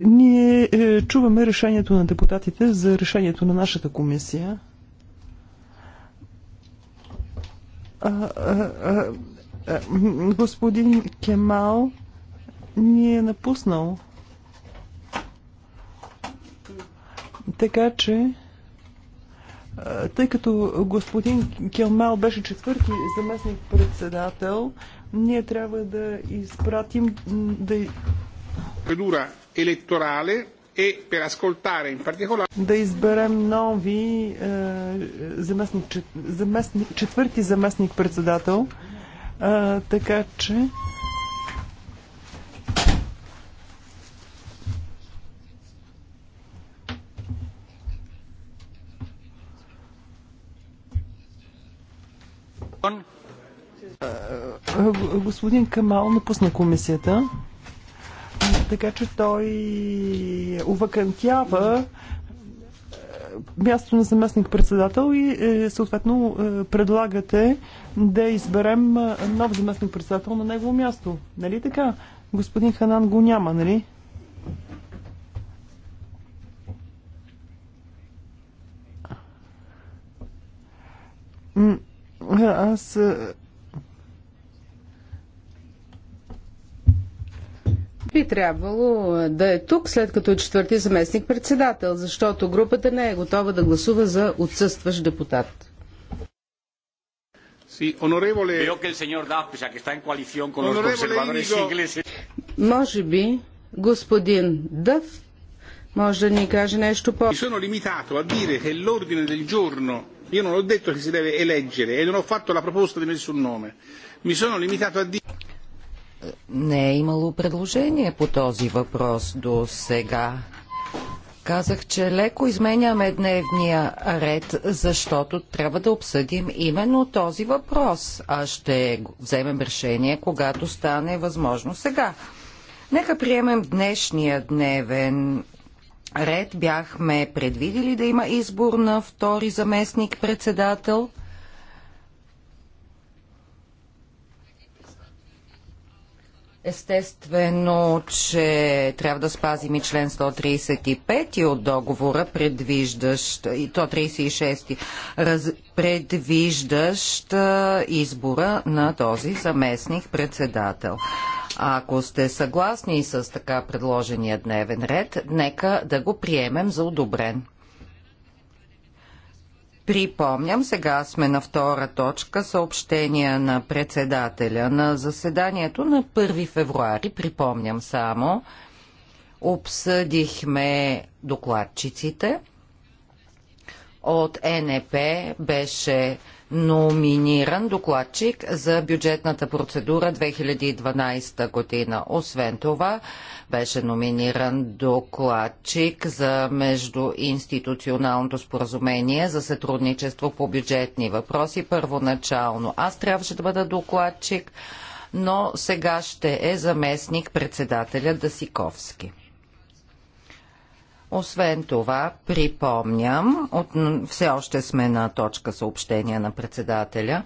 Ние е, чуваме решението на депутатите за решението на нашата комисия. А, а, а, а, господин Кемал ни е напуснал. Така че, тъй като господин Келмал беше четвърти заместник председател, ние трябва да изпратим да procedura elettorale e per ascoltare in particolare да изберем нови заместник, четвърти заместник председател така че Господин Камал напусна комисията така че той увакантява е, място на заместник-председател и е, съответно е, предлагате да изберем нов заместник-председател на негово място. Нали така? Господин Ханан го няма, нали? Аз би трябвало е, да е тук, след като е четвърти заместник председател, защото групата не е готова да гласува за отсъстващ депутат. Може би господин Дъв може да ни каже нещо по... Sono limitato a dire che l'ordine del giorno Io non ho detto che si deve eleggere e non ho fatto la proposta di nessun nome. Mi sono limitato a dire не е имало предложение по този въпрос до сега. Казах, че леко изменяме дневния ред, защото трябва да обсъдим именно този въпрос, а ще вземем решение, когато стане възможно сега. Нека приемем днешния дневен ред. Бяхме предвидили да има избор на втори заместник председател – Естествено, че трябва да спазим и член 135 от договора, предвиждащ, и 136, раз, предвиждащ избора на този заместник председател. Ако сте съгласни с така предложения дневен ред, нека да го приемем за одобрен. Припомням, сега сме на втора точка, съобщение на председателя на заседанието на 1 февруари. Припомням само, обсъдихме докладчиците. От НП беше номиниран докладчик за бюджетната процедура 2012 година. Освен това, беше номиниран докладчик за междуинституционалното споразумение за сътрудничество по бюджетни въпроси първоначално. Аз трябваше да бъда докладчик, но сега ще е заместник председателя Дасиковски. Освен това, припомням, от, все още сме на точка съобщения на председателя.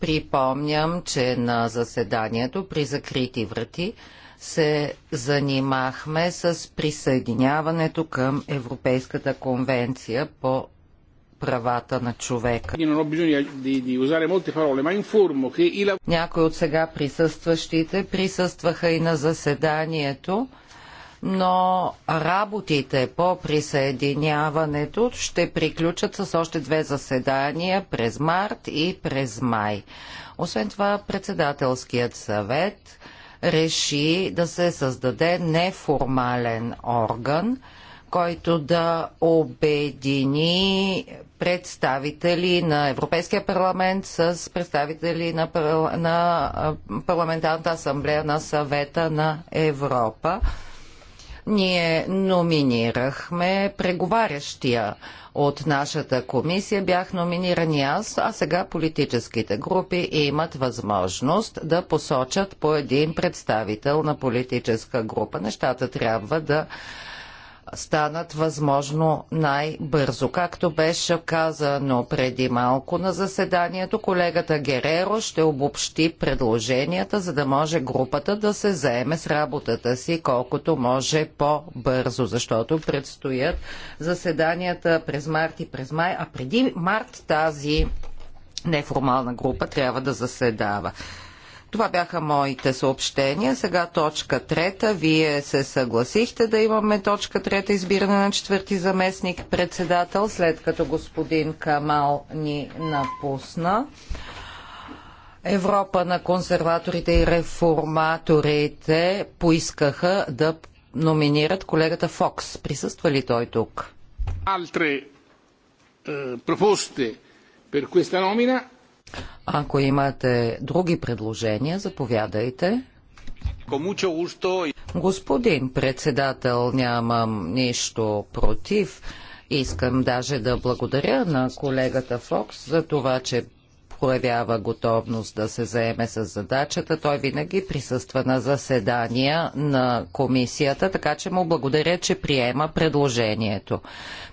Припомням, че на заседанието при закрити врати се занимахме с присъединяването към Европейската конвенция по правата на човека. Някои от сега присъстващите присъстваха и на заседанието но работите по присъединяването ще приключат с още две заседания през март и през май. Освен това, председателският съвет реши да се създаде неформален орган, който да обедини представители на Европейския парламент с представители на, парла... на Парламентарната асамблея на съвета на Европа. Ние номинирахме преговарящия от нашата комисия. Бях номиниран и аз, а сега политическите групи имат възможност да посочат по един представител на политическа група. Нещата трябва да станат възможно най-бързо. Както беше казано преди малко на заседанието, колегата Гереро ще обобщи предложенията, за да може групата да се заеме с работата си колкото може по-бързо, защото предстоят заседанията през март и през май, а преди март тази неформална група трябва да заседава. Това бяха моите съобщения. Сега точка трета. Вие се съгласихте да имаме точка трета избиране на четвърти заместник председател, след като господин Камал ни напусна. Европа на консерваторите и реформаторите поискаха да номинират колегата Фокс. Присъства ли той тук? Altre proposte per questa nomina ако имате други предложения, заповядайте. Господин председател, нямам нищо против. Искам даже да благодаря на колегата Фокс за това, че проявява готовност да се заеме с задачата. Той винаги присъства на заседания на комисията, така че му благодаря, че приема предложението.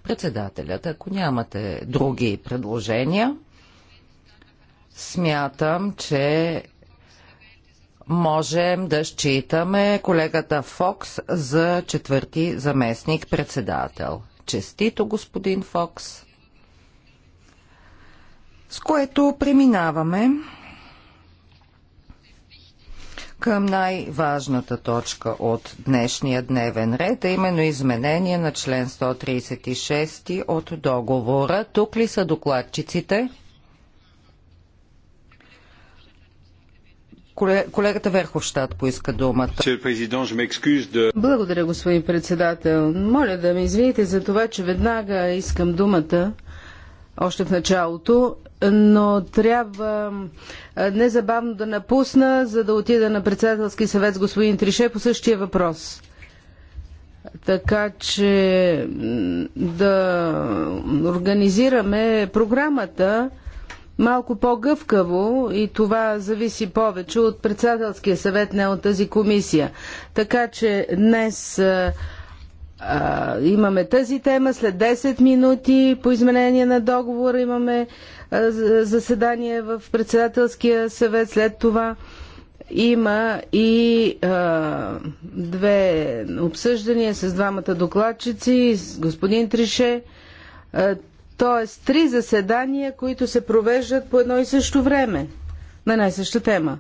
Председателят, ако нямате други предложения, Смятам, че можем да считаме колегата Фокс за четвърти заместник председател. Честито, господин Фокс! С което преминаваме към най-важната точка от днешния дневен ред, а именно изменение на член 136 от договора. Тук ли са докладчиците? Колегата Верховщад поиска думата. Благодаря, господин председател. Моля да ме извините за това, че веднага искам думата още в началото, но трябва незабавно да напусна, за да отида на председателски съвет с господин Трише по същия въпрос. Така че да организираме програмата малко по-гъвкаво и това зависи повече от председателския съвет, не от тази комисия. Така че днес а, а, имаме тази тема, след 10 минути по изменение на договора имаме а, заседание в председателския съвет, след това има и а, две обсъждания с двамата докладчици, с господин Трише. А, т.е. три заседания, които се провеждат по едно и също време на най съща тема.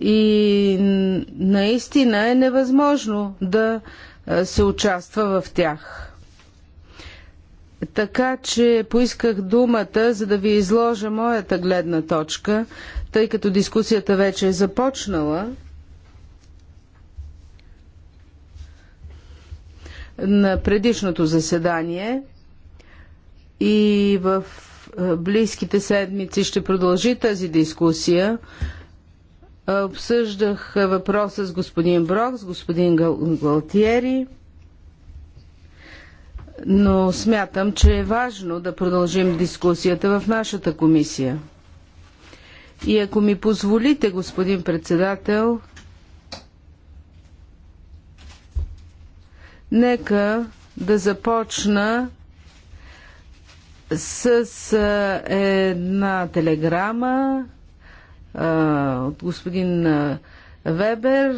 И наистина е невъзможно да се участва в тях. Така че поисках думата, за да ви изложа моята гледна точка, тъй като дискусията вече е започнала. на предишното заседание и в е, близките седмици ще продължи тази дискусия. Е, обсъждах въпроса с господин Брок, с господин Галтиери, но смятам, че е важно да продължим дискусията в нашата комисия. И ако ми позволите, господин председател, Нека да започна с една телеграма от господин Вебер,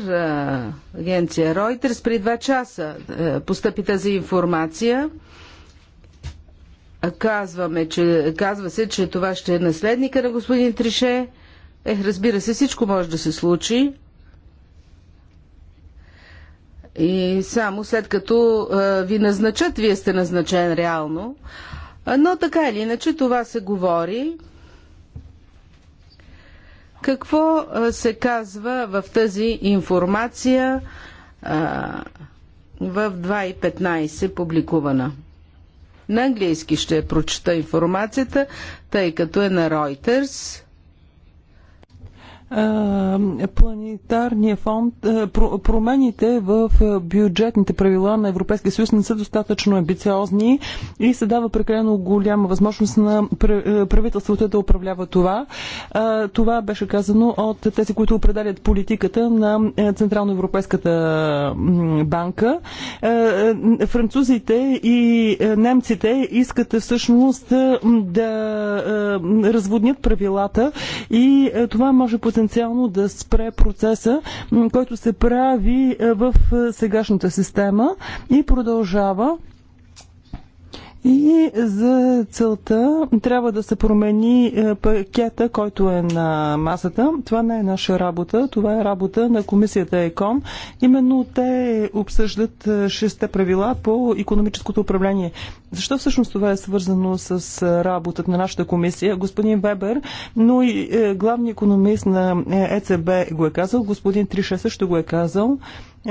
агенция Reuters. При два часа постъпи тази информация. Казваме, че, казва се, че това ще е наследника на господин Трише. Ех, разбира се, всичко може да се случи. И само след като ви назначат, вие сте назначен реално. Но така или иначе това се говори. Какво се казва в тази информация в 2.15 публикувана? На английски ще прочета информацията, тъй като е на Reuters планетарния фонд, промените в бюджетните правила на Европейския съюз не са достатъчно амбициозни и се дава прекалено голяма възможност на правителството да управлява това. Това беше казано от тези, които определят политиката на Централно Европейската банка. Французите и немците искат всъщност да разводнят правилата и това може по потенциално да спре процеса, който се прави е, в е, сегашната система и продължава и за целта трябва да се промени е, пакета, който е на масата. Това не е наша работа, това е работа на комисията ЕКОН. Именно те обсъждат е, шесте правила по економическото управление. Защо всъщност това е свързано с е, работата на нашата комисия? Господин Вебер, но и главният економист на ЕЦБ го е казал, господин Трише също го е казал.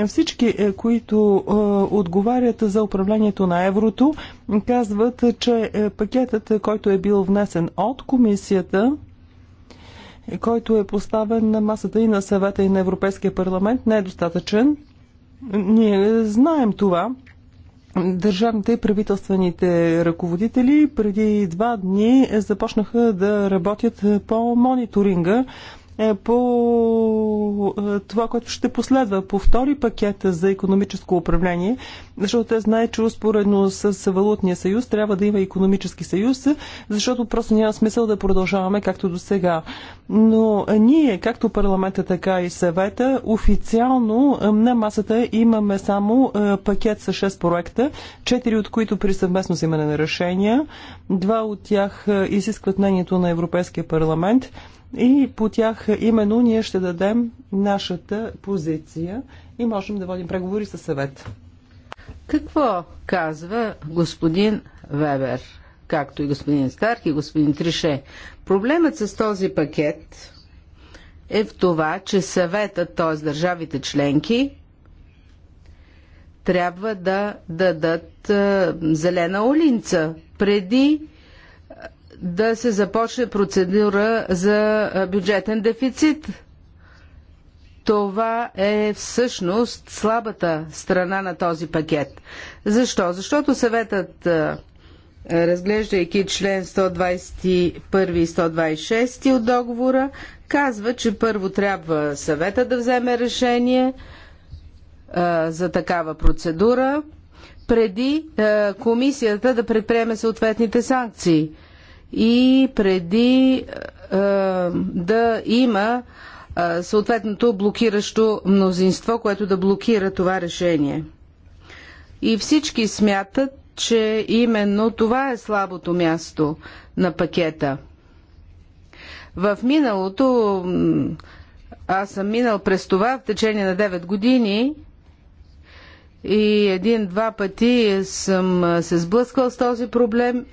Всички, е, които е, отговарят за управлението на еврото, казват, че е, пакетът, който е бил внесен от комисията, който е поставен на масата и на съвета и на Европейския парламент, не е достатъчен. Ние знаем това. Държавните и правителствените ръководители преди два дни започнаха да работят по мониторинга е, по е, това, което ще последва по втори пакет за економическо управление, защото те знаят, че успоредно с Валутния съюз трябва да има економически съюз, защото просто няма смисъл да продължаваме както до сега. Но ние, както парламента, така и съвета, официално е, на масата имаме само пакет с 6 проекта, 4 от които при съвместно взимане на решения, два от тях изискват мнението на Европейския парламент, и по тях именно ние ще дадем нашата позиция и можем да водим преговори със съвет. Какво казва господин Вебер, както и господин Старк и господин Трише? Проблемът с този пакет е в това, че съветът, т.е. държавите членки, трябва да дадат е, зелена олинца преди да се започне процедура за бюджетен дефицит. Това е всъщност слабата страна на този пакет. Защо? Защото съветът, разглеждайки член 121 и 126 от договора, казва, че първо трябва съвета да вземе решение за такава процедура, преди комисията да предприеме съответните санкции и преди е, да има е, съответното блокиращо мнозинство, което да блокира това решение. И всички смятат, че именно това е слабото място на пакета. В миналото, аз съм минал през това в течение на 9 години и един-два пъти съм е, се сблъскал с този проблем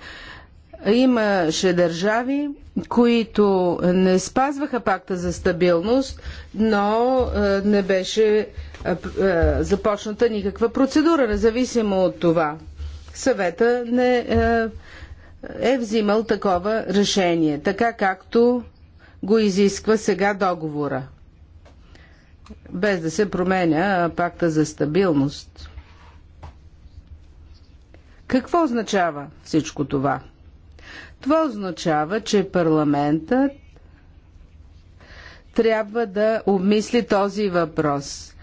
Имаше държави, които не спазваха пакта за стабилност, но е, не беше е, е, започната никаква процедура, независимо от това. Съвета не е взимал такова решение, така както го изисква сега договора, без да се променя пакта за стабилност. Какво означава всичко това? Това означава, че парламентът трябва да обмисли този въпрос.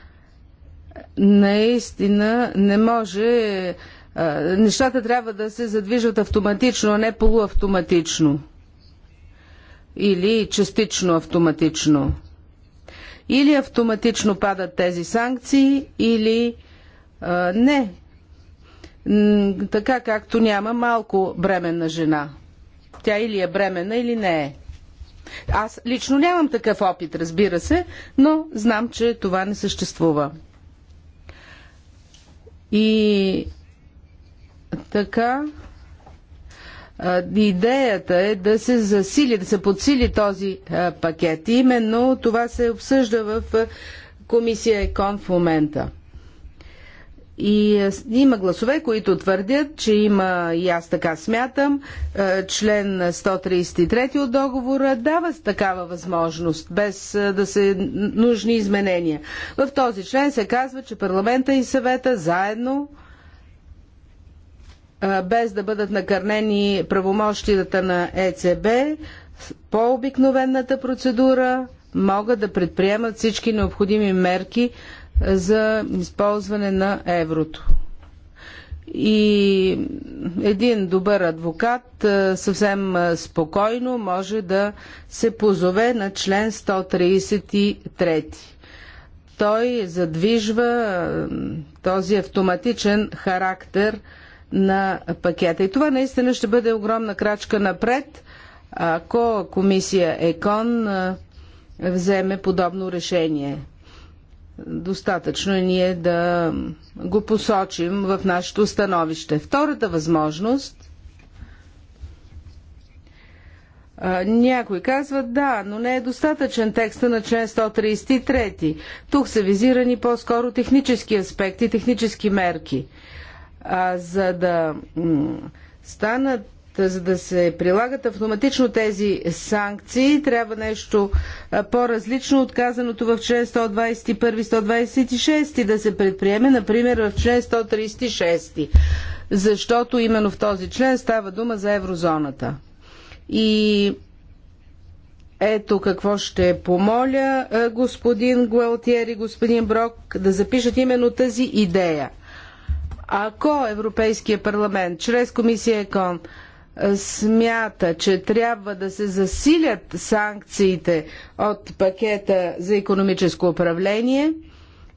Наистина не може. Нещата трябва да се задвижват автоматично, а не полуавтоматично. Или частично автоматично. Или автоматично падат тези санкции, или а, не. Така както няма малко бременна жена. Тя или е бремена, или не е. Аз лично нямам такъв опит, разбира се, но знам, че това не съществува. И така, идеята е да се засили, да се подсили този пакет. И именно това се обсъжда в комисия ЕКОН в момента. И е, има гласове, които твърдят, че има, и аз така смятам, е, член 133 от договора дава такава възможност, без е, да се нужни изменения. В този член се казва, че парламента и съвета заедно без да бъдат накърнени правомощията на ЕЦБ, по обикновената процедура могат да предприемат всички необходими мерки за използване на еврото. И един добър адвокат е, съвсем е, спокойно може да се позове на член 133. Той задвижва е, този автоматичен характер на пакета. И това наистина ще бъде огромна крачка напред, ако комисия ЕКОН вземе подобно решение достатъчно е ние да го посочим в нашето становище. Втората възможност. Някои казват да, но не е достатъчен текста на член 133. Тук са визирани по-скоро технически аспекти, технически мерки. А, за да станат за да се прилагат автоматично тези санкции, трябва нещо по-различно от казаното в член 121-126 да се предприеме, например в член 136, защото именно в този член става дума за еврозоната. И ето какво ще помоля господин Гуалтиер и господин Брок да запишат именно тази идея. Ако Европейския парламент чрез комисия ЕКОН смята, че трябва да се засилят санкциите от пакета за економическо управление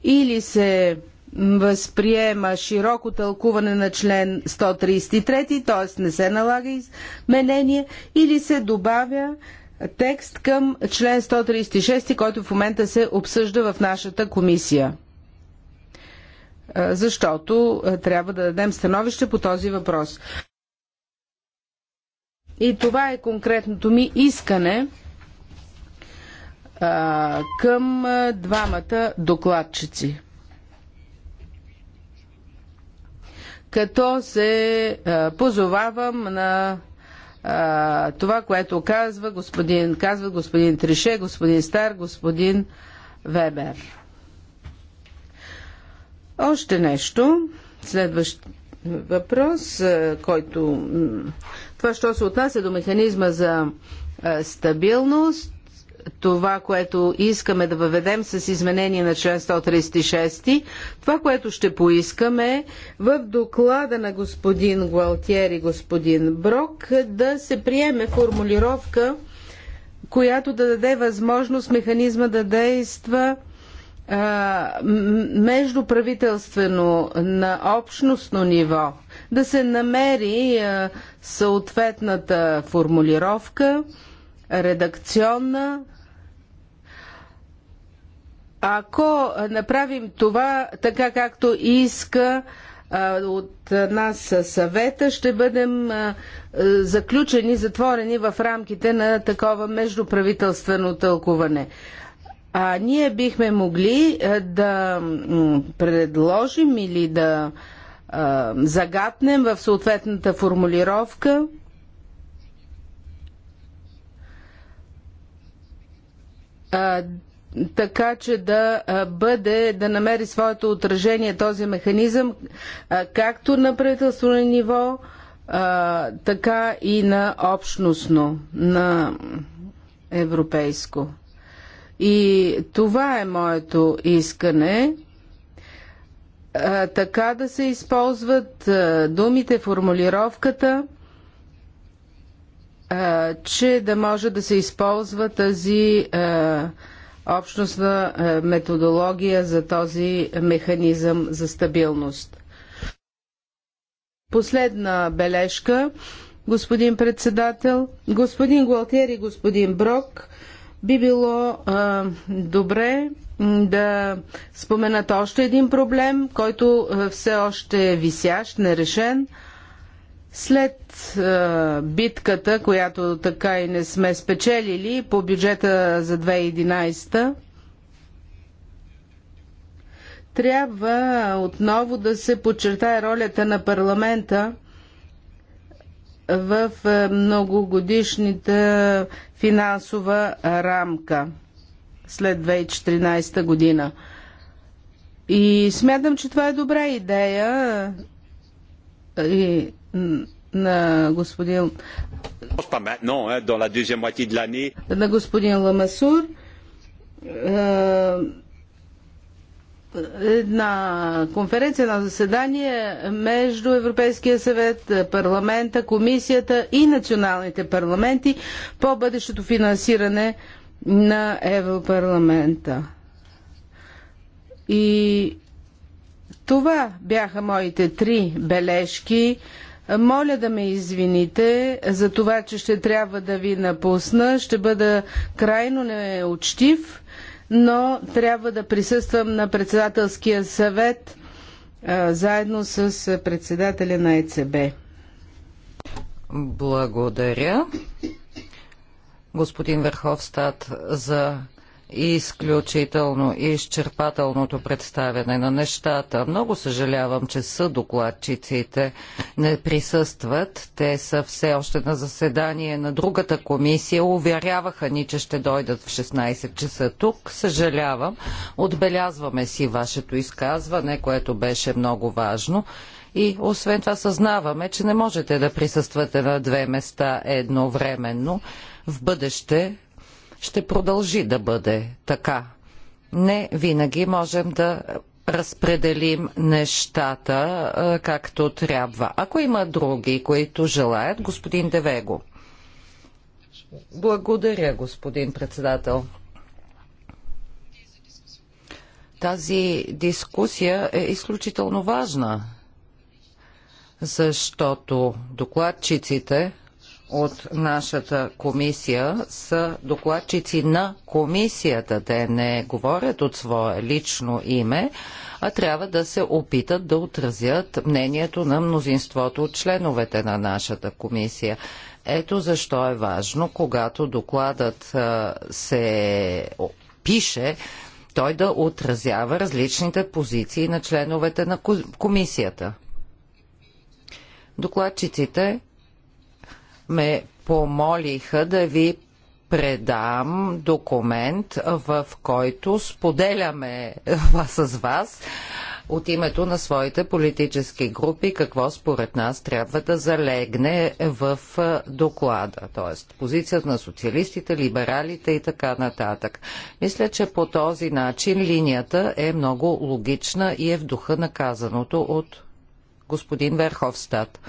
или се възприема широко тълкуване на член 133, т.е. не се налага изменение, или се добавя текст към член 136, който в момента се обсъжда в нашата комисия. Е, защото е, трябва да дадем становище по този въпрос. И това е конкретното ми искане а, към двамата докладчици. Като се а, позовавам на а, това, което казва господин, казва господин Трише, господин Стар, господин Вебер. Още нещо. Следващ въпрос, който това, що се отнася до механизма за е, стабилност, това, което искаме да въведем с изменение на член 136, това, което ще поискаме в доклада на господин Гуалтиер и господин Брок да се приеме формулировка, която да даде възможност механизма да действа е, междуправителствено на общностно ниво – да се намери съответната формулировка, редакционна. Ако направим това така както иска от нас съвета, ще бъдем заключени, затворени в рамките на такова междуправителствено тълкуване. А ние бихме могли да предложим или да загатнем в съответната формулировка. А, така че да бъде, да намери своето отражение този механизъм както на правителствено ниво, така и на общностно, на европейско. И това е моето искане а, така да се използват а, думите, формулировката, а, че да може да се използва тази а, общностна а, методология за този механизъм за стабилност. Последна бележка, господин председател, господин Гуалтер и господин Брок би било а, добре да споменат още един проблем, който все още е висящ, нерешен. След а, битката, която така и не сме спечелили по бюджета за 2011, трябва отново да се подчертае ролята на парламента – в е, многогодишната финансова рамка след 2014 година. И смятам, че това е добра идея е, и на господин на господин Ламасур е, една конференция, едно заседание между Европейския съвет, парламента, комисията и националните парламенти по бъдещето финансиране на Европарламента. И това бяха моите три бележки. Моля да ме извините за това, че ще трябва да ви напусна. Ще бъда крайно неучтив но трябва да присъствам на председателския съвет заедно с председателя на ЕЦБ. Благодаря. Господин Верховстат за изключително и изчерпателното представяне на нещата. Много съжалявам, че са докладчиците не присъстват. Те са все още на заседание на другата комисия. Уверяваха ни, че ще дойдат в 16 часа тук. Съжалявам. Отбелязваме си вашето изказване, което беше много важно. И освен това съзнаваме, че не можете да присъствате на две места едновременно. В бъдеще ще продължи да бъде така. Не винаги можем да разпределим нещата както трябва. Ако има други, които желаят, господин Девего. Благодаря, господин председател. Тази дискусия е изключително важна, защото докладчиците от нашата комисия са докладчици на комисията. Те не говорят от свое лично име, а трябва да се опитат да отразят мнението на мнозинството от членовете на нашата комисия. Ето защо е важно, когато докладът се пише, той да отразява различните позиции на членовете на комисията. Докладчиците ме помолиха да ви предам документ, в който споделяме с вас от името на своите политически групи какво според нас трябва да залегне в доклада, т.е. позицията на социалистите, либералите и така нататък. Мисля, че по този начин линията е много логична и е в духа на казаното от господин Верховстат.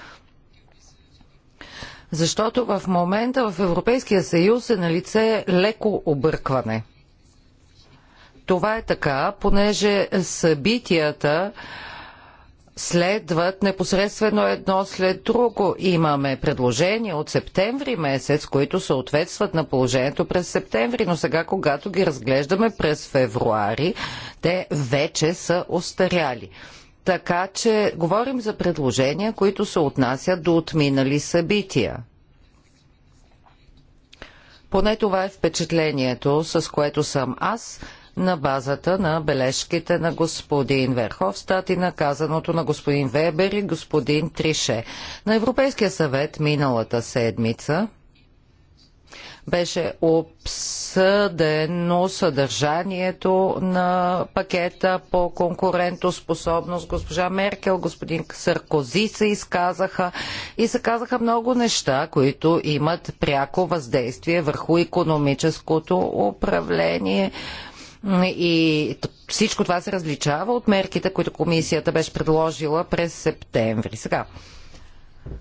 Защото в момента в Европейския съюз е на лице леко объркване. Това е така, понеже събитията следват непосредствено едно след друго. Имаме предложения от септември месец, които съответстват на положението през септември, но сега, когато ги разглеждаме през февруари, те вече са остаряли. Така че говорим за предложения, които се отнасят до отминали събития. Поне това е впечатлението, с което съм аз на базата на бележките на господин Верховстат и наказаното на господин Вебер и господин Трише. На Европейския съвет миналата седмица беше обсъдено съдържанието на пакета по конкурентоспособност. Госпожа Меркел, господин Саркози се изказаха и се казаха много неща, които имат пряко въздействие върху економическото управление. И всичко това се различава от мерките, които комисията беше предложила през септември. Сега,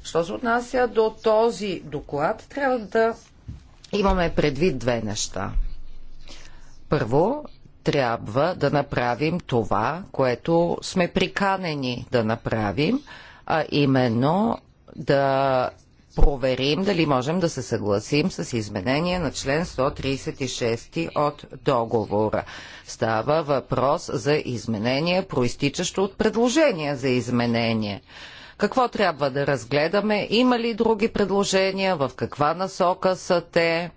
що се отнася до този доклад, трябва да имаме предвид две неща. Първо, трябва да направим това, което сме приканени да направим, а именно да проверим дали можем да се съгласим с изменение на член 136 от договора. Става въпрос за изменение, проистичащо от предложение за изменение. Какво трябва да разгледаме? Има ли други предложения? В каква насока са те?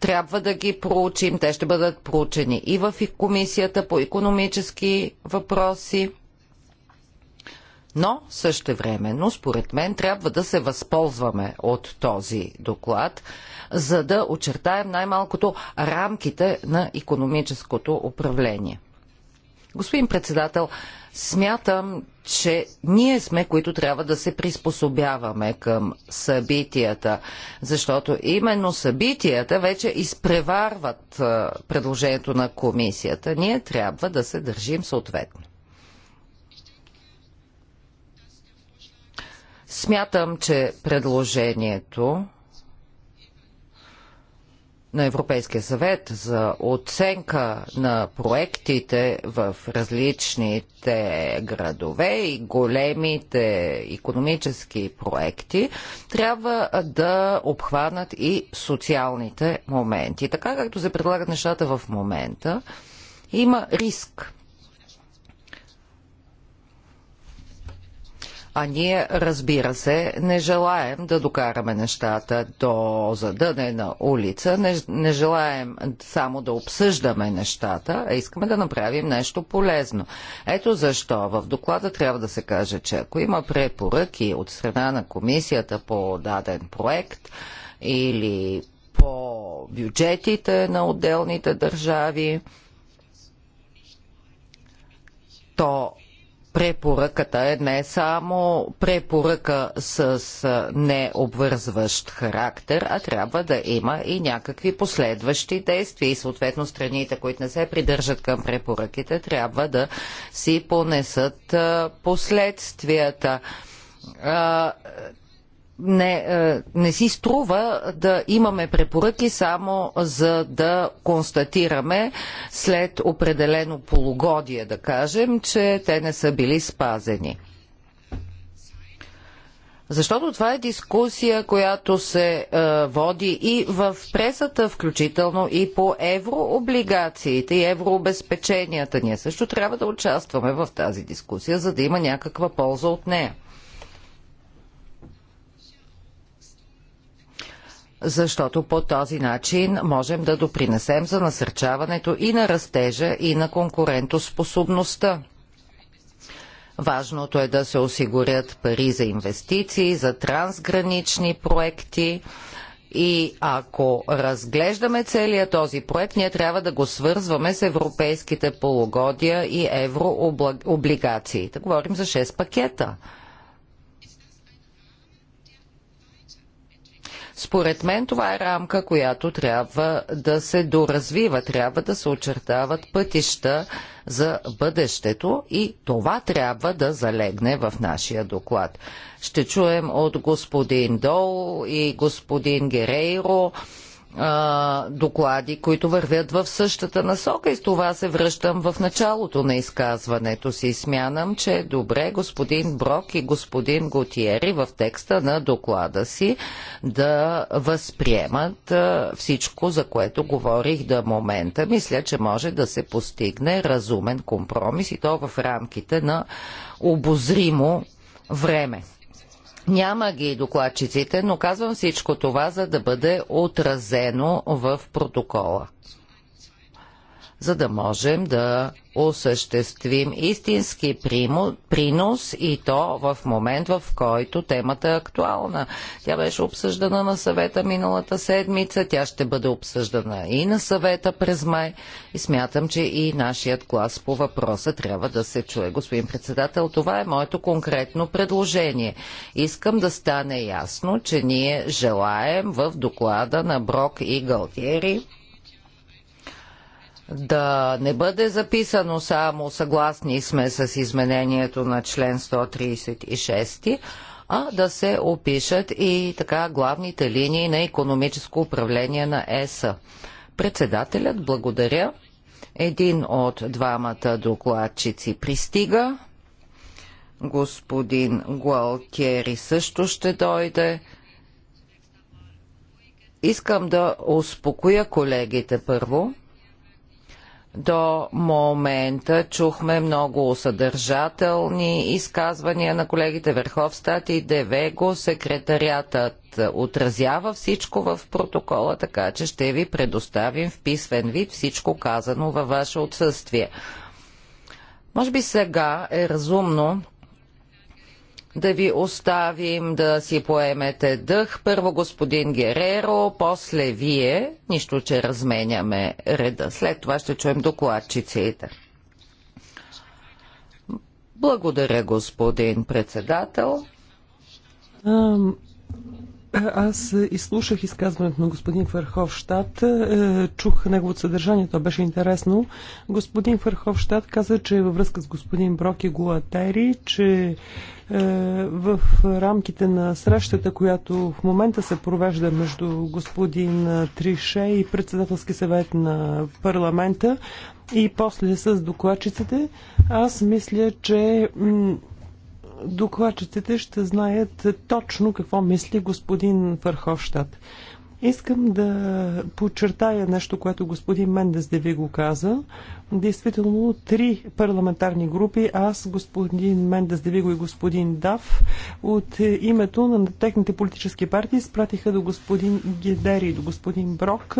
Трябва да ги проучим. Те ще бъдат проучени и в Комисията по економически въпроси. Но същевременно, според мен, трябва да се възползваме от този доклад, за да очертаем най-малкото рамките на економическото управление. Господин председател, смятам, че ние сме, които трябва да се приспособяваме към събитията, защото именно събитията вече изпреварват предложението на комисията. Ние трябва да се държим съответно. Смятам, че предложението на Европейския съвет за оценка на проектите в различните градове и големите економически проекти трябва да обхванат и социалните моменти. Така както се предлагат нещата в момента, има риск А ние, разбира се, не желаем да докараме нещата до задънена улица, не, не желаем само да обсъждаме нещата, а искаме да направим нещо полезно. Ето защо в доклада трябва да се каже, че ако има препоръки от страна на комисията по даден проект или по бюджетите на отделните държави, то препоръката е не само препоръка с необвързващ характер, а трябва да има и някакви последващи действия и съответно страните, които не се придържат към препоръките, трябва да си понесат последствията не, е, не си струва да имаме препоръки само за да констатираме след определено полугодие, да кажем, че те не са били спазени. Защото това е дискусия, която се е, води и в пресата, включително и по еврооблигациите и еврообезпеченията. Ние също трябва да участваме в тази дискусия, за да има някаква полза от нея. защото по този начин можем да допринесем за насърчаването и на растежа, и на конкурентоспособността. Важното е да се осигурят пари за инвестиции, за трансгранични проекти. И ако разглеждаме целият този проект, ние трябва да го свързваме с европейските полугодия и еврооблигациите. Говорим за 6 пакета. Според мен това е рамка, която трябва да се доразвива, трябва да се очертават пътища за бъдещето и това трябва да залегне в нашия доклад. Ще чуем от господин Дол и господин Герейро а, доклади, които вървят в същата насока и с това се връщам в началото на изказването си. Смянам, че е добре господин Брок и господин Готиери в текста на доклада си да възприемат а, всичко, за което говорих до момента. Мисля, че може да се постигне разумен компромис и то в рамките на обозримо време. Няма ги докладчиците, но казвам всичко това, за да бъде отразено в протокола за да можем да осъществим истински принос и то в момент, в който темата е актуална. Тя беше обсъждана на съвета миналата седмица, тя ще бъде обсъждана и на съвета през май и смятам, че и нашият клас по въпроса трябва да се чуе. Господин председател, това е моето конкретно предложение. Искам да стане ясно, че ние желаем в доклада на Брок и Галтиери да не бъде записано само съгласни сме с изменението на член 136, а да се опишат и така главните линии на економическо управление на ЕС. Председателят, благодаря. Един от двамата докладчици пристига. Господин Гуалтери също ще дойде. Искам да успокоя колегите първо до момента чухме много съдържателни изказвания на колегите Верховстат и Девего. Секретариатът отразява всичко в протокола, така че ще ви предоставим в писмен вид всичко казано във ваше отсъствие. Може би сега е разумно да ви оставим да си поемете дъх. Първо господин Гереро, после вие, нищо, че разменяме реда. След това ще чуем докладчиците. Благодаря, господин председател. Аз изслушах изказването на господин Фърховщад, е, чух неговото съдържание, то беше интересно. Господин Фърховщад каза, че е във връзка с господин Брок и Гуатери, че е, в рамките на срещата, която в момента се провежда между господин Трише и председателски съвет на парламента и после с докладчиците, аз мисля, че докладчиците ще знаят точно какво мисли господин Върховщад. Искам да подчертая нещо, което господин Мендес да ви го каза. Действително, три парламентарни групи, аз, господин Мендес Девиго и господин Дав, от името на техните политически партии спратиха до господин Гедери и до господин Брок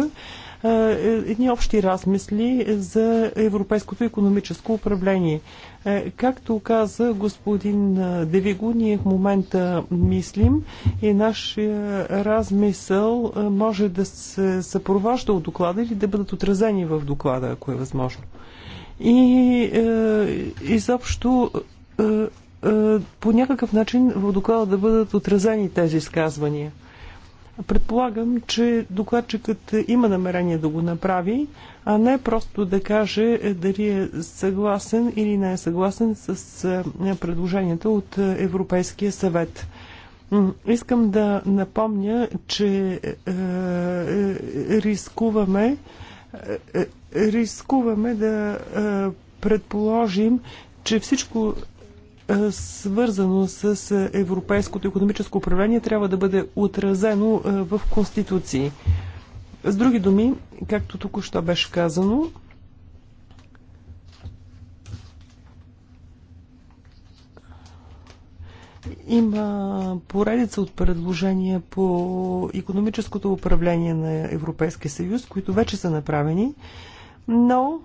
е, е, едни общи размисли за европейското економическо управление. Е, както каза господин е, Девигу, ние в момента мислим и нашия размисъл е, може да се съпровожда от доклада или да бъдат отразени в доклада, ако е възможно. И изобщо по някакъв начин в доклада да бъдат отразени тези изказвания. Предполагам, че докладчикът има намерение да го направи, а не просто да каже е, дали е съгласен или не е съгласен с е, предложенията от Европейския съвет. Искам да напомня, че е, е рискуваме, е, рискуваме да е, предположим, че всичко е, свързано с е, европейското економическо управление, трябва да бъде отразено е, в конституции. С други думи, както току-що беше казано, Има поредица от предложения по економическото управление на Европейския съюз, които вече са направени, но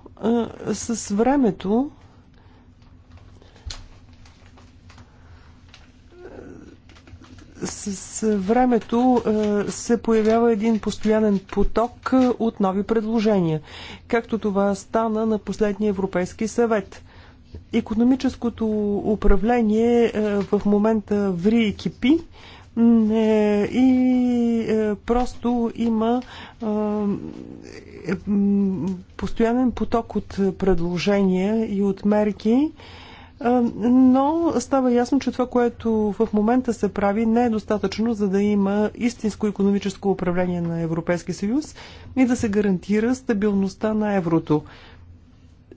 с времето с времето е, се появява един постоянен поток е, от нови предложения, както това стана на последния Европейски съвет. Економическото управление е, в момента ври и кипи и просто има постоянен поток от предложения и от мерки, но става ясно, че това, което в момента се прави, не е достатъчно, за да има истинско економическо управление на Европейския съюз и да се гарантира стабилността на еврото.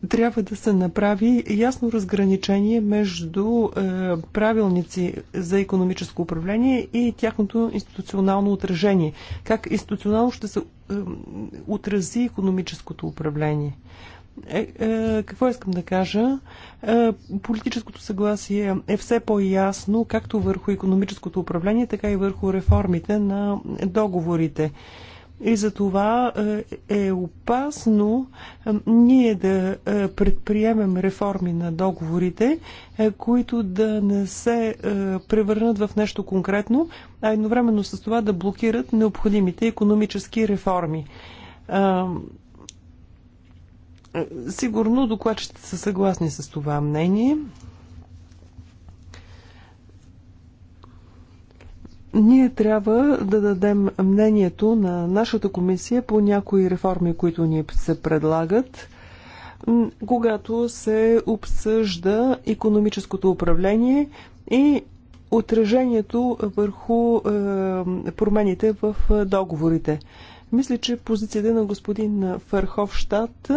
Трябва да се направи ясно разграничение между е, правилници за економическо управление и тяхното институционално отражение. Как институционално ще се е, отрази економическото управление. Е, е, какво искам да кажа? Е, политическото съгласие е все по-ясно както върху економическото управление, така и върху реформите на договорите. И за това е, е опасно е, ние да е, предприемем реформи на договорите, които да не се превърнат в нещо конкретно, а едновременно с това да блокират необходимите економически реформи. Сигурно докладчите са съгласни с това мнение. Ние трябва да дадем мнението на нашата комисия по някои реформи, които ни се предлагат, когато се обсъжда економическото управление и отражението върху е, промените в е, договорите. Мисля, че позицията на господин Фарховщад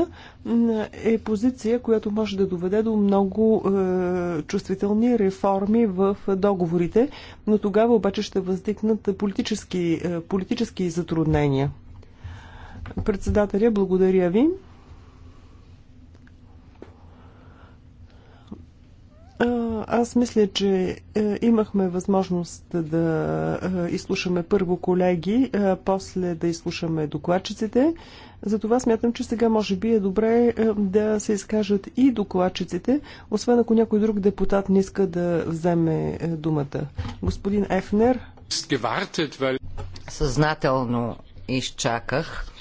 е позиция, която може да доведе до много е, чувствителни реформи в договорите, но тогава обаче ще възникнат политически, е, политически затруднения. Председателя, благодаря ви. Аз мисля, че е, имахме възможност да е, изслушаме първо колеги, е, после да изслушаме докладчиците. Затова смятам, че сега може би е добре да се изкажат и докладчиците, освен ако някой друг депутат не иска да вземе думата. Господин Ефнер. Съзнателно изчаках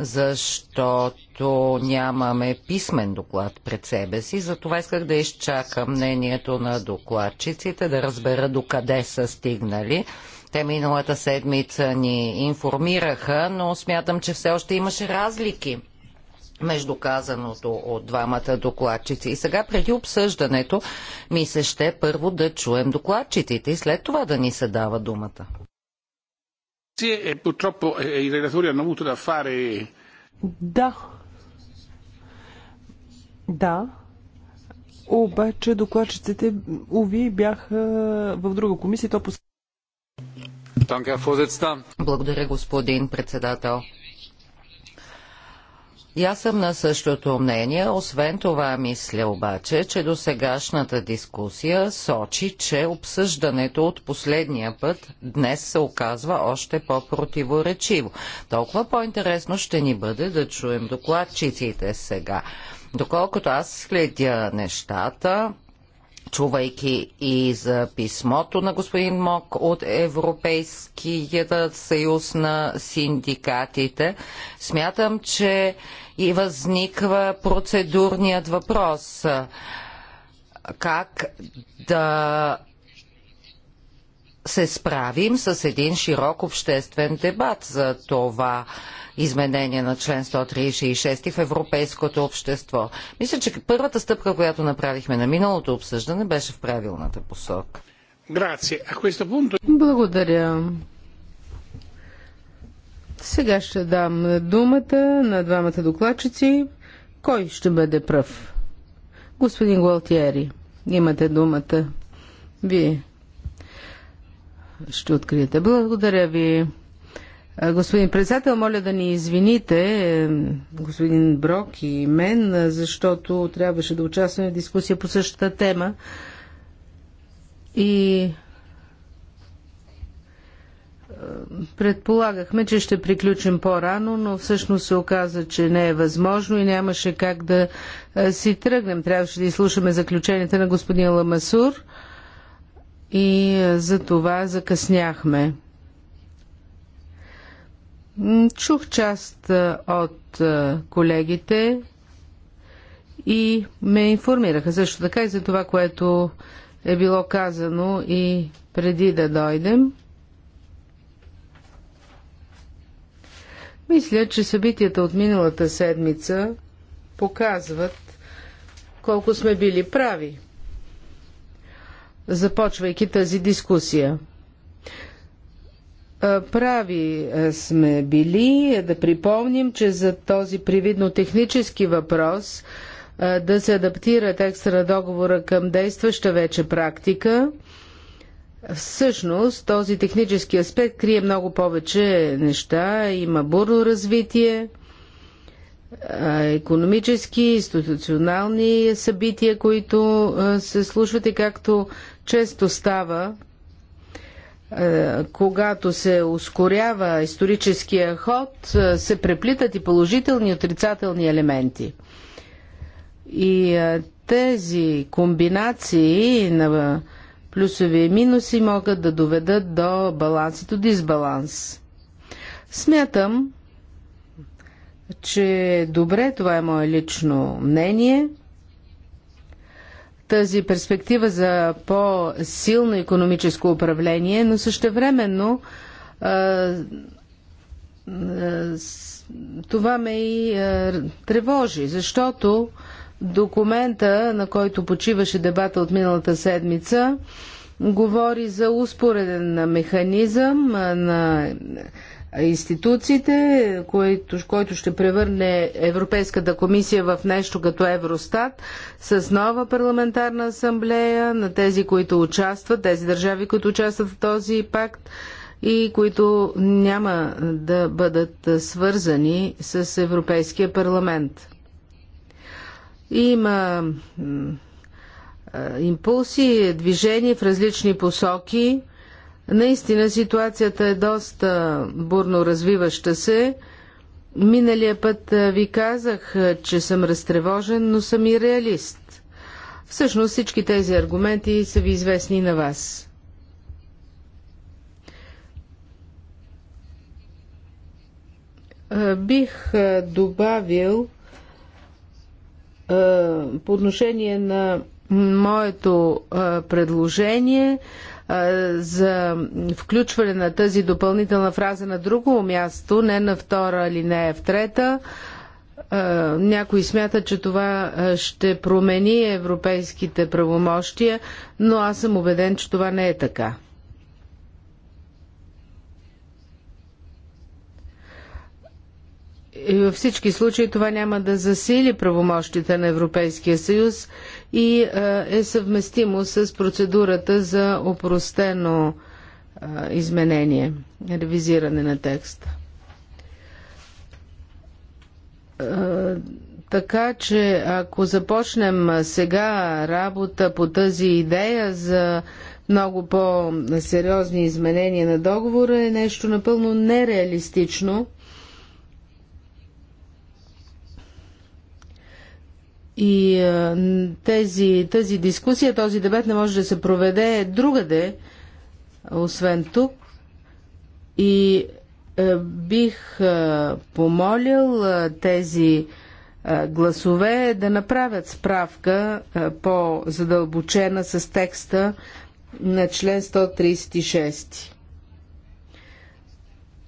защото нямаме писмен доклад пред себе си. Затова исках да изчакам мнението на докладчиците, да разбера докъде са стигнали. Те миналата седмица ни информираха, но смятам, че все още имаше разлики между казаното от двамата докладчици. И сега преди обсъждането ми се ще първо да чуем докладчиците и след това да ни се дава думата. E purtroppo eh, i relatori hanno avuto da fare. Да. Обаче докладчиците, уви, бяха в друга комисия. То пос... Благодаря, господин председател. И аз съм на същото мнение. Освен това, мисля обаче, че до сегашната дискусия сочи, че обсъждането от последния път днес се оказва още по-противоречиво. Толкова по-интересно ще ни бъде да чуем докладчиците сега. Доколкото аз следя нещата, чувайки и за писмото на господин Мок от Европейския съюз на синдикатите, смятам, че и възниква процедурният въпрос. Как да се справим с един широк обществен дебат за това изменение на член 136 в европейското общество. Мисля, че първата стъпка, която направихме на миналото обсъждане, беше в правилната посока. Благодаря. Сега ще дам думата на двамата докладчици. Кой ще бъде пръв? Господин Гуалтиери, имате думата. Вие ще откриете. Благодаря ви. Господин председател, моля да ни извините, е, господин Брок и мен, защото трябваше да участваме в дискусия по същата тема. И Предполагахме, че ще приключим по-рано, но всъщност се оказа, че не е възможно и нямаше как да си тръгнем. Трябваше да изслушаме заключенията на господин Ламасур и за това закъсняхме. Чух част от колегите и ме информираха също така и за това, което е било казано и преди да дойдем. Мисля, че събитията от миналата седмица показват колко сме били прави, започвайки тази дискусия. Прави сме били е, да припомним, че за този привидно технически въпрос да се адаптира текста на договора към действаща вече практика – Всъщност този технически аспект крие много повече неща. Има бурно развитие, економически, институционални събития, които се случват и както често става, когато се ускорява историческия ход, се преплитат и положителни и отрицателни елементи. И тези комбинации на плюсови и минуси могат да доведат до баланс и до дисбаланс. Смятам, че добре, това е мое лично мнение, тази перспектива за по-силно економическо управление, но същевременно а, това ме и тревожи, защото Документа, на който почиваше дебата от миналата седмица, говори за успореден механизъм на институциите, който, който ще превърне Европейската комисия в нещо като Евростат, с нова парламентарна асамблея на тези, които участват, тези държави, които участват в този пакт и които няма да бъдат свързани с Европейския парламент. Има импулси, движение в различни посоки. Наистина ситуацията е доста бурно развиваща се. Миналия път ви казах, че съм разтревожен, но съм и реалист. Всъщност всички тези аргументи са ви известни на вас. Бих добавил, е, по отношение на моето е, предложение е, за включване на тази допълнителна фраза на друго място, не на втора алинея в трета, някои смятат, че това ще промени европейските правомощия, но аз съм убеден, че това не е така. във всички случаи това няма да засили правомощите на Европейския съюз и е съвместимо с процедурата за опростено изменение, ревизиране на текста. Така че ако започнем сега работа по тази идея за много по-сериозни изменения на договора е нещо напълно нереалистично И е, тези, тази дискусия, този дебат не може да се проведе другаде, освен тук. И е, бих е, помолил тези гласове да направят справка по-задълбочена с текста на член 136.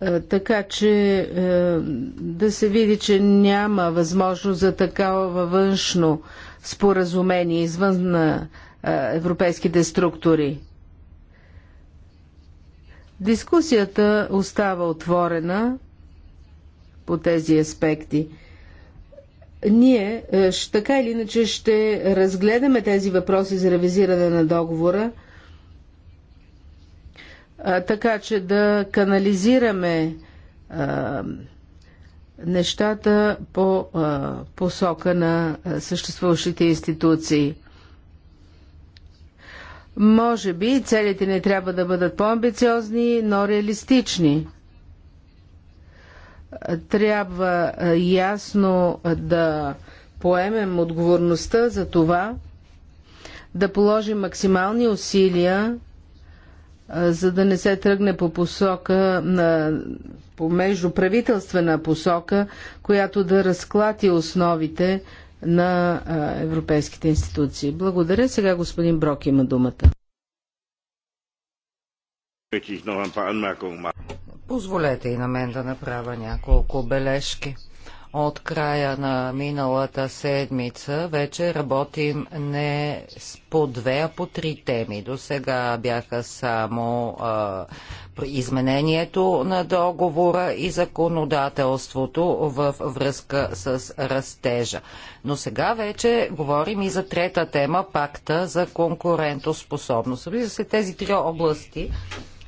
Е, така че е, да се види, че няма възможност за такава външно споразумение извън на е, европейските структури. Дискусията остава отворена по тези аспекти. Ние така или иначе ще разгледаме тези въпроси за ревизиране на договора – така че да канализираме а, нещата по а, посока на съществуващите институции. Може би целите не трябва да бъдат по-амбициозни, но реалистични. Трябва ясно да поемем отговорността за това, да положим максимални усилия за да не се тръгне по посока на по междуправителствена посока, която да разклати основите на европейските институции. Благодаря. Сега господин Брок има думата. Позволете и на мен да направя няколко бележки от края на миналата седмица. Вече работим не по две, а по три теми. До сега бяха само а, изменението на договора и законодателството в връзка с растежа. Но сега вече говорим и за трета тема, пакта за конкурентоспособност. Разбира се, тези три области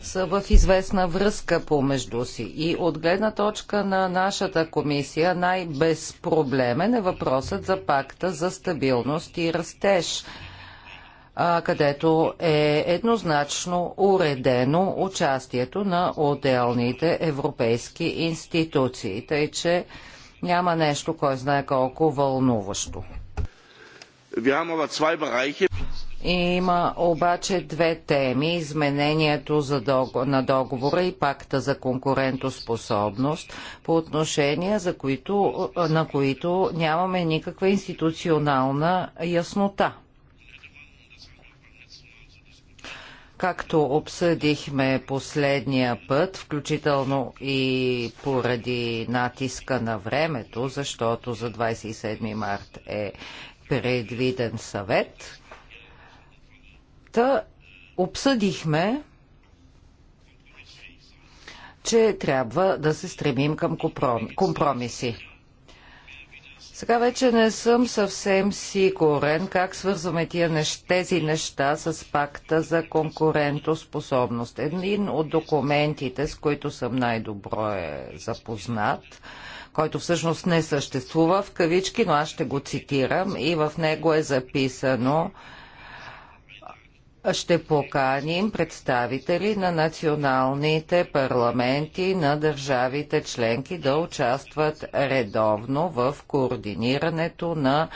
са в известна връзка помежду си. И от гледна точка на нашата комисия най-безпроблемен е въпросът за пакта за стабилност и растеж където е еднозначно уредено участието на отделните европейски институции. Тъй, че няма нещо, кой знае колко вълнуващо. Има обаче две теми. Изменението за дог... на договора и пакта за конкурентоспособност, по отношение за които... на които нямаме никаква институционална яснота. Както обсъдихме последния път, включително и поради натиска на времето, защото за 27 март е предвиден съвет, Та обсъдихме, че трябва да се стремим към компромиси. Сега вече не съм съвсем сигурен как свързваме тия тези неща с пакта за конкурентоспособност. Един от документите, с които съм най-добро е запознат, който всъщност не съществува в кавички, но аз ще го цитирам и в него е записано, ще поканим представители на националните парламенти на държавите членки да участват редовно в координирането на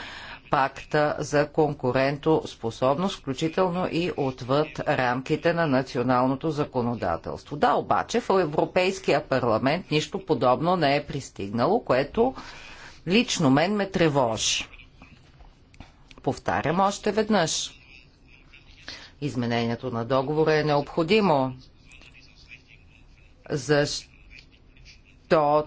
пакта за конкурентоспособност, включително и отвъд рамките на националното законодателство. Да, обаче в Европейския парламент нищо подобно не е пристигнало, което лично мен ме тревожи. Повтарям още веднъж Изменението на договора е необходимо, защото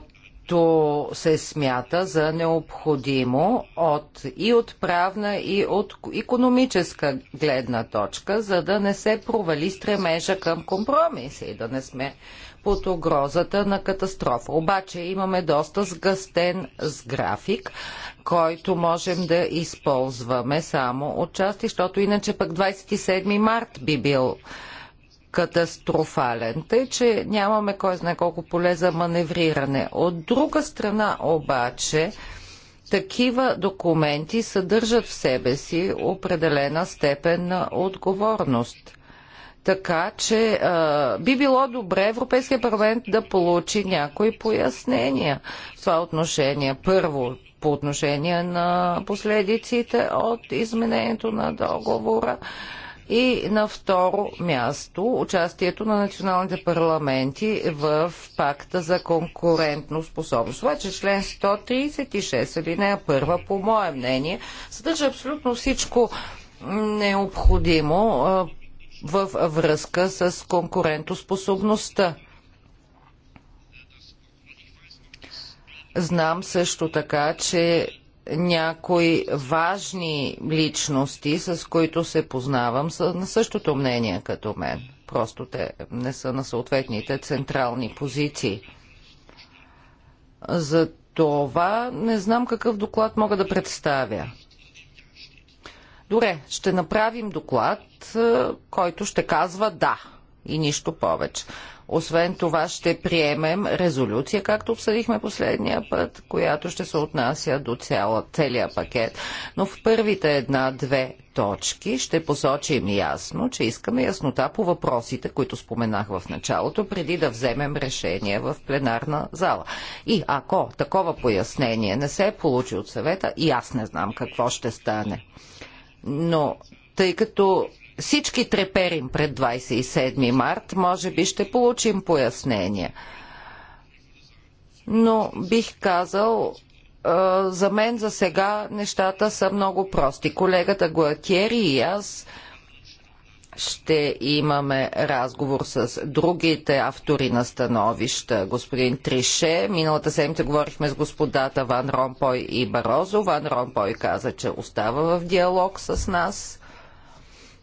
се смята за необходимо от, и от правна, и от економическа гледна точка, за да не се провали стремежа към компромиси и да не сме под угрозата на катастрофа. Обаче имаме доста сгъстен с график, който можем да използваме само от части, защото иначе пък 27 март би бил катастрофален, тъй че нямаме кой знае колко поле за маневриране. От друга страна обаче, такива документи съдържат в себе си определена степен на отговорност. Така че а, би било добре Европейския парламент да получи някои пояснения в това отношение. Първо, по отношение на последиците от изменението на договора. И на второ място участието на националните парламенти в пакта за конкурентно способност. Това, е, че член 136, алинея първа, по мое мнение, съдържа абсолютно всичко необходимо във връзка с конкурентоспособността. Знам също така, че някои важни личности, с които се познавам, са на същото мнение като мен. Просто те не са на съответните централни позиции. За това не знам какъв доклад мога да представя. Добре, ще направим доклад, е, който ще казва да и нищо повече. Освен това ще приемем резолюция, както обсъдихме последния път, която ще се отнася до цяла, целия пакет. Но в първите една-две точки ще посочим ясно, че искаме яснота по въпросите, които споменах в началото, преди да вземем решение в пленарна зала. И ако такова пояснение не се получи от съвета, и аз не знам какво ще стане. Но тъй като всички треперим пред 27 март, може би ще получим пояснения. Но бих казал, за мен за сега нещата са много прости. Колегата Гуатьери и аз ще имаме разговор с другите автори на становища. Господин Трише, миналата седмица говорихме с господата Ван Ромпой и Барозо. Ван Ромпой каза, че остава в диалог с нас.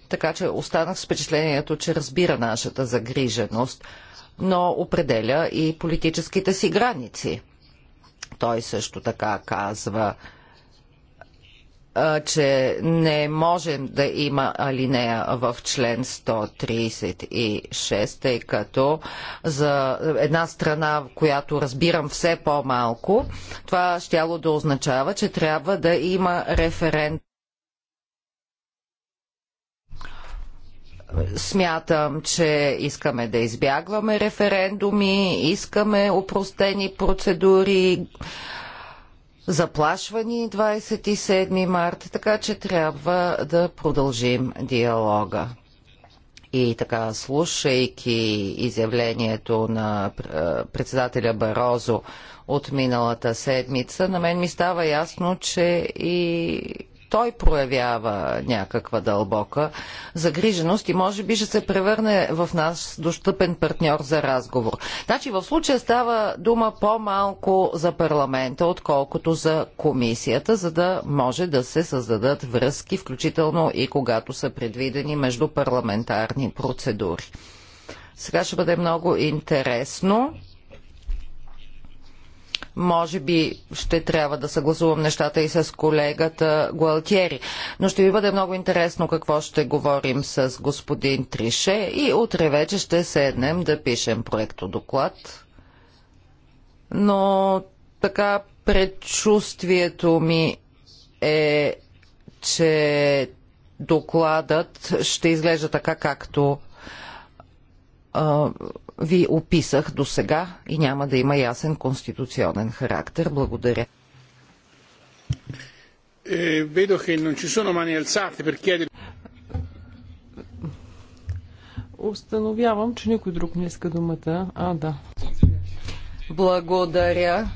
Така че останах с впечатлението, че разбира нашата загриженост, но определя и политическите си граници. Той също така казва, че не можем да има алинея в член 136, тъй като за една страна, която разбирам все по-малко, това щяло да означава, че трябва да има референт. Смятам, че искаме да избягваме референдуми, искаме упростени процедури, заплашвани 27 март, така че трябва да продължим диалога. И така, слушайки изявлението на председателя Барозо от миналата седмица, на мен ми става ясно, че и той проявява някаква дълбока загриженост и може би ще се превърне в наш достъпен партньор за разговор. Значи в случая става дума по-малко за парламента, отколкото за комисията, за да може да се създадат връзки, включително и когато са предвидени между парламентарни процедури. Сега ще бъде много интересно може би ще трябва да съгласувам нещата и с колегата Гуалтиери. Но ще ви бъде много интересно какво ще говорим с господин Трише и утре вече ще седнем да пишем проекто доклад. Но така предчувствието ми е, че докладът ще изглежда така, както ви описах до сега и няма да има ясен конституционен характер. Благодаря. Е, е, Установявам, че никой друг не иска думата. А, да. Благодаря.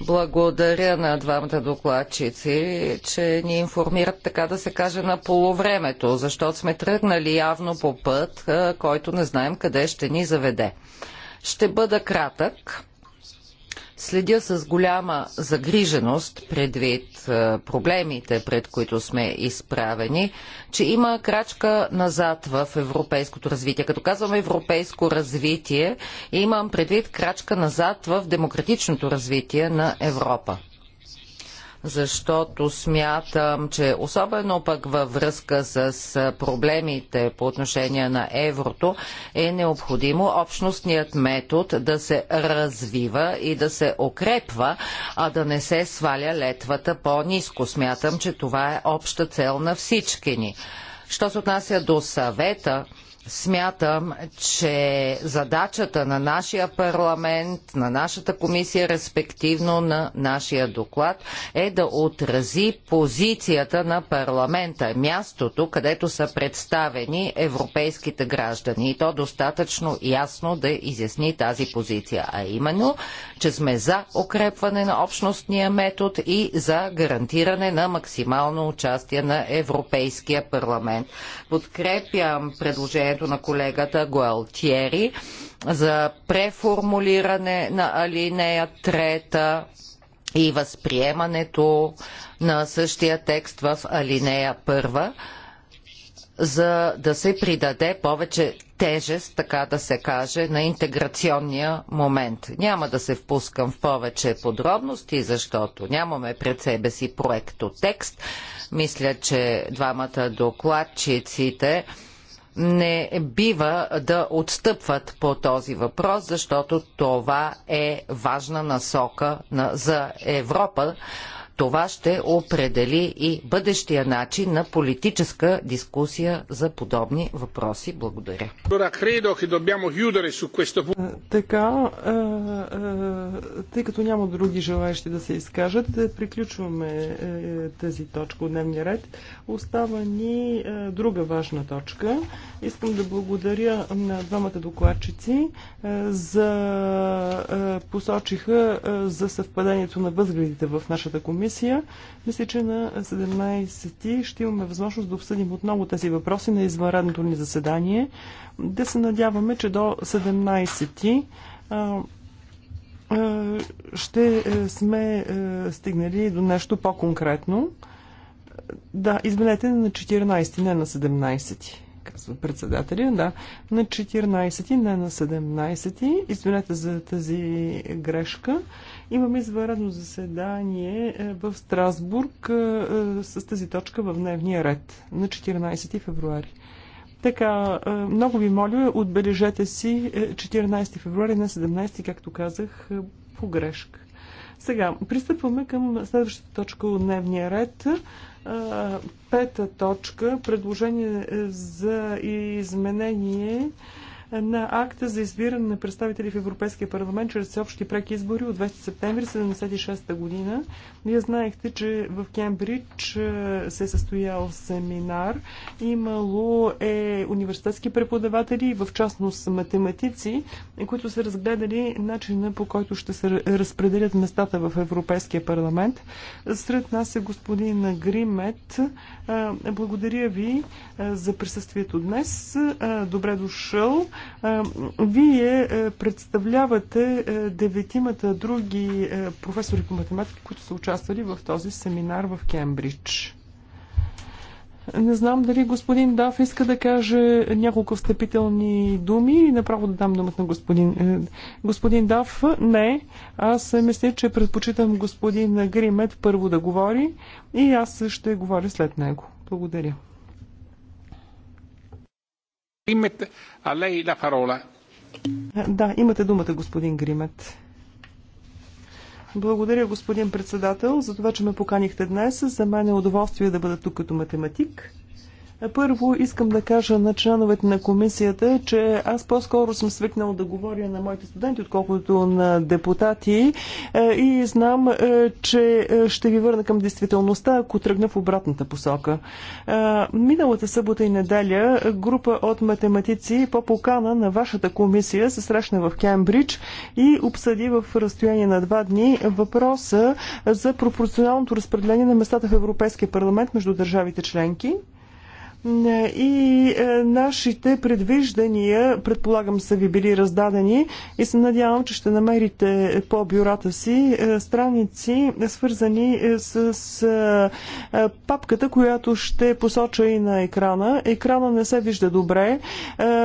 Благодаря на двамата докладчици, че ни информират така да се каже на полувремето, защото сме тръгнали явно по път, който не знаем къде ще ни заведе. Ще бъда кратък. Следя с голяма загриженост предвид е, проблемите, пред които сме изправени, че има крачка назад в европейското развитие. Като казвам европейско развитие, имам предвид крачка назад в демократичното развитие на Европа защото смятам, че особено пък във връзка с проблемите по отношение на еврото е необходимо общностният метод да се развива и да се укрепва, а да не се сваля летвата по-низко. Смятам, че това е обща цел на всички ни. Що се отнася до съвета, Смятам, че задачата на нашия парламент, на нашата комисия, респективно на нашия доклад, е да отрази позицията на парламента, мястото, където са представени европейските граждани. И то достатъчно ясно да изясни тази позиция, а именно, че сме за укрепване на общностния метод и за гарантиране на максимално участие на Европейския парламент. Подкрепям предложението предложението на колегата Гуалтиери за преформулиране на алинея трета и възприемането на същия текст в алинея първа, за да се придаде повече тежест, така да се каже, на интеграционния момент. Няма да се впускам в повече подробности, защото нямаме пред себе си проекто текст. Мисля, че двамата докладчиците не бива да отстъпват по този въпрос, защото това е важна насока за Европа, това ще определи и бъдещия начин на политическа дискусия за подобни въпроси. Благодаря. Е, така, е, е, тъй като няма други желаящи да се изкажат, приключваме тази точка от дневния ред. Остава ни друга важна точка. Искам да благодаря на двамата докладчици за посочиха за съвпадението на възгледите в нашата комисия комисия. Мисля, че на 17 ще имаме възможност да обсъдим отново тези въпроси на извънредното ни заседание. Да се надяваме, че до 17 ще е, сме е, стигнали до нещо по-конкретно. Да, изменете на 14, не на 17 казва председателя, да, на 14, не на 17. Извинете за тази грешка. Имаме извънредно заседание е, в Страсбург е, е, с тази точка в дневния ред на 14 февруари. Така, много ви моля, отбележете си 14 февруари на 17, както казах, погрешка. Сега, пристъпваме към следващата точка от дневния ред. Пета точка. Предложение за изменение на акта за избиране на представители в Европейския парламент чрез всеобщи преки избори от 20 септември 1976 година. Вие знаехте, че в Кембридж се е състоял семинар. Имало е университетски преподаватели, в частност математици, които са разгледали начина по който ще се разпределят местата в Европейския парламент. Сред нас е господин Гримет. Благодаря ви за присъствието днес. Добре дошъл. Вие е, представлявате е, деветимата други е, професори по математика, които са участвали в този семинар в Кембридж. Не знам дали господин Дав иска да каже няколко встъпителни думи и направо да дам думата на господин. Господин Дав, не. Аз мисля, че предпочитам господин Гримет първо да говори и аз ще говоря след него. Благодаря. Гримет, а лей ла Да, имате думата, господин Гримет. Благодаря, господин председател, за това, че ме поканихте днес. За мен е удоволствие да бъда тук като математик. Първо искам да кажа на членовете на комисията, че аз по-скоро съм свикнал да говоря на моите студенти, отколкото на депутати е, и знам, е, че е, ще ви върна към действителността, ако тръгна в обратната посока. Миналата събота и неделя група от математици по покана на вашата комисия се срещна в Кембридж и обсъди в разстояние на два дни въпроса за пропорционалното разпределение на местата в Европейския парламент между държавите членки. И е, нашите предвиждания, предполагам, са ви били раздадени и се надявам, че ще намерите по бюрата си е, страници, свързани е, с папката, която ще посоча и на екрана. Екрана не се вижда добре.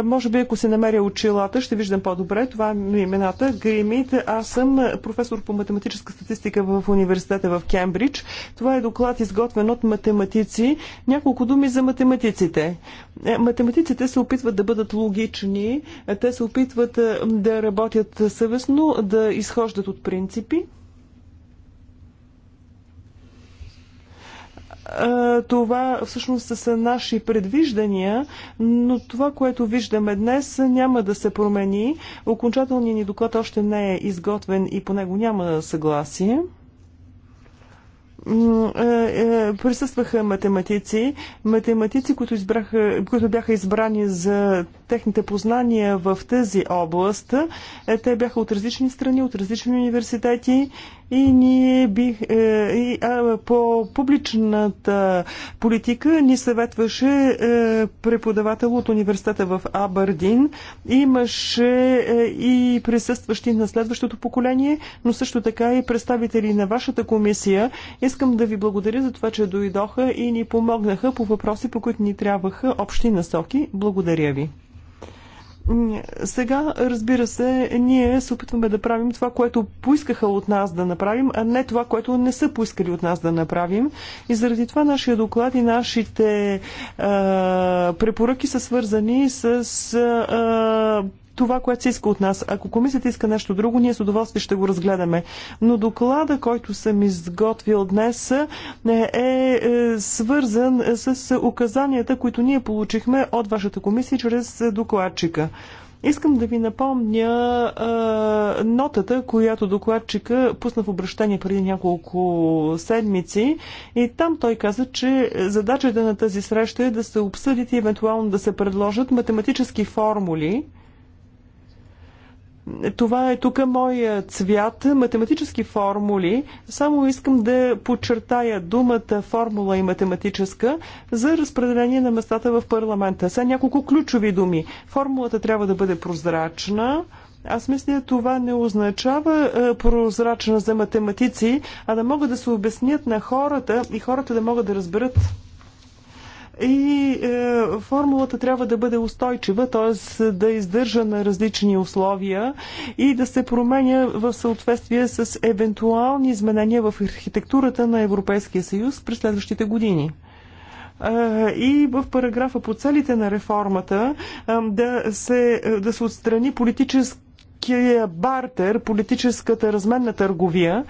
Може би, ако се намеря очилата, ще виждам по-добре. Това е имената. Гримит. Аз съм професор по математическа статистика в университета в Кембридж. Това е доклад изготвен от математици. Няколко думи за математици математиците. Е, математиците се опитват да бъдат логични, е, те се опитват е, да работят съвестно, да изхождат от принципи. това всъщност са наши предвиждания, но това, което виждаме днес, няма да се промени. Окончателният ни доклад още не е изготвен и по него няма съгласие. Е, е, присъстваха математици, математици, които, избраха, които бяха избрани за техните познания в тази област. Е, те бяха от различни страни, от различни университети и ние бих, е, и, а, по публичната политика ни съветваше е, преподавател от университета в Абърдин. Имаше е, и присъстващи на следващото поколение, но също така и представители на вашата комисия. Искам да ви благодаря за това, че дойдоха и ни помогнаха по въпроси, по които ни трябваха общи насоки. Благодаря ви. Сега, разбира се, ние се опитваме да правим това, което поискаха от нас да направим, а не това, което не са поискали от нас да направим. И заради това нашия доклад и нашите а, препоръки са свързани с а, това, което се иска от нас. Ако комисията иска нещо друго, ние с удоволствие ще го разгледаме. Но доклада, който съм изготвил днес, е, е, е свързан с указанията, които ние получихме от вашата комисия чрез докладчика. Искам да ви напомня а, нотата, която докладчика пусна в обращение преди няколко седмици и там той каза, че задачата на тази среща е да се обсъдят и евентуално да се предложат математически формули, това е тук моя е, цвят, математически формули. Само искам да подчертая думата формула и математическа за разпределение на местата в парламента. Са няколко ключови думи. Формулата трябва да бъде прозрачна. Аз мисля, това не означава е, прозрачна за математици, а да могат да се обяснят на хората и хората да могат да разберат и е, формулата трябва да бъде устойчива, т.е. да издържа на различни условия и да се променя в съответствие с евентуални изменения в архитектурата на Европейския съюз през следващите години е, и в параграфа по целите на реформата е, да се, е, да се отстрани политически политическия бартер, политическата разменна търговия.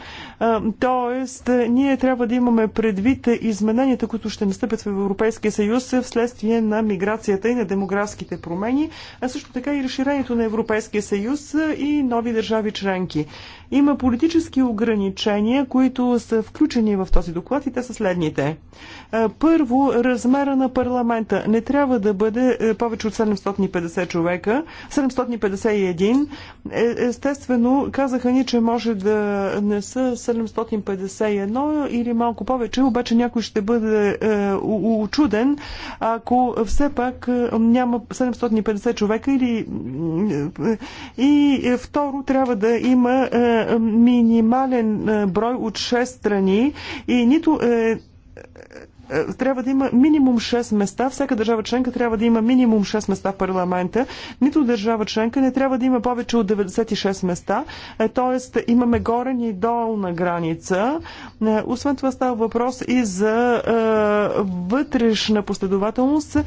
Тоест, ние трябва да имаме предвид измененията, които ще настъпят в Европейския съюз вследствие на миграцията и на демографските промени, а също така и разширението на Европейския съюз и нови държави членки. Има политически ограничения, които са включени в този доклад и те са следните. Първо, размера на парламента не трябва да бъде повече от 750 човека, 751. Е, естествено, казаха ни, че може да не са 751 или малко повече, обаче някой ще бъде очуден, е, ако все пак е, няма 750 човека или... И второ, трябва да има минимален брой от 6 страни и нито е, трябва да има минимум 6 места. Всяка държава членка трябва да има минимум 6 места в парламента. Нито държава членка не трябва да има повече от 96 места. Е, тоест имаме горен и долна граница. Е, освен това става въпрос и за вътрешна последователност.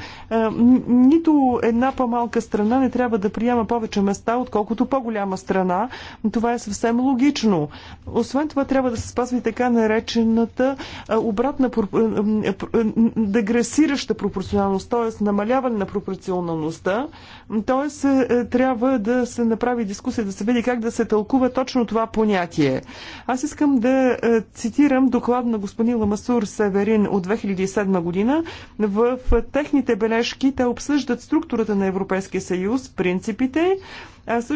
Нито една по-малка страна не трябва да приема повече места, отколкото по-голяма страна. Това е съвсем логично. Освен това трябва да се спазва и така наречената обратна е, е, е, дегресираща пропорционалност, т.е. намаляване на пропорционалността. Т.е. трябва да се направи дискусия, да се види как да се тълкува точно това понятие. Аз искам да цитирам доклад на господин Ламасур Северин от 2007 година. В техните бележки те обсъждат структурата на Европейския съюз, принципите,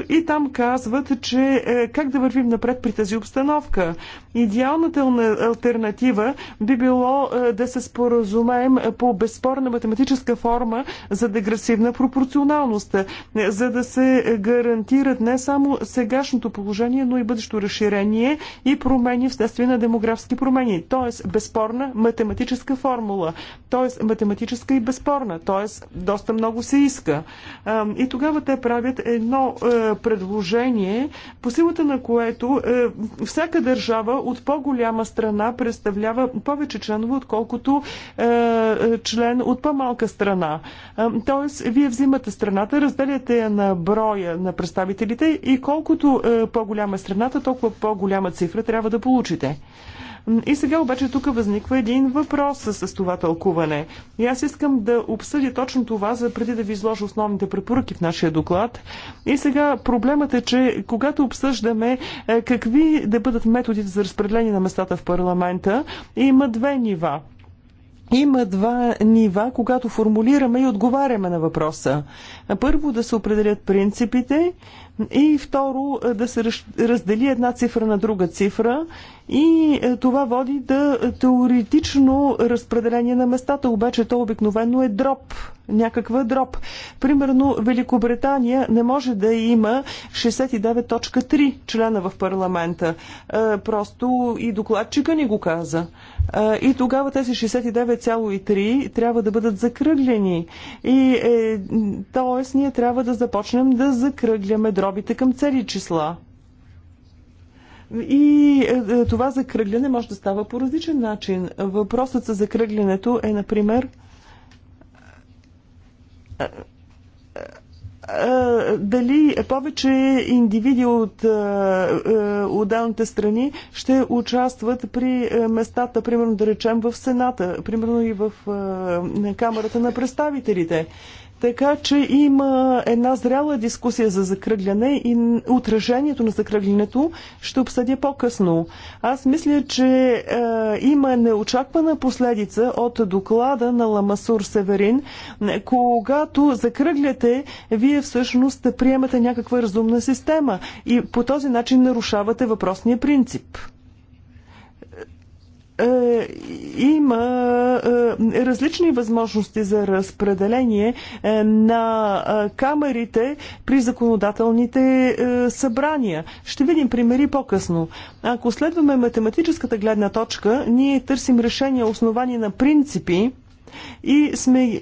и там казват, че е, как да вървим напред при тази обстановка. Идеалната альтернатива би било е, да се споразумеем по безспорна математическа форма за дегресивна пропорционалност, е, за да се гарантират не само сегашното положение, но и бъдещо разширение и промени вследствие на демографски промени. Тоест, безспорна математическа формула. Тоест, математическа и безспорна. Тоест, доста много се иска. И тогава те правят едно е, предложение, по силата на което е, всяка държава от по-голяма страна представлява повече членове, отколкото е, член от по-малка страна. Тоест, вие взимате страната, разделяте я на броя на представителите и колкото по-голяма е страната, толкова по-голяма цифра трябва да получите. И сега обаче тук възниква един въпрос с това тълкуване. И аз искам да обсъдя точно това, за преди да ви изложа основните препоръки в нашия доклад. И сега проблемът е, че когато обсъждаме е, какви да бъдат методите за разпределение на местата в парламента, има две нива. Има два нива, когато формулираме и отговаряме на въпроса. Първо да се определят принципите и второ да се раздели една цифра на друга цифра и е, това води да теоретично разпределение на местата, обаче то обикновено е дроп, някаква дроп. Примерно Великобритания не може да има 69.3 члена в парламента. Е, просто и докладчика ни го каза. Е, и тогава тези 69,3 трябва да бъдат закръглени. И е, то т.е. ние трябва да започнем да закръгляме дробите към цели числа. И е, е, това закръгляне може да става по различен начин. Въпросът за закръглянето е, например, е, дали повече индивиди от отделните страни ще участват при местата, примерно да речем в Сената, примерно и в Камерата на представителите. Така че има една зряла дискусия за закръгляне и отражението на закръглянето ще обсъдя по-късно. Аз мисля, че е, има неочаквана последица от доклада на Ламасур Северин. Когато закръгляте, вие всъщност приемате някаква разумна система и по този начин нарушавате въпросния принцип. Е, има е, различни възможности за разпределение е, на камерите при законодателните събрания. Ще видим примери по-късно. Ако следваме математическата гледна точка, ние търсим решения основани на принципи, и сме,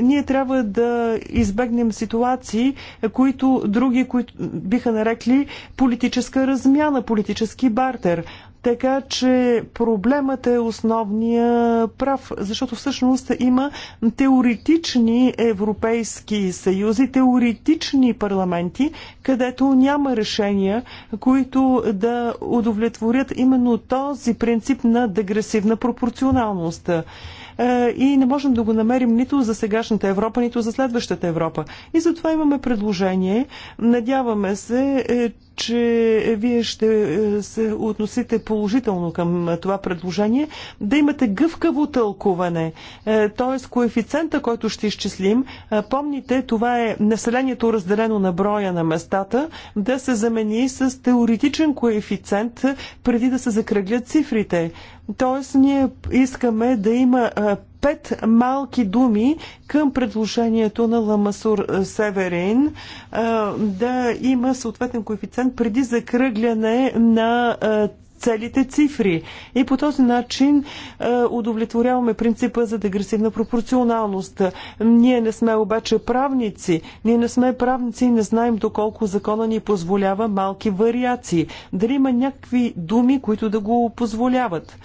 ние трябва да избегнем ситуации, които други които биха нарекли политическа размяна, политически бартер. Така че проблемът е основния прав, защото всъщност има теоретични европейски съюзи, теоретични парламенти, където няма решения, които да удовлетворят именно този принцип на дегресивна пропорционалност е, и не можем да го намерим нито за сегашната Европа, нито за следващата Европа. И затова имаме предложение. Надяваме се, е, че вие ще е, се относите положително към това предложение, да имате гъвкаво тълкуване. Т.е. коефициента, който ще изчислим, е, помните, това е населението разделено на броя на местата, да се замени с теоретичен коефициент е, преди да се закръглят цифрите. Тоест, ние искаме да има пет малки думи към предложението на Ламасур Северин да има съответен коефициент преди закръгляне на целите цифри. И по този начин е, удовлетворяваме принципа за дегресивна пропорционалност. Ние не сме обаче правници. Ние не сме правници и не знаем доколко закона ни позволява малки вариации. Дали има някакви думи, които да го позволяват.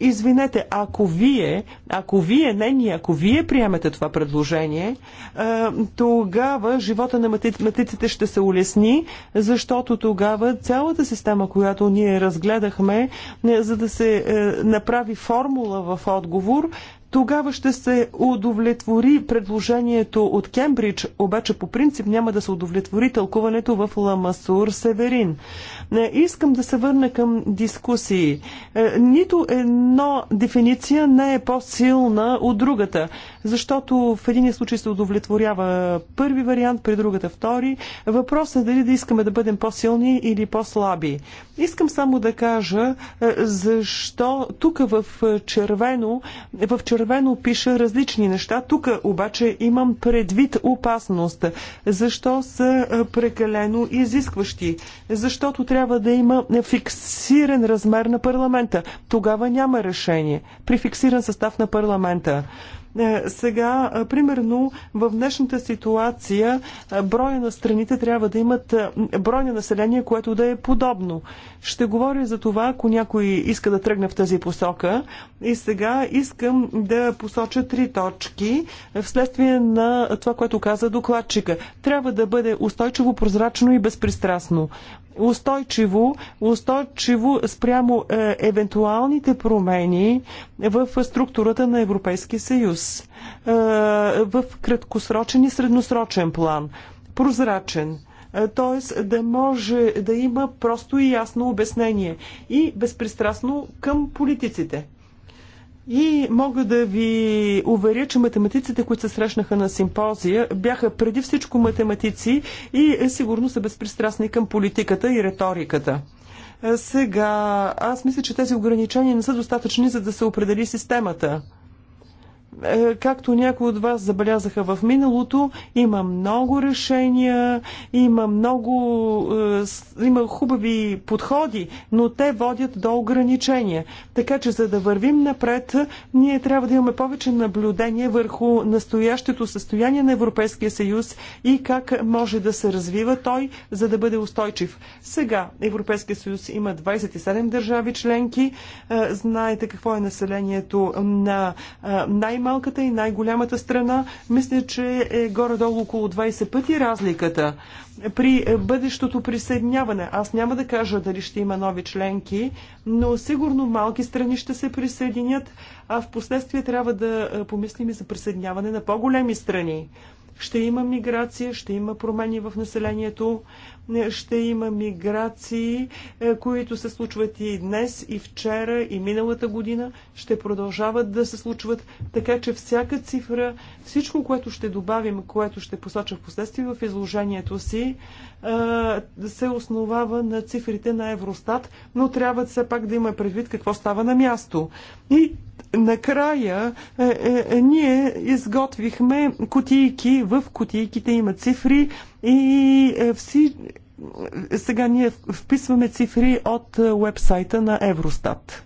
Извинете, ако вие, ако вие, не ние, ако вие приемете това предложение, е, тогава живота на матиците ще се улесни, защото тогава цялата система, която ние разгледахме, е, за да се е, направи формула в отговор, тогава ще се удовлетвори предложението от Кембридж, обаче по принцип няма да се удовлетвори тълкуването в Ламасур Северин. Не искам да се върна към дискусии. Е, нито едно дефиниция не е по-силна от другата, защото в един случай се удовлетворява първи вариант, при другата втори. Въпросът е дали да искаме да бъдем по-силни или по-слаби. Искам само да кажа е, защо тук в червено, в червено пиша различни неща. Тук обаче имам предвид опасност. Защо са е, прекалено изискващи? Защото трябва да има фиксиран размер на парламента. Тогава няма решение. При фиксиран състав на парламента. Е, сега, е, примерно, в днешната ситуация е, броя на страните трябва да имат брой на население, което да е подобно. Ще говоря за това, ако някой иска да тръгне в тази посока. И сега искам да посоча три точки вследствие на това, което каза докладчика. Трябва да бъде устойчиво, прозрачно и безпристрастно устойчиво, устойчиво спрямо е, евентуалните промени в структурата на Европейския съюз. Е, в краткосрочен и средносрочен план. Прозрачен т.е. да може да има просто и ясно обяснение и безпристрастно към политиците. И мога да ви уверя, че математиците, които се срещнаха на симпозия, бяха преди всичко математици и сигурно са безпристрастни към политиката и риториката. Е, сега, аз мисля, че тези ограничения не са достатъчни, за да се определи системата. Е, както някои от вас забелязаха в миналото, има много решения, има много е, има хубави подходи, но те водят до ограничения. Така че, за да вървим напред, ние трябва да имаме повече наблюдение върху настоящето състояние на Европейския съюз и как може да се развива той, за да бъде устойчив. Сега Европейския съюз има 27 държави членки. Е, знаете какво е населението на най- най-малката и най-голямата страна. Мисля, че е горе-долу около 20 пъти разликата. При бъдещото присъединяване, аз няма да кажа дали ще има нови членки, но сигурно малки страни ще се присъединят, а в последствие трябва да помислим и за присъединяване на по-големи страни ще има миграция, ще има промени в населението ще има миграции, е, които се случват и днес, и вчера, и миналата година, ще продължават да се случват, така че всяка цифра, всичко, което ще добавим, което ще посоча в последствие в изложението си, е, се основава на цифрите на Евростат, но трябва все пак да има предвид какво става на място. И накрая е, е, е, ние изготвихме кутийки. В кутийките има цифри и е, вси... сега ние вписваме цифри от вебсайта е, на Евростат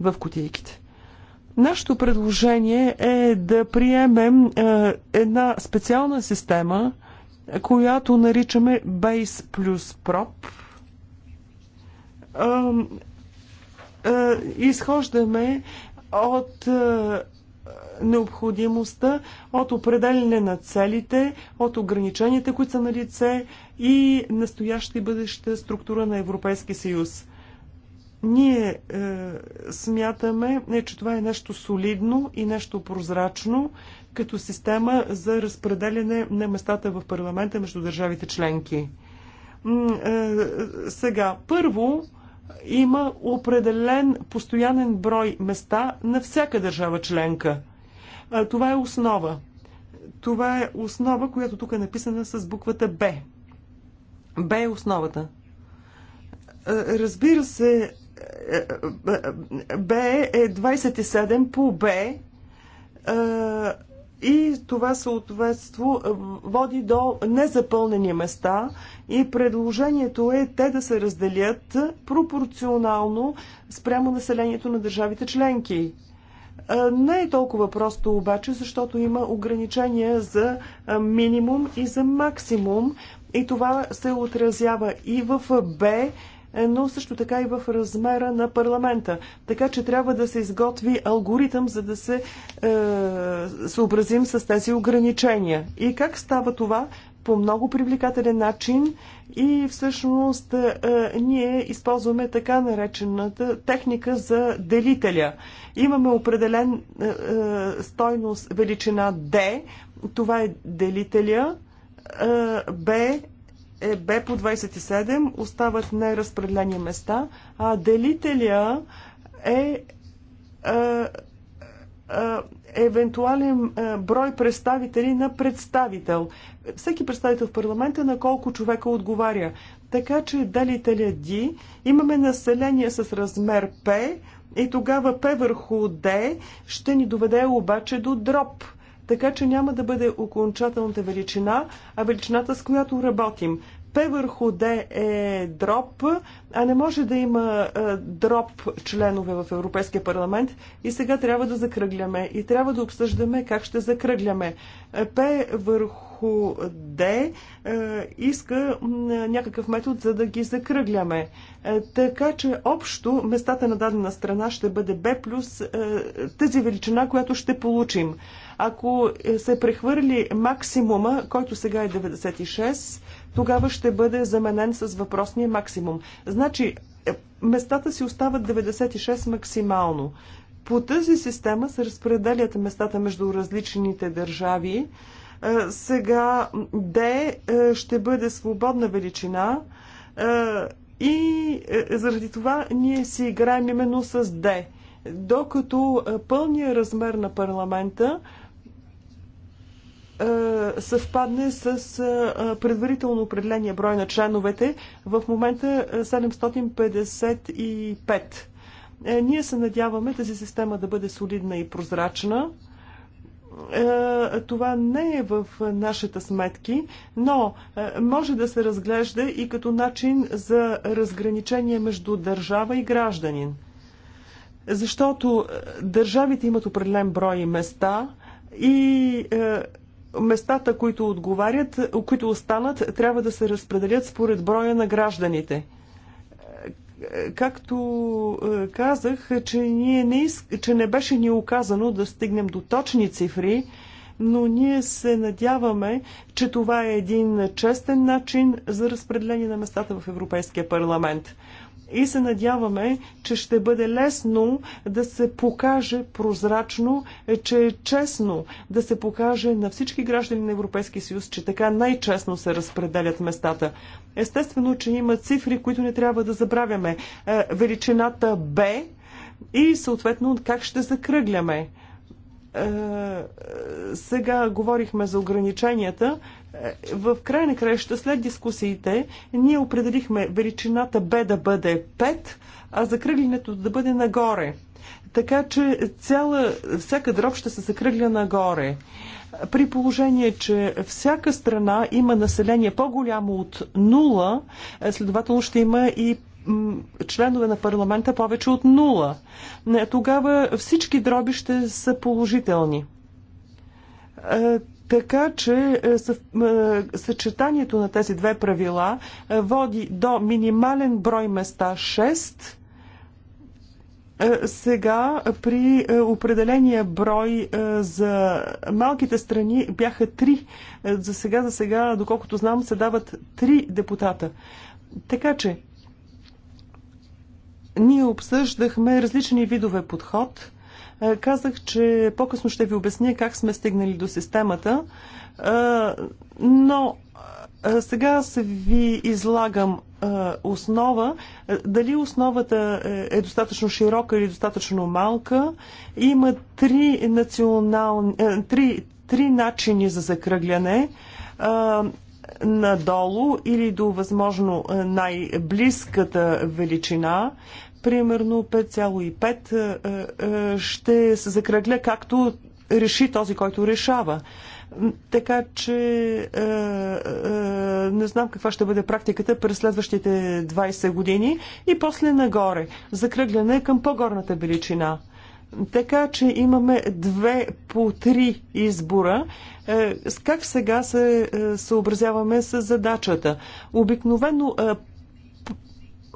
в кутийките. Нашето предложение е да приемем е, една специална система, която наричаме Base плюс Prop е, изхождаме от е, необходимостта от определене на целите, от ограниченията, които са на лице и настояща и бъдеща структура на Европейския съюз. Ние е, смятаме, е, че това е нещо солидно и нещо прозрачно като система за разпределяне на местата в парламента между държавите членки. М е, сега, първо, е, има определен постоянен брой места на всяка държава членка. Това е основа. Това е основа, която тук е написана с буквата Б. Б е основата. Разбира се, Б е 27 по Б и това съответство е, води до незапълнени места и предложението е те да се разделят пропорционално спрямо населението на държавите членки. Е, не е толкова просто обаче, защото има ограничения за е, минимум и за максимум и това се отразява и в Б, но също така и в размера на парламента. Така че трябва да се изготви алгоритъм, за да се е, съобразим с тези ограничения. И как става това? По много привлекателен начин и всъщност е, ние използваме така наречената техника за делителя. Имаме определен е, е, стойност величина D, това е делителя, Б е, е Б по 27, остават неразпределени места, а делителя е, е, е евентуален е, брой представители на представител. Всеки представител в парламента на колко човека отговаря. Така че делителя D имаме население с размер P и тогава P върху D ще ни доведе обаче до дроп така че няма да бъде окончателната величина, а величината с която работим. П върху Д е дроп, а не може да има е, дроп членове в Европейския парламент и сега трябва да закръгляме и трябва да обсъждаме как ще закръгляме. Е, П върху Д е, иска някакъв метод за да ги закръгляме. Така че общо местата на дадена страна ще бъде Б плюс тази величина, която ще получим. Ако се прехвърли максимума, който сега е 96, тогава ще бъде заменен с въпросния максимум. Значи, е, местата си остават 96 максимално. По тази система се разпределят местата между различните държави. Е, сега D е, ще бъде свободна величина и заради това ние си играем именно с D. Докато пълния размер на парламента е, съвпадне с е, е, предварително определения брой на членовете. В момента 755. Ние се надяваме тази система да бъде солидна и прозрачна. Това не е в нашите сметки, но може да се разглежда и като начин за разграничение между държава и гражданин. Защото държавите имат определен брой места и местата, които отговарят, които останат, трябва да се разпределят според броя на гражданите. Както е, казах, че, ние не, иск... че не беше ни оказано да стигнем до точни цифри, но ние се надяваме, че това е един честен начин за разпределение на местата в Европейския парламент и се надяваме, че ще бъде лесно да се покаже прозрачно, че е честно, да се покаже на всички граждани на Европейския съюз, че така най-честно се разпределят местата. Естествено, че има цифри, които не трябва да забравяме. Е, величината Б и съответно как ще закръгляме. Е, сега говорихме за ограниченията. Е, в край на краища, след дискусиите, ние определихме величината Б да бъде 5, а закръглянето да бъде нагоре. Така че цяла, всяка дроб ще се закръгля нагоре. При положение, че всяка страна има население по-голямо от 0, е, следователно ще има и членове на парламента повече от нула. Тогава всички дроби ще са положителни. Така че е, е, съчетанието на тези две правила е, води до минимален брой места 6. Сега при определения брой за малките страни бяха 3. За сега, за сега, доколкото знам, се дават 3 депутата. Така че ние обсъждахме различни видове подход. Е, казах, че по-късно ще ви обясня как сме стигнали до системата, е, но е, сега се ви излагам основа. Дали основата е достатъчно широка или достатъчно малка? Има три, национални, три, три начини за закръгляне надолу или до възможно е, най-близката величина, примерно 5,5, е, е, ще се закръгля както реши този, който решава. Така че е, е, не знам каква ще бъде практиката през следващите 20 години и после нагоре. Закръгляне към по-горната величина. Така че имаме две по три избора. Е, как сега се е, съобразяваме с задачата? Обикновено е,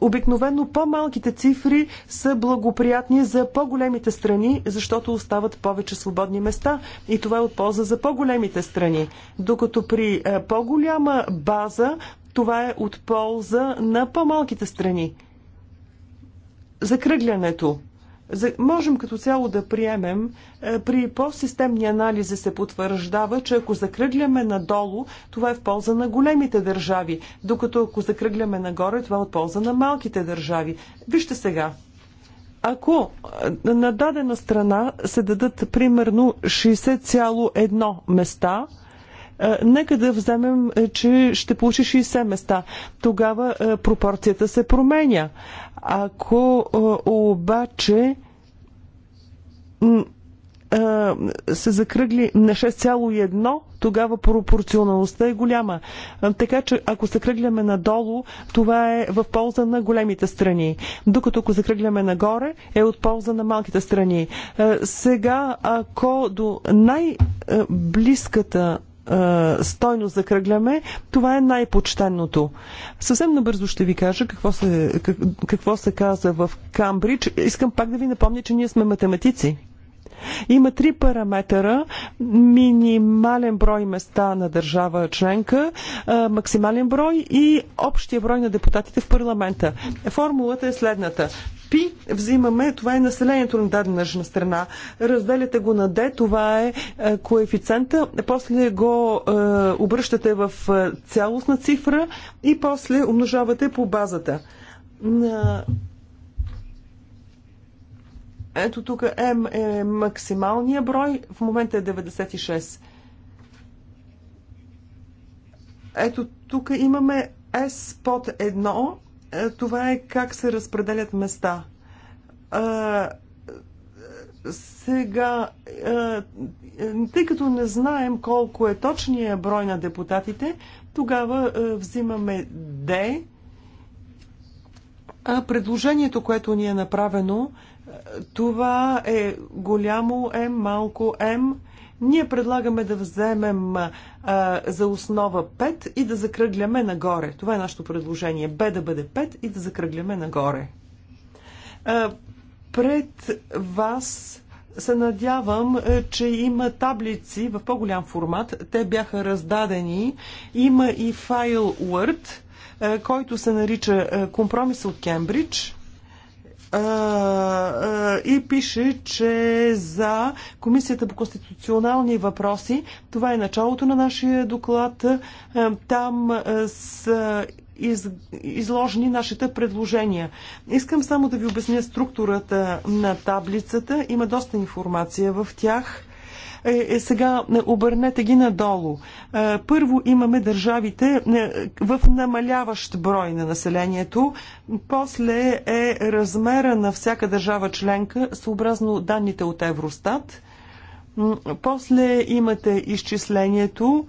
Обикновено по-малките цифри са благоприятни за по-големите страни, защото остават повече свободни места и това е от полза за по-големите страни. Докато при по-голяма база това е от полза на по-малките страни. Закръглянето. За, можем като цяло да приемем, е, при по-системни анализи се потвърждава, че ако закръгляме надолу, това е в полза на големите държави, докато ако закръгляме нагоре, това е от полза на малките държави. Вижте сега, ако е, на дадена страна се дадат примерно 60,1 места, Нека да вземем, е, че ще получи 60 места. Тогава е, пропорцията се променя. Ако е, обаче се закръгли на 6,1, тогава пропорционалността е голяма. Така че ако закръгляме надолу, това е в полза на големите страни. Докато ако закръгляме нагоре, е от полза на малките страни. Сега, ако до най-близката е, стойно закръгляме, това е най-почтенното. Съвсем набързо ще ви кажа какво се, какво се каза в Камбридж. Искам пак да ви напомня, че ние сме математици. Има три параметъра. Минимален брой места на държава членка, максимален брой и общия брой на депутатите в парламента. Формулата е следната. Пи взимаме, това е населението на дадена страна. Разделяте го на Д, това е, е коефициента, после го е, обръщате в е, цялостна цифра и после умножавате по базата. На ето тук М е максималния брой, в момента е 96. Ето тук имаме S под 1, е, това е как се разпределят места. А, сега, а, тъй като не знаем колко е точния брой на депутатите, тогава а, взимаме D. А предложението, което ни е направено, това е голямо М, малко М. Ние предлагаме да вземем а, за основа 5 и да закръгляме нагоре. Това е нашето предложение. Б да бъде 5 и да закръгляме нагоре. А, пред вас се надявам, е, че има таблици в по-голям формат. Те бяха раздадени. Има и файл Word, е, който се нарича е, Компромис от Кембридж и пише, че за Комисията по конституционални въпроси, това е началото на нашия доклад, там са из, изложени нашите предложения. Искам само да ви обясня структурата на таблицата. Има доста информация в тях. Е, е, сега е, обърнете ги надолу. Е, първо имаме държавите е, в намаляващ брой на населението. После е размера на всяка държава членка съобразно данните от Евростат. После имате изчислението.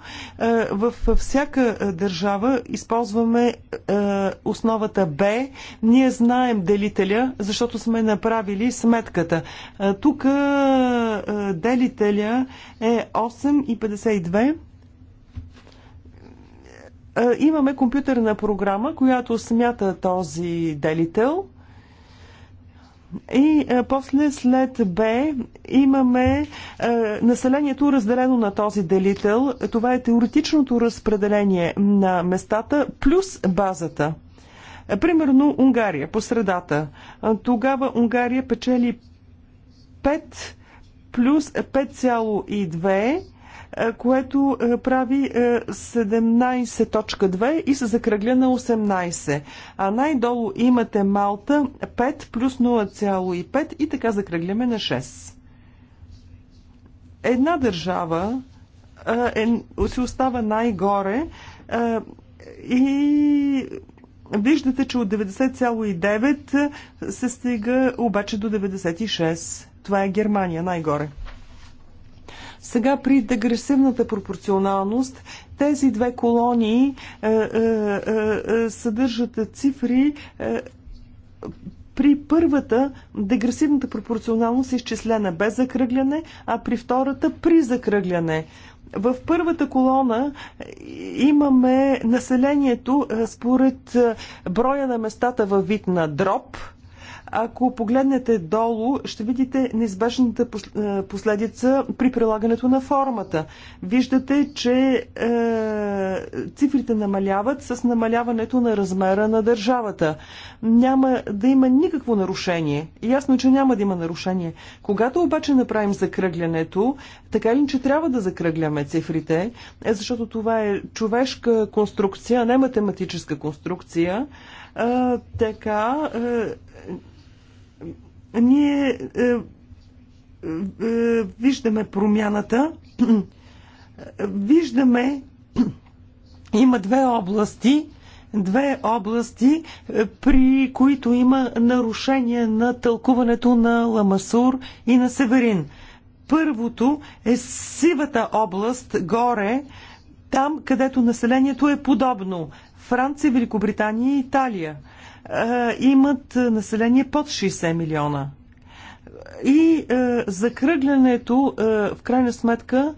Във е, всяка държава използваме е, основата Б. Ние знаем делителя, защото сме направили сметката. Е, тук делителя е 8,52 имаме компютърна програма, която смята този делител – и а, е, после след Б имаме а, е, населението разделено на този делител. Това е теоретичното разпределение на местата плюс базата. Е, примерно Унгария по средата. Тогава Унгария печели 5 плюс 5,2 е, което е, прави 17.2 е, и се закръгля на 18. А най-долу имате Малта 5 плюс 0,5 и така закръгляме на 6. Една държава е, си остава най-горе е, и виждате, че от 90,9 се стига обаче до 96. Това е Германия най-горе. Сега при дегресивната пропорционалност тези две колонии е, е, е, е, съдържат цифри. Е, при първата дегресивната пропорционалност е изчислена без закръгляне, а при втората при закръгляне. В първата колона е, имаме населението е, според броя на местата във вид на дроб – ако погледнете долу, ще видите неизбежната е, последица при прилагането на формата. Виждате, че е, цифрите намаляват с намаляването на размера на държавата. Няма да има никакво нарушение. Ясно е, че няма да има нарушение. Когато обаче направим закръглянето, така ли, че трябва да закръгляме цифрите, е, защото това е човешка конструкция, а не математическа конструкция, е, така, Е, ние е, е, е, виждаме промяната, виждаме, има две области, две области, при които има нарушение на тълкуването на Ламасур и на Северин. Първото е сивата област горе, там където населението е подобно. Франция, Великобритания и Италия – имат население под 60 милиона. И е, закръглянето е, в крайна сметка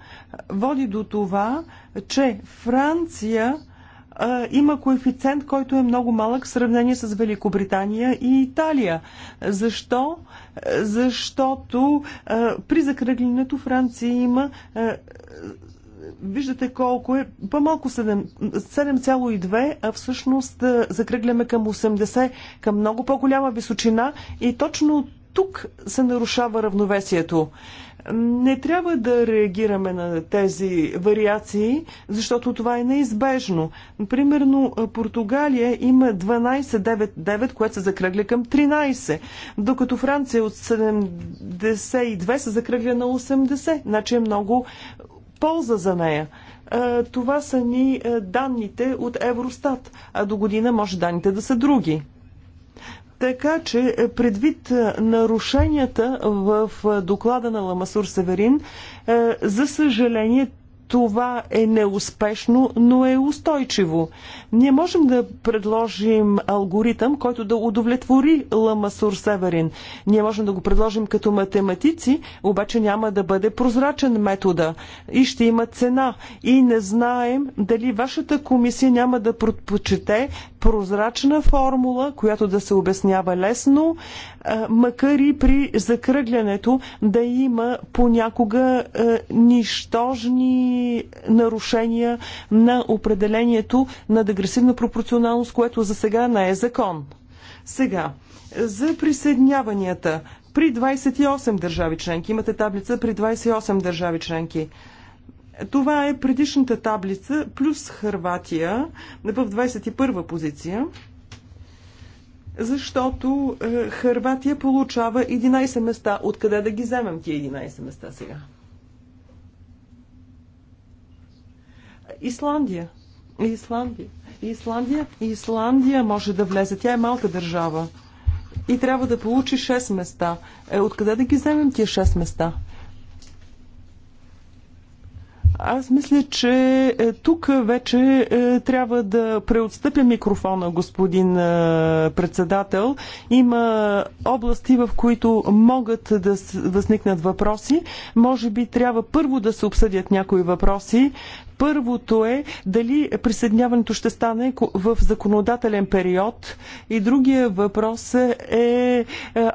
води до това, че Франция е, има коефициент, който е много малък в сравнение с Великобритания и Италия. Защо? Защото е, при закръглянето Франция има е, виждате колко е, по-малко 7,2, а всъщност закръгляме към 80, към много по-голяма височина и точно тук се нарушава равновесието. Не трябва да реагираме на тези вариации, защото това е неизбежно. Примерно Португалия има 12,99, което се закръгля към 13, докато Франция от 72 се закръгля на 80. Значи е много полза за нея. Това са ни данните от Евростат, а до година може данните да са други. Така че, е, предвид е, нарушенията в е, доклада на Ламасур Северин, за съжаление, това е неуспешно, но е устойчиво. Ние можем да предложим алгоритъм, който да удовлетвори Ламасур Северин. Ние можем да го предложим като математици, обаче няма да бъде прозрачен метода и ще има цена. И не знаем дали вашата комисия няма да предпочете прозрачна формула, която да се обяснява лесно, макар и при закръглянето да има понякога нищожни определени нарушения на определението на дегресивна пропорционалност, което за сега не е закон. Сега, за присъединяванията при 28 държави членки, имате таблица при 28 държави членки. Това е предишната таблица, плюс Харватия в 21 позиция защото е, Харватия получава 11 места. Откъде да ги вземем тия 11 места сега? Исландия. Исландия. Исландия. Исландия може да влезе. Тя е малка държава. И трябва да получи 6 места. Е, откъде да ги вземем тия 6 места? Аз мисля, че е, тук вече е, трябва да преотстъпя микрофона, господин е, председател. Има области, в които могат да възникнат въпроси. Може би трябва първо да се обсъдят някои въпроси. Първото е дали присъединяването ще стане в законодателен период и другия въпрос е, е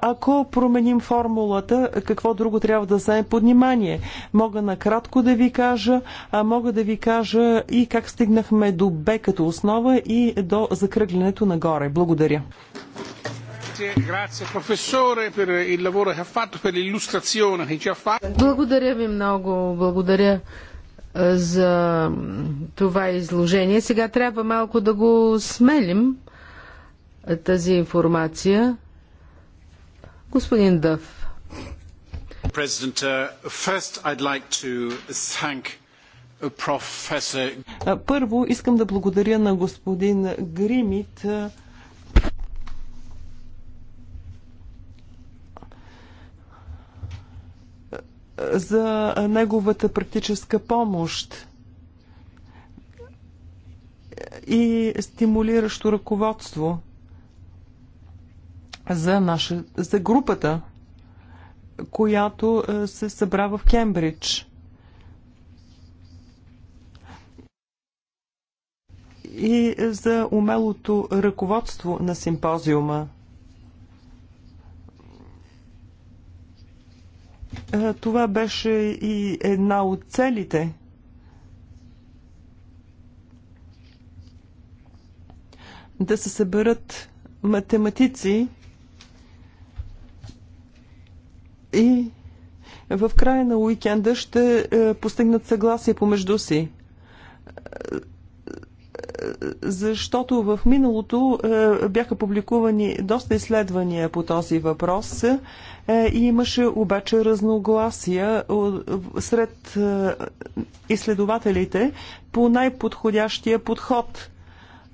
ако променим формулата, какво друго трябва да вземе под внимание. Мога накратко да ви кажа, а мога да ви кажа и как стигнахме до Б като основа и до закръглянето нагоре. Благодаря. Благодаря ви много. Благодаря за това изложение. Сега трябва малко да го смелим тази информация. Господин Дъв. Uh, uh, Първо искам да благодаря на господин Гримит uh, за неговата практическа помощ и стимулиращо ръководство за, наша, за групата, която е, се събра в Кембридж. И за умелото ръководство на симпозиума. Е, това беше и една от целите. Да се съберат математици и в края на уикенда ще е, постигнат съгласие помежду си е, защото в миналото е, бяха публикувани доста изследвания по този въпрос е, и имаше обаче разногласия е, сред изследователите по най-подходящия подход.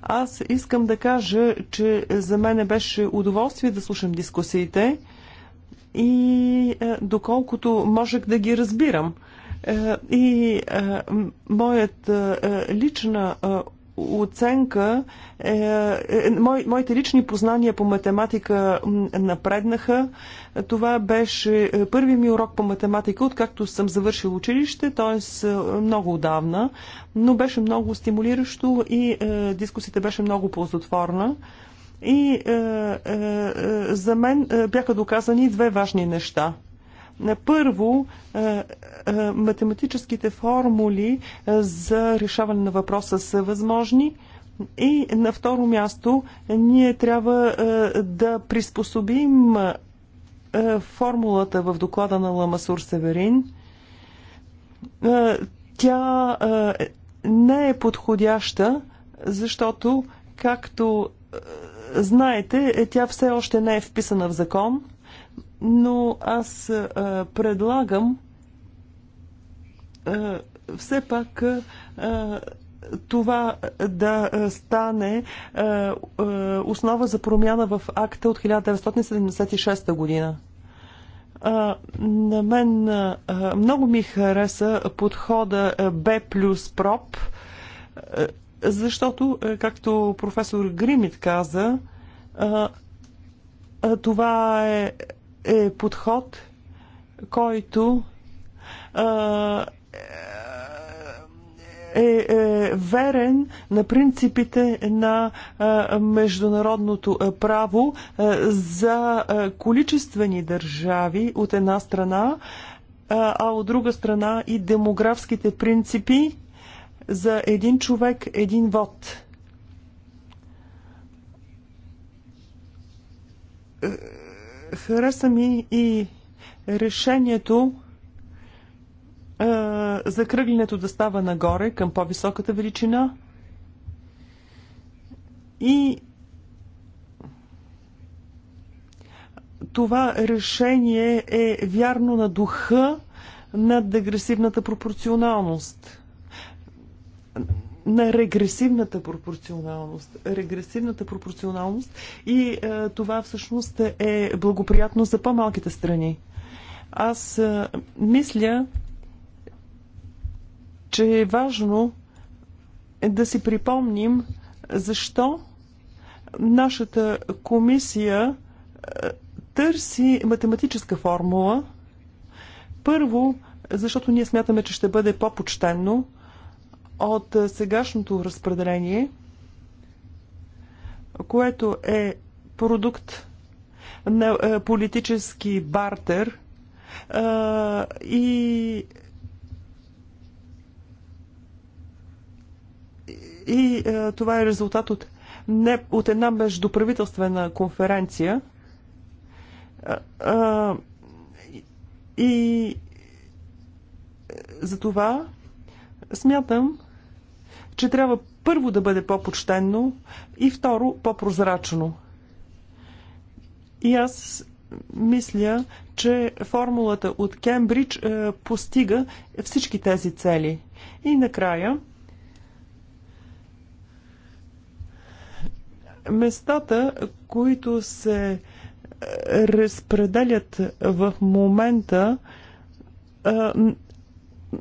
Аз искам да кажа, че за мен беше удоволствие да слушам дискусиите и доколкото можех да ги разбирам. И моят лична оценка, е, е, мой, моите лични познания по математика напреднаха. Това беше е, първи ми урок по математика, откакто съм завършил училище, т.е. Е, много отдавна, но беше много стимулиращо и е, дискусията беше много ползотворна. И е, е, е за мен бяха доказани две важни неща. Първо, е, математическите формули е, за решаване на въпроса са възможни. И на второ място, ние трябва е, да приспособим формулата в доклада на Ламасур Северин. Тя не е подходяща, защото, както знаете, тя все още не е вписана в закон, но аз предлагам все пак това да стане основа за промяна в акта от 1976 година. На мен много ми хареса подхода Б плюс проб, защото, както професор Гримит каза, това е, е подход, който е, е верен на принципите на е, международното право е, за е, количествени държави от една страна, а от друга страна и демографските принципи за един човек, един вод. Е, хареса ми и решението закръглянето да става нагоре към по-високата величина и това решение е вярно на духа на дегресивната пропорционалност. На регресивната пропорционалност. Регресивната пропорционалност и е, това всъщност е благоприятно за по-малките страни. Аз е, мисля, че е важно да си припомним защо нашата комисия е, търси математическа формула. Първо, защото ние смятаме, че ще бъде по-почтенно от е, сегашното разпределение, което е продукт на е, политически бартер и И е, това е резултат от, не, от една междуправителствена конференция. А, а, и е, за това смятам, че трябва първо да бъде по-почтенно и второ по-прозрачно. И аз мисля, че формулата от Кембридж е, постига всички тези цели. И накрая Местата, които се е, разпределят в момента е,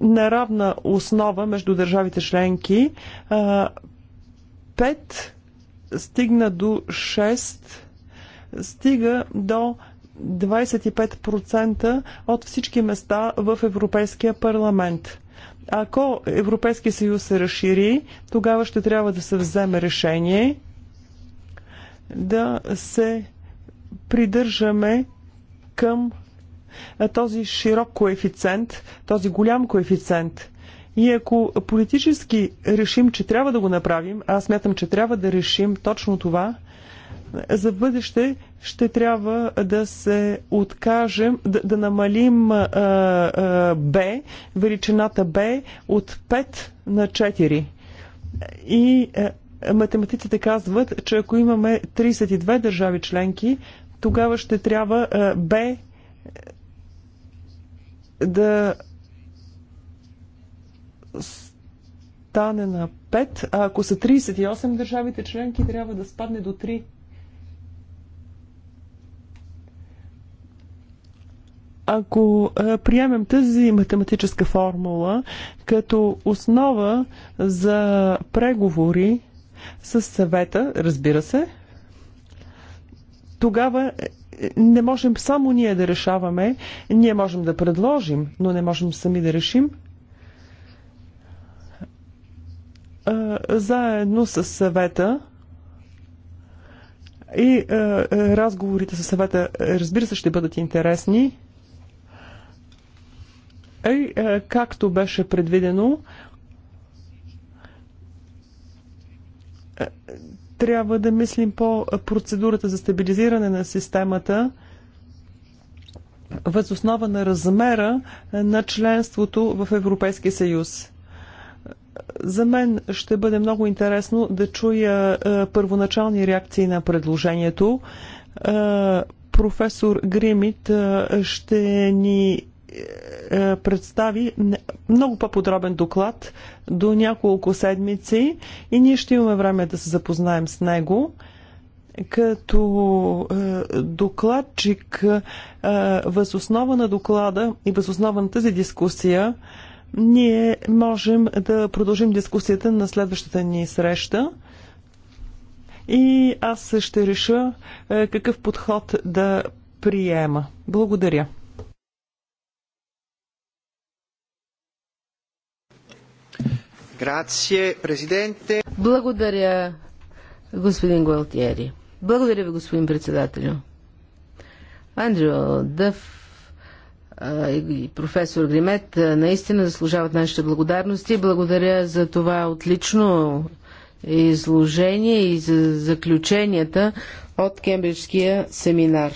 на равна основа между държавите членки, 5 е, стигна до 6, стига до 25% от всички места в Европейския парламент. Ако Европейския съюз се разшири, тогава ще трябва да се вземе решение да се придържаме към този широк коефициент, този голям коефициент. И ако политически решим, че трябва да го направим, аз смятам, че трябва да решим точно това, за бъдеще ще трябва да се откажем, да, да намалим а, а, Б, величината Б от 5 на 4. И математиците казват, че ако имаме 32 държави членки, тогава ще трябва Б да стане на 5, а ако са 38 държавите членки, трябва да спадне до 3. Ако приемем тази математическа формула като основа за преговори, с съвета, разбира се, тогава е, е, не можем само ние да решаваме, ние можем да предложим, но не можем сами да решим. Заедно с съвета и разговорите с съвета, разбира се, ще бъдат интересни. И, както беше предвидено, трябва да мислим по процедурата за стабилизиране на системата възоснова на размера на членството в Европейския съюз. За мен ще бъде много интересно да чуя е, първоначални реакции на предложението е, професор Гримит е, ще ни е, представи много по-подробен доклад до няколко седмици и ние ще имаме време да се запознаем с него като е, докладчик е, възоснова на доклада и възоснова на тази дискусия ние можем да продължим дискусията на следващата ни среща и аз ще реша какъв подход да приема. Благодаря. Благодаря, господин Гуалтиери. Благодаря ви, господин председателю. Андрю Дъв и професор Гримет наистина заслужават нашите благодарности. Благодаря за това отлично изложение и за заключенията от Кембриджския семинар.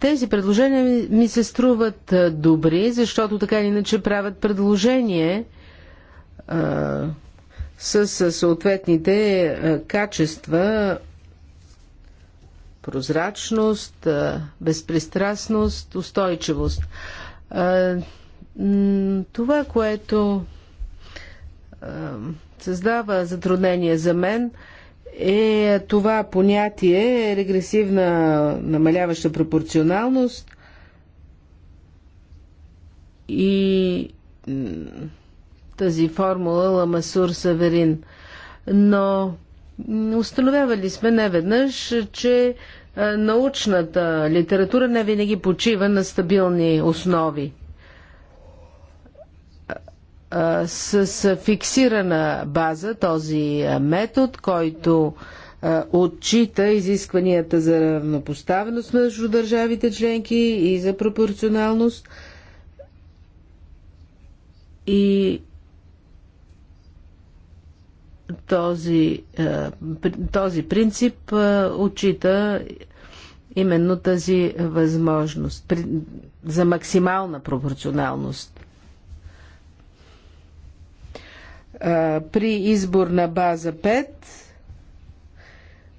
Тези предложения ми се струват добри, защото така или иначе правят предложение а, с съответните качества прозрачност, безпристрастност, устойчивост. А, това, което създава затруднение за мен – е това понятие е регресивна намаляваща пропорционалност и тази формула Ламасур Саверин. Но установявали сме неведнъж, че научната литература не винаги почива на стабилни основи с фиксирана база този метод, който отчита изискванията за равнопоставеност между държавите членки и за пропорционалност. И този, този принцип отчита именно тази възможност за максимална пропорционалност. при избор на база 5,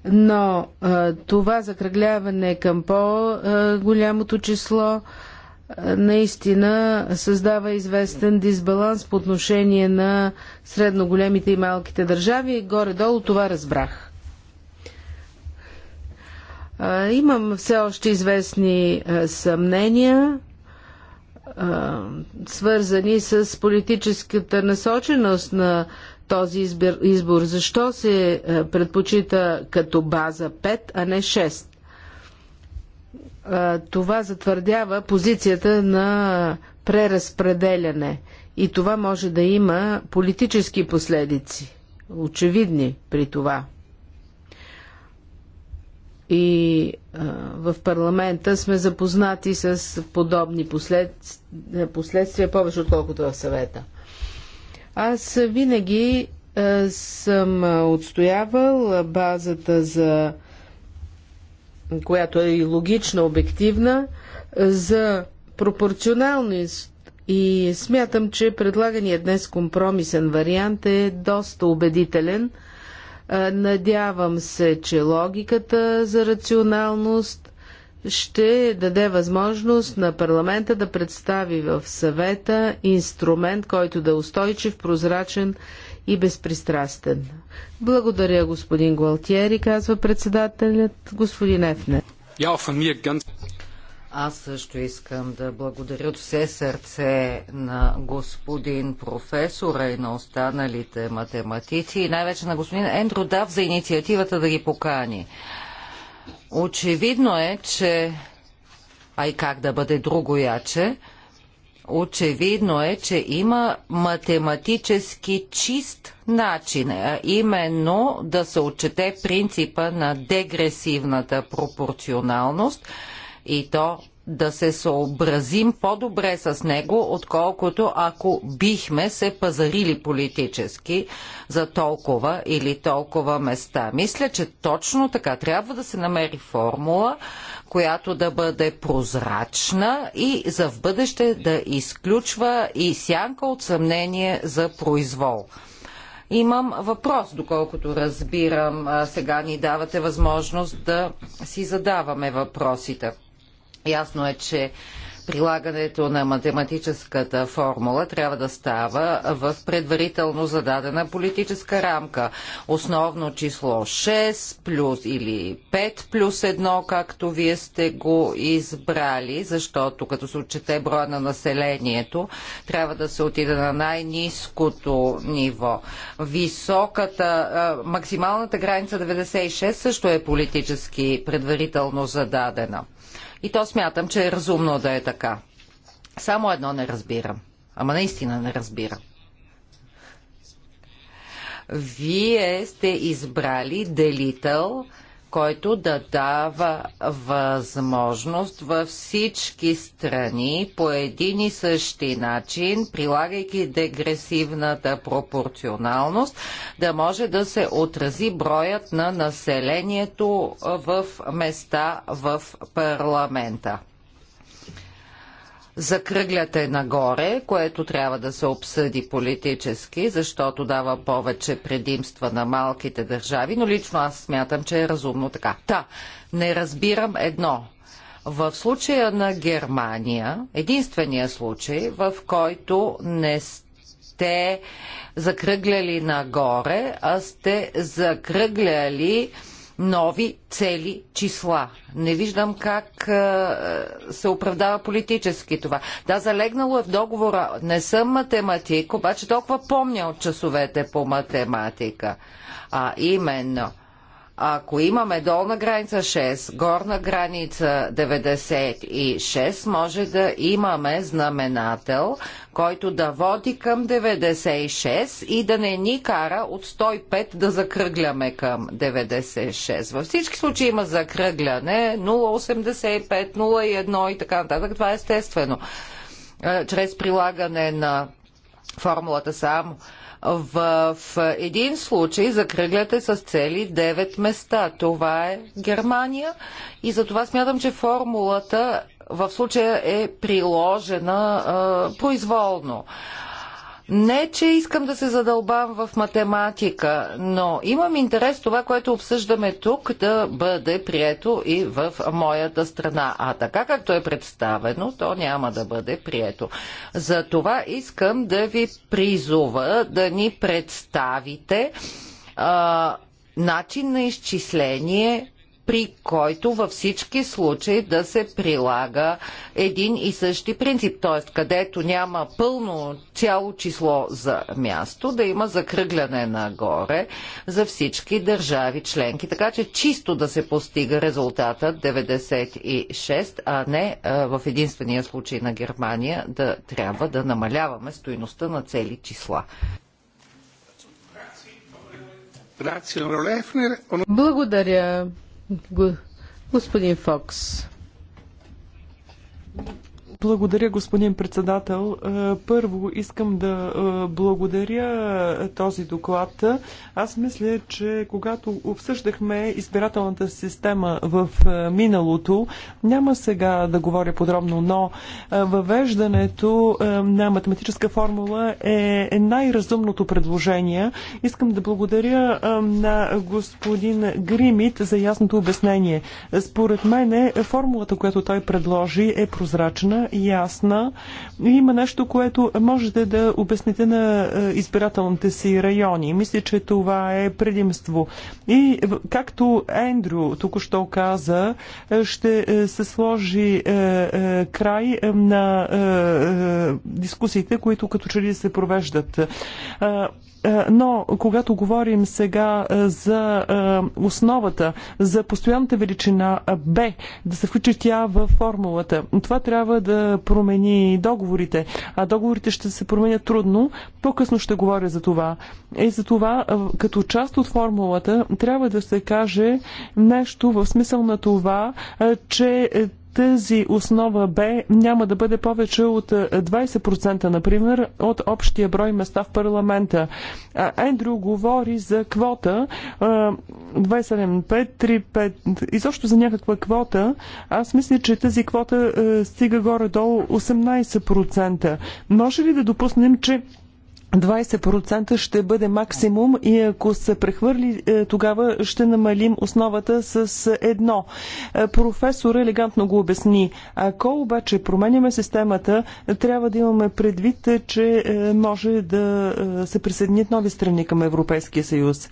но това закръгляване към по-голямото число наистина създава известен дисбаланс по отношение на средно големите и малките държави. Горе-долу това разбрах. Имам все още известни съмнения свързани с политическата насоченост на този избир, избор. Защо се предпочита като база 5, а не 6? Това затвърдява позицията на преразпределяне и това може да има политически последици. Очевидни при това и а, в парламента сме запознати с подобни послед... последствия повече отколкото в съвета. Аз винаги а, съм отстоявал базата за която е и логична, обективна, за пропорционалност и смятам, че предлаганият днес компромисен вариант е доста убедителен – Надявам се, че логиката за рационалност ще даде възможност на парламента да представи в съвета инструмент, който да е устойчив, прозрачен и безпристрастен. Благодаря, господин Гуалтиери, казва председателят господин Ефне. Аз също искам да благодаря от все сърце на господин професора и на останалите математици и най-вече на господин Ендро Дав за инициативата да ги покани. Очевидно е, че а и как да бъде друго яче, очевидно е, че има математически чист начин, а именно да се отчете принципа на дегресивната пропорционалност – и то да се съобразим по-добре с него, отколкото ако бихме се пазарили политически за толкова или толкова места. Мисля, че точно така трябва да се намери формула, която да бъде прозрачна и за в бъдеще да изключва и сянка от съмнение за произвол. Имам въпрос, доколкото разбирам, сега ни давате възможност да си задаваме въпросите. Ясно е, че прилагането на математическата формула трябва да става в предварително зададена политическа рамка. Основно число 6 плюс или 5 плюс 1, както вие сте го избрали, защото като се отчете броя на населението, трябва да се отиде на най-низкото ниво. Високата, максималната граница 96 също е политически предварително зададена. И то смятам, че е разумно да е така. Само едно не разбирам. Ама наистина не разбирам. Вие сте избрали делител който да дава възможност във всички страни по един и същи начин, прилагайки дегресивната пропорционалност, да може да се отрази броят на населението в места в парламента закръгляте нагоре, което трябва да се обсъди политически, защото дава повече предимства на малките държави, но лично аз смятам, че е разумно така. Та, не разбирам едно. В случая на Германия, единствения случай, в който не сте закръгляли нагоре, а сте закръгляли нови цели числа. Не виждам как се оправдава политически това. Да, залегнало е в договора. Не съм математик, обаче толкова помня от часовете по математика. А именно – ако имаме долна граница 6, горна граница 96, може да имаме знаменател, който да води към 96 и да не ни кара от 105 да закръгляме към 96. Във всички случаи има закръгляне 0,85, 0,1 и така нататък. Това е естествено. Е, чрез прилагане на формулата само в един случай закръгляте с цели 9 места. Това е Германия и затова смятам, че формулата в случая е приложена а, произволно. Не, че искам да се задълбам в математика, но имам интерес това, което обсъждаме тук, да бъде прието и в моята страна. А така както е представено, то няма да бъде прието. За това искам да ви призова да ни представите а, начин на изчисление, при който във всички случаи да се прилага един и същи принцип, т.е. където няма пълно цяло число за място, да има закръгляне нагоре за всички държави членки. Така че чисто да се постига резултатът 96, а не в единствения случай на Германия да трябва да намаляваме стоиността на цели числа. Благодаря, Господин Фокс. Благодаря, господин председател. Е, първо искам да е, благодаря този доклад. Аз мисля, че когато обсъждахме избирателната система в е, миналото, няма сега да говоря подробно, но въвеждането на математическа формула е най-разумното предложение. Искам да благодаря на господин Гримит за ясното обяснение. Според мен формулата, която той предложи, е прозрачна ясна. Има нещо, което можете да обясните на е, избирателните си райони. Мисля, че това е предимство. И както Ендрю току-що каза, е, ще е, се сложи край на дискусиите, които като че ли се провеждат. Е, но когато говорим сега е, за е, основата, за постоянната величина Б, да се включи тя в формулата, това трябва да промени договорите. А договорите ще се променят трудно. По-късно ще говоря за това. И за това, като част от формулата, трябва да се каже нещо в смисъл на това, че тази основа Б няма да бъде повече от 20%, е, например, от общия брой места в парламента. Ендрю говори за квота 27535, е, изобщо за някаква квота. Аз мисля, че тази квота е, стига горе-долу 18%. Може ли да допуснем, че 20% ще бъде максимум и ако се прехвърли, е, тогава ще намалим основата с едно. Е, професор елегантно го обясни. Ако обаче променяме системата, трябва да имаме предвид, е, че може да се присъединят нови страни към Европейския съюз.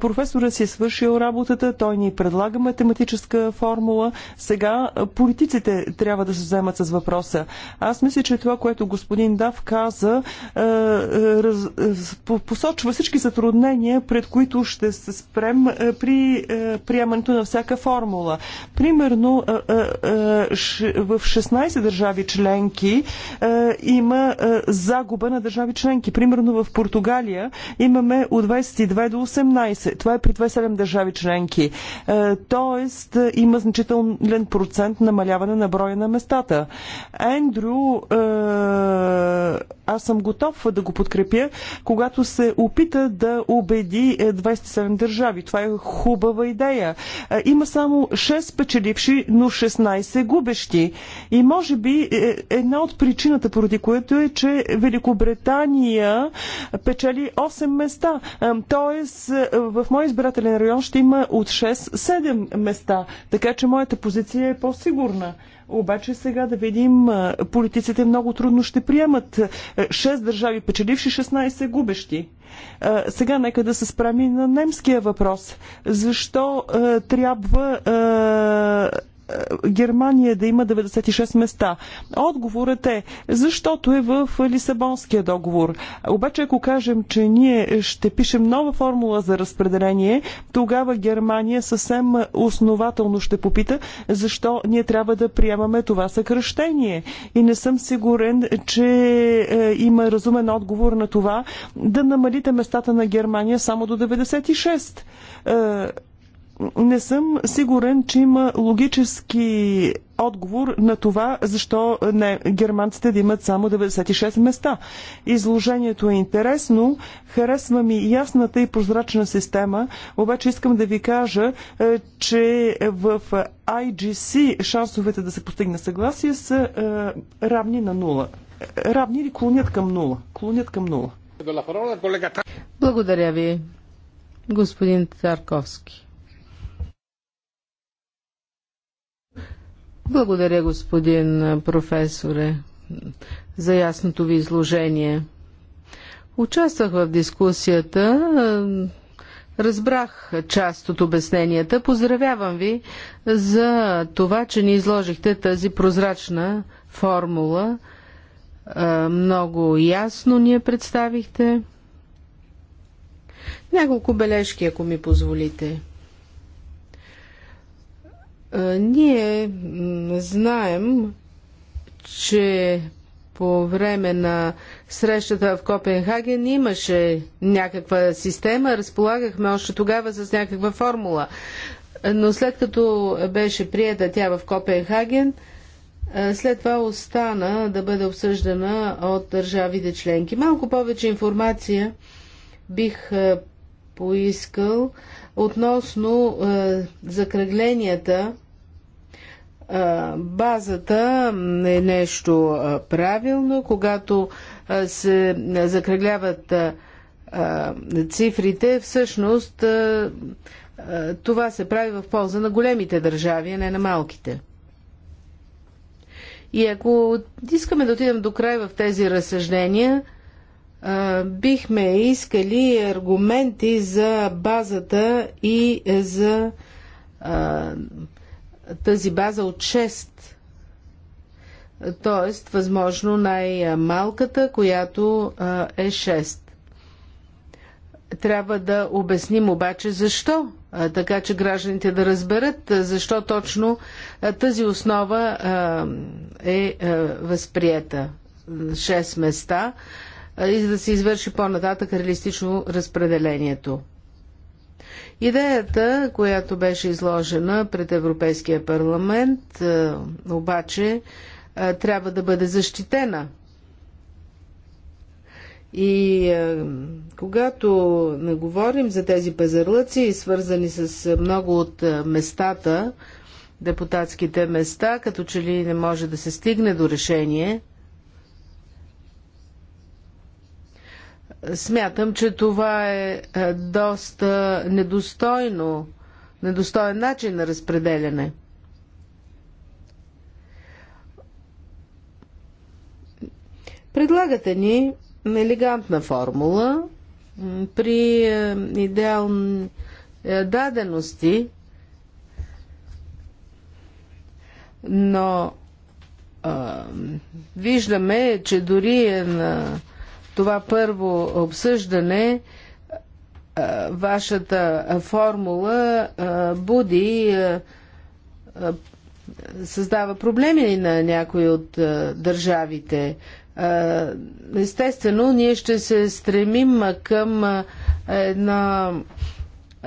Професора си е свършил работата, той ни предлага математическа формула. Сега политиците трябва да се вземат с въпроса. Аз мисля, че това, което господин Дав каза, раз, посочва всички затруднения, пред които ще се спрем е, при е, приемането на всяка формула. Примерно е, в 16 държави членки има загуба на държави членки. Примерно в Португалия имаме от 22 до 18. Това е при 27 държави членки. Тоест има значителен процент намаляване на броя на местата. Ендрю, аз съм готов да го подкрепя подкрепя, когато се опита да убеди 27 е, държави. Това е хубава идея. Е, има само 6 печеливши, но 16 губещи. И може би е, една от причината, поради което е, че Великобритания печели 8 места. Тоест, в моя избирателен район ще има от 6-7 места. Така че моята позиция е по-сигурна. Обаче сега да видим, политиците много трудно ще приемат 6 държави печеливши, 16 губещи. Сега нека да се спрами на немския въпрос. Защо трябва Германия да има 96 места? Отговорът е, защото е в Лисабонския договор. Обаче, ако кажем, че ние ще пишем нова формула за разпределение, тогава Германия съвсем основателно ще попита, защо ние трябва да приемаме това съкръщение. И не съм сигурен, че е, има разумен отговор на това да намалите местата на Германия само до 96 не съм сигурен, че има логически отговор на това, защо не, германците да имат само 96 места. Изложението е интересно, харесва ми ясната и прозрачна система, обаче искам да ви кажа, е, че в IGC шансовете да се постигне съгласие са е, равни на нула. Равни или клонят към нула? Клонят към нула. Благодаря ви, господин Тарковски. Благодаря, господин професоре, за ясното ви изложение. Участвах в дискусията, разбрах част от обясненията. Поздравявам ви за това, че ни изложихте тази прозрачна формула. Много ясно ни я представихте. Няколко бележки, ако ми позволите. Ние знаем, че по време на срещата в Копенхаген имаше някаква система, разполагахме още тогава с някаква формула. Но след като беше приета тя в Копенхаген, след това остана да бъде обсъждана от държавите членки. Малко повече информация бих поискал Относно е, закръгленията, е, базата е нещо е, правилно. Когато е, се закръгляват е, е, цифрите, всъщност е, е, това се прави в полза на големите държави, а не на малките. И ако искаме да отидем до край в тези разсъждения, бихме искали аргументи за базата и за тази база от 6. Тоест, възможно най-малката, която е 6. Трябва да обясним обаче защо, така че гражданите да разберат защо точно тази основа е възприета. 6 места и за да се извърши по-нататък реалистично разпределението. Идеята, която беше изложена пред Европейския парламент, обаче трябва да бъде защитена. И когато не говорим за тези пазарлъци, свързани с много от местата, депутатските места, като че ли не може да се стигне до решение, Смятам, че това е, е доста недостойно, недостоен начин на разпределяне. Предлагате ни елегантна формула при е, идеални е, дадености, но а, виждаме, че дори на това първо обсъждане вашата формула буди, създава проблеми на някои от държавите. Естествено, ние ще се стремим към една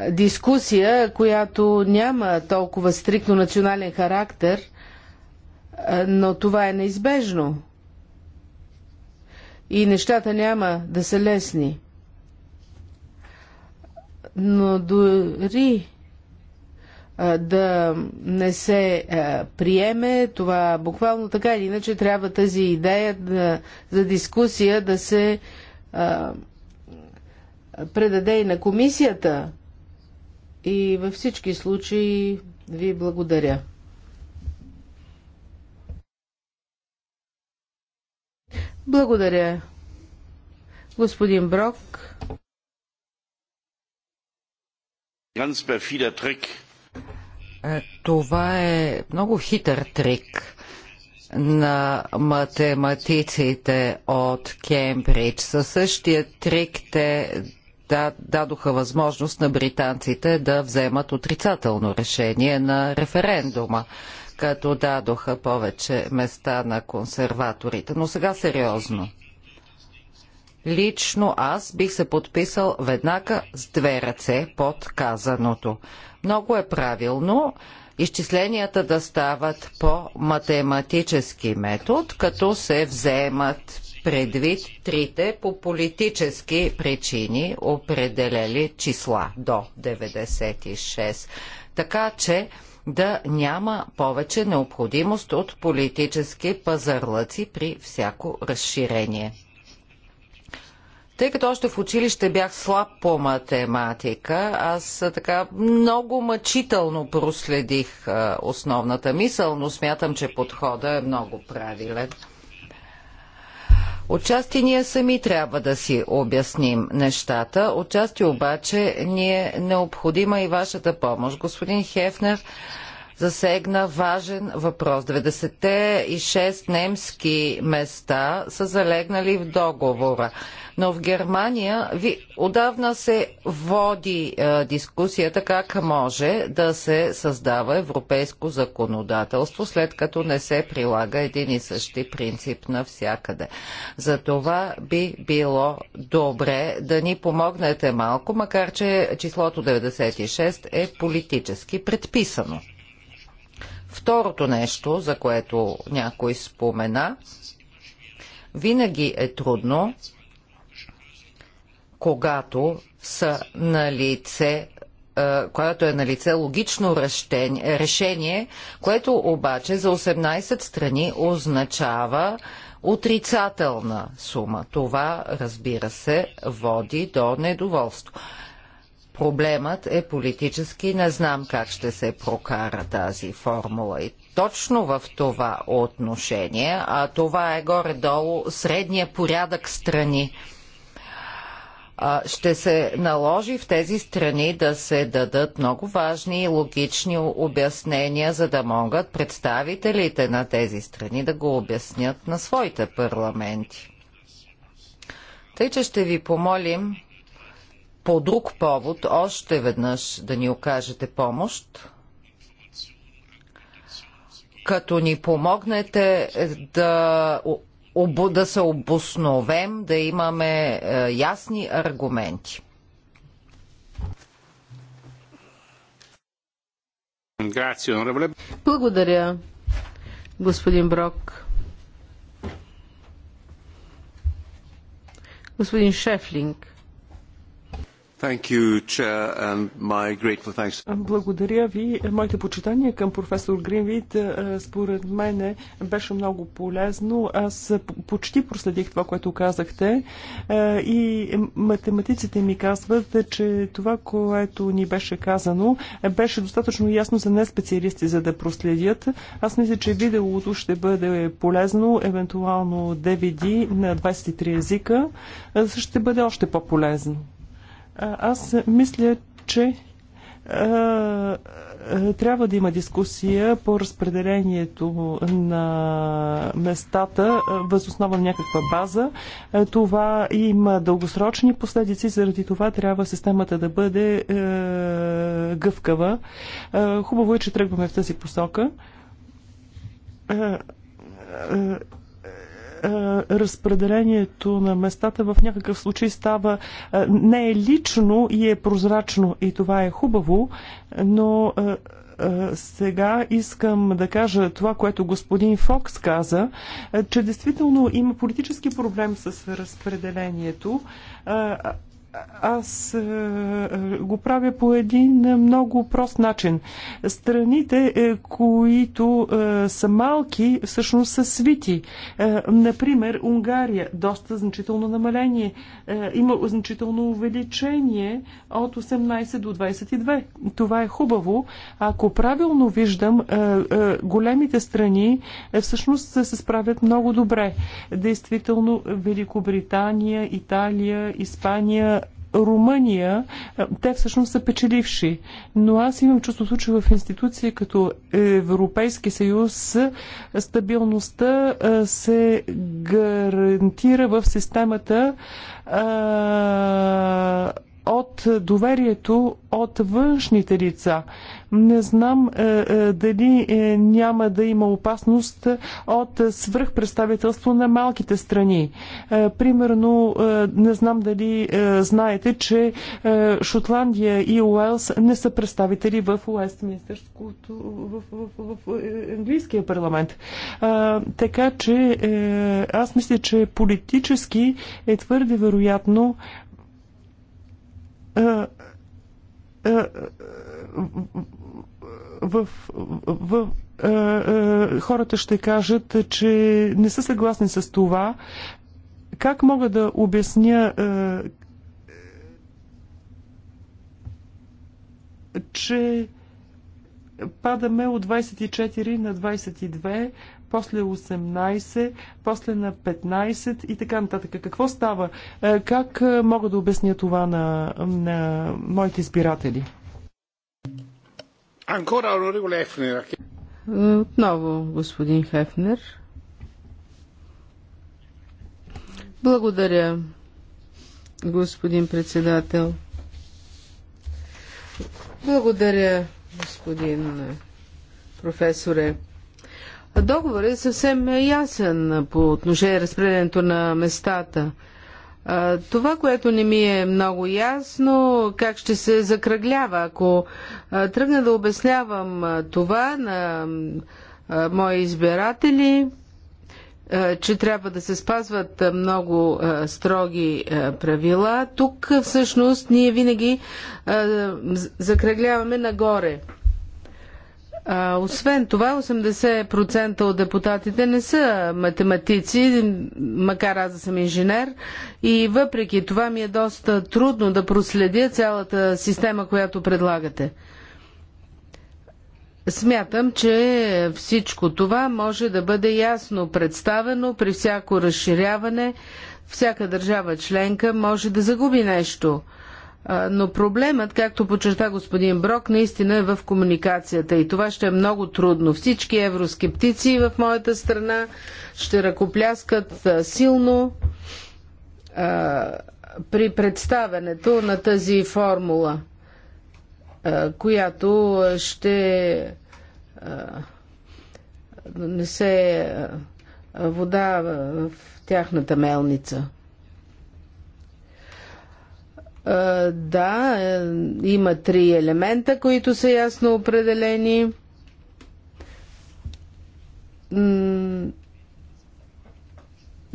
дискусия, която няма толкова стрикно национален характер, но това е неизбежно и нещата няма да са лесни. Но дори да не се приеме. Това буквално така или иначе трябва тази идея да, за дискусия да се а, предаде и на комисията. И във всички случаи ви благодаря. Благодаря, господин Брок. Е, това е много хитър трик на математиците от Кембридж. Със същия трик те дадоха възможност на британците да вземат отрицателно решение на референдума като дадоха повече места на консерваторите. Но сега сериозно. Лично аз бих се подписал веднага с две ръце под казаното. Много е правилно изчисленията да стават по математически метод, като се вземат предвид трите по политически причини определели числа до 96. Така че да няма повече необходимост от политически пазарлъци при всяко разширение. Тъй като още в училище бях слаб по математика, аз така много мъчително проследих основната мисъл, но смятам, че подхода е много правилен. Отчасти ние сами трябва да си обясним нещата, отчасти обаче ни е необходима и вашата помощ. Господин Хефнер, засегна важен въпрос. 96 немски места са залегнали в договора. Но в Германия ви, отдавна се води е, дискусията как може да се създава европейско законодателство, след като не се прилага един и същи принцип навсякъде. За това би било добре да ни помогнете малко, макар че числото 96 е политически предписано. Второто нещо, за което някой спомена, винаги е трудно, когато са на лице е, която е на лице логично решение, което обаче за 18 страни означава отрицателна сума. Това, разбира се, води до недоволство. Проблемът е политически. Не знам как ще се прокара тази формула. И точно в това отношение, а това е горе-долу средния порядък страни, ще се наложи в тези страни да се дадат много важни и логични обяснения, за да могат представителите на тези страни да го обяснят на своите парламенти. Тъй, че ще ви помолим по друг повод още веднъж да ни окажете помощ, като ни помогнете да, да се обосновем, да имаме е, ясни аргументи. Благодаря, господин Брок. Господин Шефлинг. Благодаря ви. Моите почитания към професор Гринвид според мен беше много полезно. Аз почти проследих това, което казахте и математиците ми казват, че това, което ни беше казано, беше достатъчно ясно за неспециалисти, за да проследят. Аз мисля, че видеото ще бъде полезно, евентуално DVD на 23 езика ще бъде още по-полезно. Аз мисля, че трябва да има дискусия по разпределението на местата възоснова на някаква база. Това има дългосрочни последици, заради това трябва системата да бъде гъвкава. Хубаво е, че тръгваме в тази посока е, разпределението на местата в някакъв случай става е, не е лично и е прозрачно и това е хубаво, но е, сега искам да кажа това, което господин Фокс каза, че действително има политически проблем с разпределението аз е, е, го правя по един е, много прост начин. Страните, които са малки, всъщност са свити. Например, Унгария, доста значително намаление. Има значително увеличение от 18 до 22. Това е хубаво. Ако правилно виждам, големите страни всъщност се справят много добре. Действително, Великобритания, Италия, Испания, Румъния, те всъщност са печеливши. Но аз имам чувството, че в институции като Европейски съюз стабилността се гарантира в системата от доверието от външните лица. Не знам е, е, дали е, няма да има опасност от свръхпредставителство на малките страни. Примерно, не знам дали знаете, че Шотландия и Уелс не са представители в Министерството в, в, в, в английския парламент. Така че аз мисля, че политически е твърде вероятно в, в е, е, хората ще кажат, че не са съгласни с това. Как мога да обясня е, че падаме от 24 на 22, после 18, после на 15 и така нататък. Какво става? Как мога да обясня това на, на моите избиратели? Е, отново, господин Хефнер. Благодаря, господин председател. Благодаря, господин професоре. Договорът е съвсем ясен по отношение разпределението на местата. Това, което не ми е много ясно, как ще се закръглява, ако тръгна да обяснявам това на мои избиратели, че трябва да се спазват много строги правила, тук всъщност ние винаги закръгляваме нагоре. А, освен това, 80% от депутатите не са математици, макар аз да съм инженер, и въпреки това ми е доста трудно да проследя цялата система, която предлагате. Смятам, че всичко това може да бъде ясно представено при всяко разширяване. Всяка държава членка може да загуби нещо – но проблемът, както подчерта господин Брок, наистина е в комуникацията и това ще е много трудно. Всички евроскептици в моята страна ще ръкопляскат силно при представенето на тази формула, която ще не се вода в тяхната мелница. Е, да, е, има три елемента, които са ясно определени.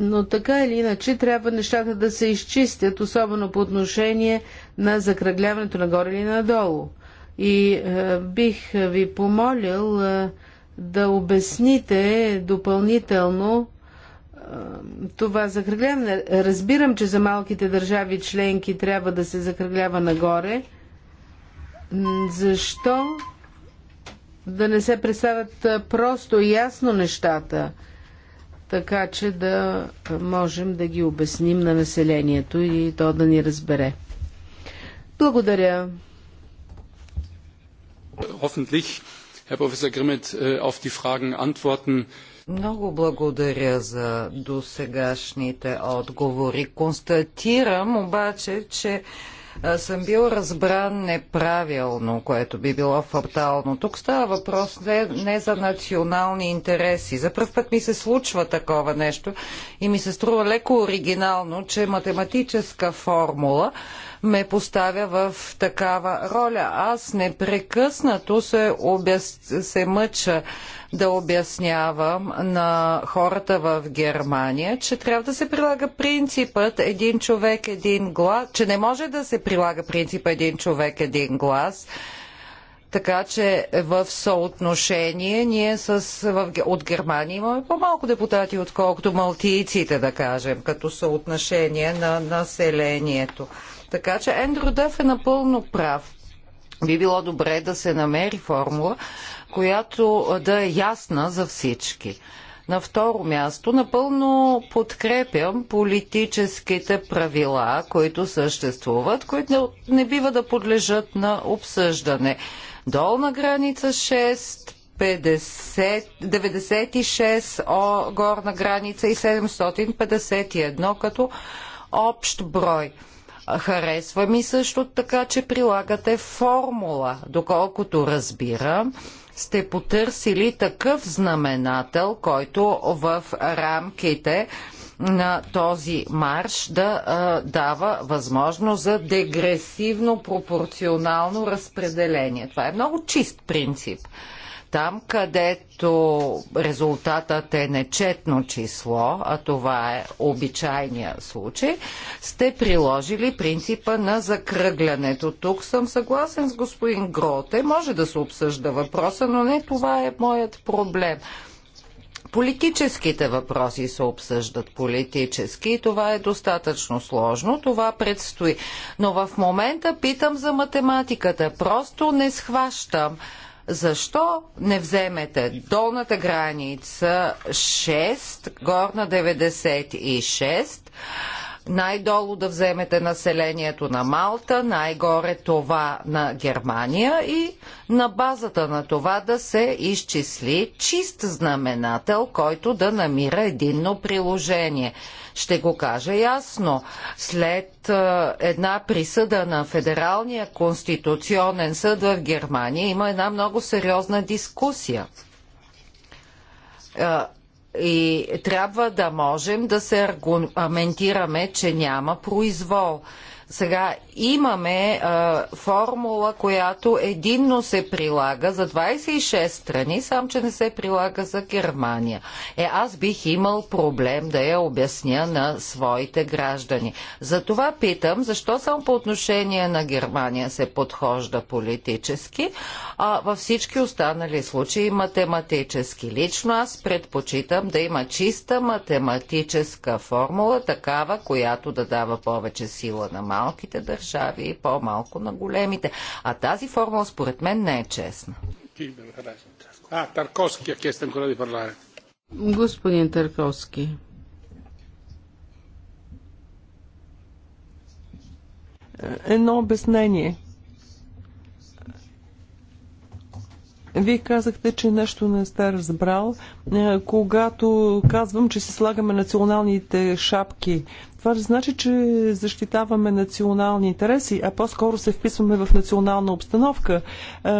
Но така или иначе трябва нещата да се изчистят, особено по отношение на закръгляването нагоре или надолу. И е, бих ви помолил е, да обясните допълнително това закръгляване. Разбирам, че за малките държави членки трябва да се закръглява нагоре. Защо да не се представят просто и ясно нещата, така че да можем да ги обясним на населението и то да ни разбере? Благодаря. Hoffentlich, Herr Professor Grimmet, э, auf die Fragen antworten. Много благодаря за досегашните отговори. Констатирам обаче, че съм бил разбран неправилно, което би било фатално. Тук става въпрос не, не за национални интереси. За първ път ми се случва такова нещо и ми се струва леко оригинално, че математическа формула ме поставя в такава роля. Аз непрекъснато се, обяс... се мъча да обяснявам на хората в Германия, че трябва да се прилага принципът един човек, един глас, че не може да се прилага принципът един човек, един глас, така че в съотношение ние с, в, от Германия имаме по-малко депутати, отколкото малтийците, да кажем, като съотношение на населението. Така че Ендрю Дъв е напълно прав. Би било добре да се намери формула, която да е ясна за всички. На второ място, напълно подкрепям политическите правила, които съществуват, които не бива да подлежат на обсъждане. Долна граница 6, 50, 96 о, горна граница и 751 като общ брой. Харесва ми също така, че прилагате формула. Доколкото разбирам, сте потърсили такъв знаменател, който в рамките на този марш да а, дава възможност за дегресивно пропорционално разпределение. Това е много чист принцип. Там, където резултатът е нечетно число, а това е обичайния случай, сте приложили принципа на закръглянето. Тук съм съгласен с господин Гроте. Може да се обсъжда въпроса, но не това е моят проблем. Политическите въпроси се обсъждат политически и това е достатъчно сложно, това предстои. Но в момента питам за математиката. Просто не схващам. Защо не вземете долната граница 6, горна 96, най-долу да вземете населението на Малта, най-горе това на Германия и на базата на това да се изчисли чист знаменател, който да намира единно приложение. Ще го кажа ясно. След е, една присъда на Федералния конституционен съд в Германия има една много сериозна дискусия е, и трябва да можем да се аргументираме, че няма произвол. Сега имаме а, формула, която единно се прилага за 26 страни, сам че не се прилага за Германия. Е, аз бих имал проблем да я обясня на своите граждани. Затова питам, защо само по отношение на Германия се подхожда политически, а във всички останали случаи математически. Лично аз предпочитам да има чиста математическа формула, такава, която да дава повече сила на малко малките държави и по-малко на големите. А тази формула според мен не е честна. А, Тарковски, ако сте да parlare. Господин Тарковски. Едно обяснение. Вие казахте, че нещо не сте разбрал. Е, когато казвам, че се слагаме националните шапки, това не значи, че защитаваме национални интереси, а по-скоро се вписваме в национална обстановка. Е,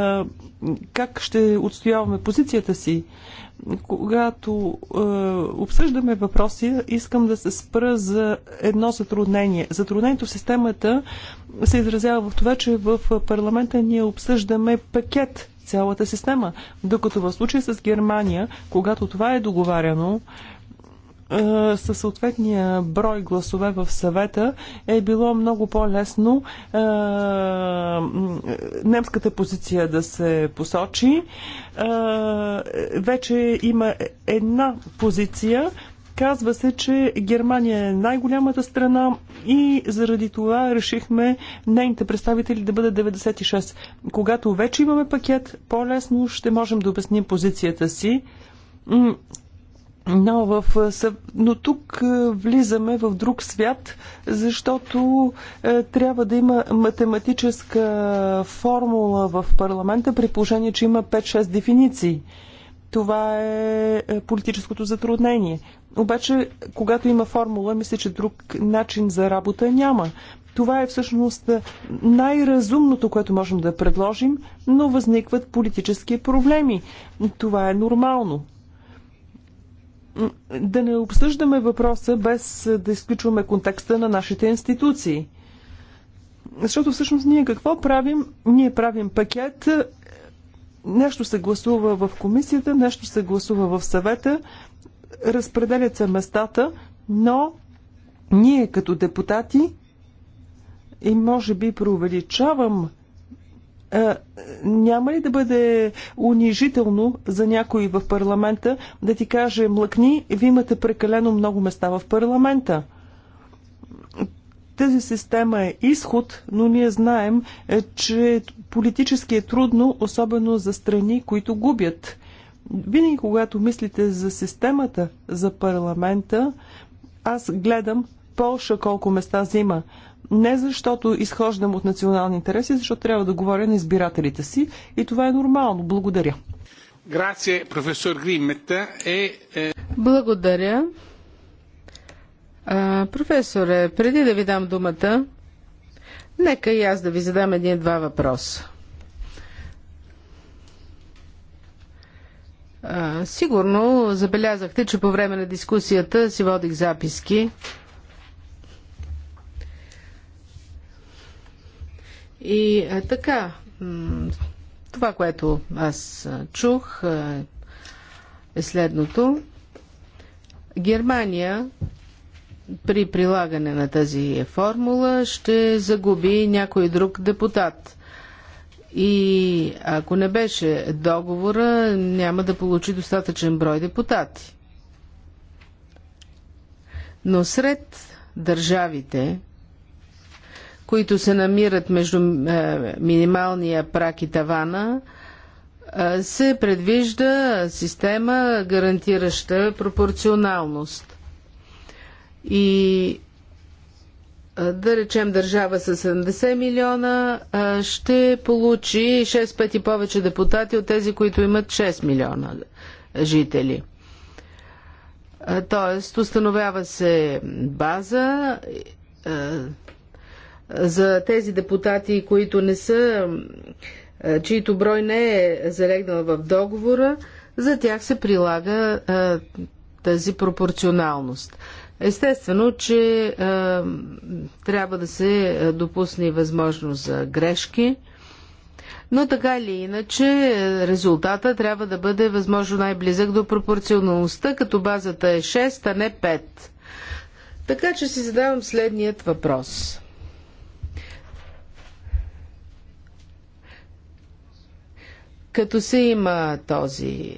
как ще отстояваме позицията си? когато е, обсъждаме въпроси, искам да се спра за едно затруднение. Затруднението в системата се изразява в това, че в парламента ние обсъждаме пакет цялата система. Докато в случая с Германия, когато това е договаряно, е, със съответния брой гласове в съвета е било много по-лесно е, немската позиция да се посочи. Е, вече има една позиция. Казва се, че Германия е най-голямата страна и заради това решихме нейните представители да бъдат 96. Когато вече имаме пакет, по-лесно ще можем да обясним позицията си но, в, но тук влизаме в друг свят, защото е, трябва да има математическа формула в парламента, при положение, че има 5-6 дефиниции. Това е, е политическото затруднение. Обаче, когато има формула, мисля, че друг начин за работа няма. Това е всъщност най-разумното, което можем да предложим, но възникват политически проблеми. Това е нормално да не обсъждаме въпроса без да изключваме контекста на нашите институции. Защото всъщност ние какво правим? Ние правим пакет, нещо се гласува в комисията, нещо се гласува в съвета, разпределят се местата, но ние като депутати и може би преувеличавам няма ли да бъде унижително за някой в парламента да ти каже млъкни, ви имате прекалено много места в парламента? Тази система е изход, но ние знаем, е, че политически е трудно, особено за страни, които губят. Винаги, когато мислите за системата, за парламента, аз гледам Полша колко места взима. Не защото изхождам от национални интереси, защото трябва да говоря на избирателите си и това е нормално. Благодаря. Е, е- Благодаря. А, професоре, преди да ви дам думата, нека и аз да ви задам един-два въпроса. А, сигурно забелязахте, че по време на дискусията си водих записки. И е, така, това, което аз е, чух е, е следното. Германия при прилагане на тази формула ще загуби някой друг депутат. И ако не беше договора, няма да получи достатъчен брой депутати. Но сред държавите, които се намират между е, минималния прак и тавана, е, се предвижда система, гарантираща пропорционалност. И е, да речем държава с 70 милиона ще получи 6 пъти повече депутати от тези, които имат 6 милиона жители. Тоест, установява се база, за тези депутати, които не са, е, чието брой не е залегнал в договора, за тях се прилага е, тази пропорционалност. Естествено, че е, трябва да се допусне възможност за грешки, но така или иначе е, резултата трябва да бъде възможно най-близък до пропорционалността, като базата е 6, а не 5. Така че си задавам следният въпрос – Като се има този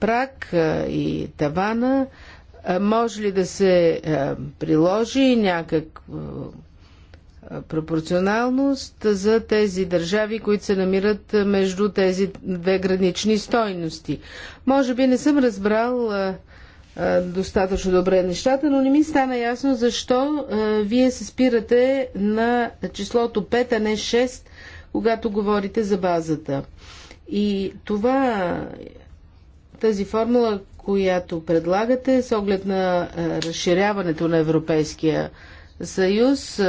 прак и тавана, може ли да се приложи някак пропорционалност за тези държави, които се намират между тези две гранични стойности. Може би не съм разбрал достатъчно добре нещата, но не ми стана ясно защо вие се спирате на числото 5, а не 6 когато говорите за базата. И това, тази формула, която предлагате с оглед на разширяването на Европейския съюз,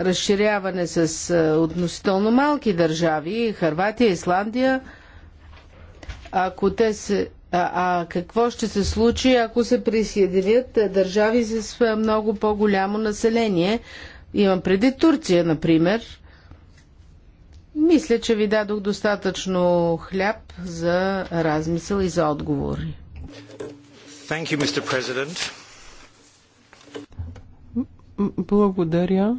разширяване с относително малки държави, Харватия, Исландия, ако те се. А, а какво ще се случи, ако се присъединят държави с много по-голямо население, Имам преди Турция, например. Мисля, че ви дадох достатъчно хляб за размисъл и за отговори. Thank you, Mr. President. Благодаря.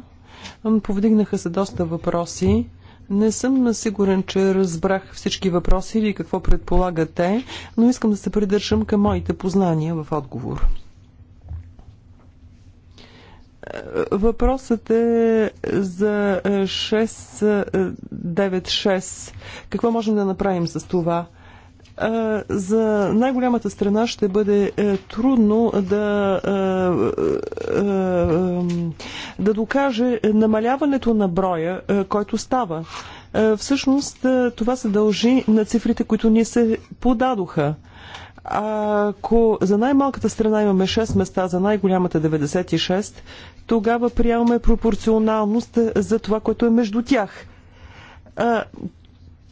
Повдигнаха се доста въпроси. Не съм сигурен, че разбрах всички въпроси или какво предполагате, но искам да се придържам към моите познания в отговор. Въпросът е за 696. Какво можем да направим с това? за най-голямата страна ще бъде е, трудно да, е, е, да докаже намаляването на броя, който става. Всъщност това се дължи на цифрите, които ни се подадоха. Ако за най-малката страна имаме 6 места, за най-голямата 96, тогава приемаме пропорционалност за това, което е между тях.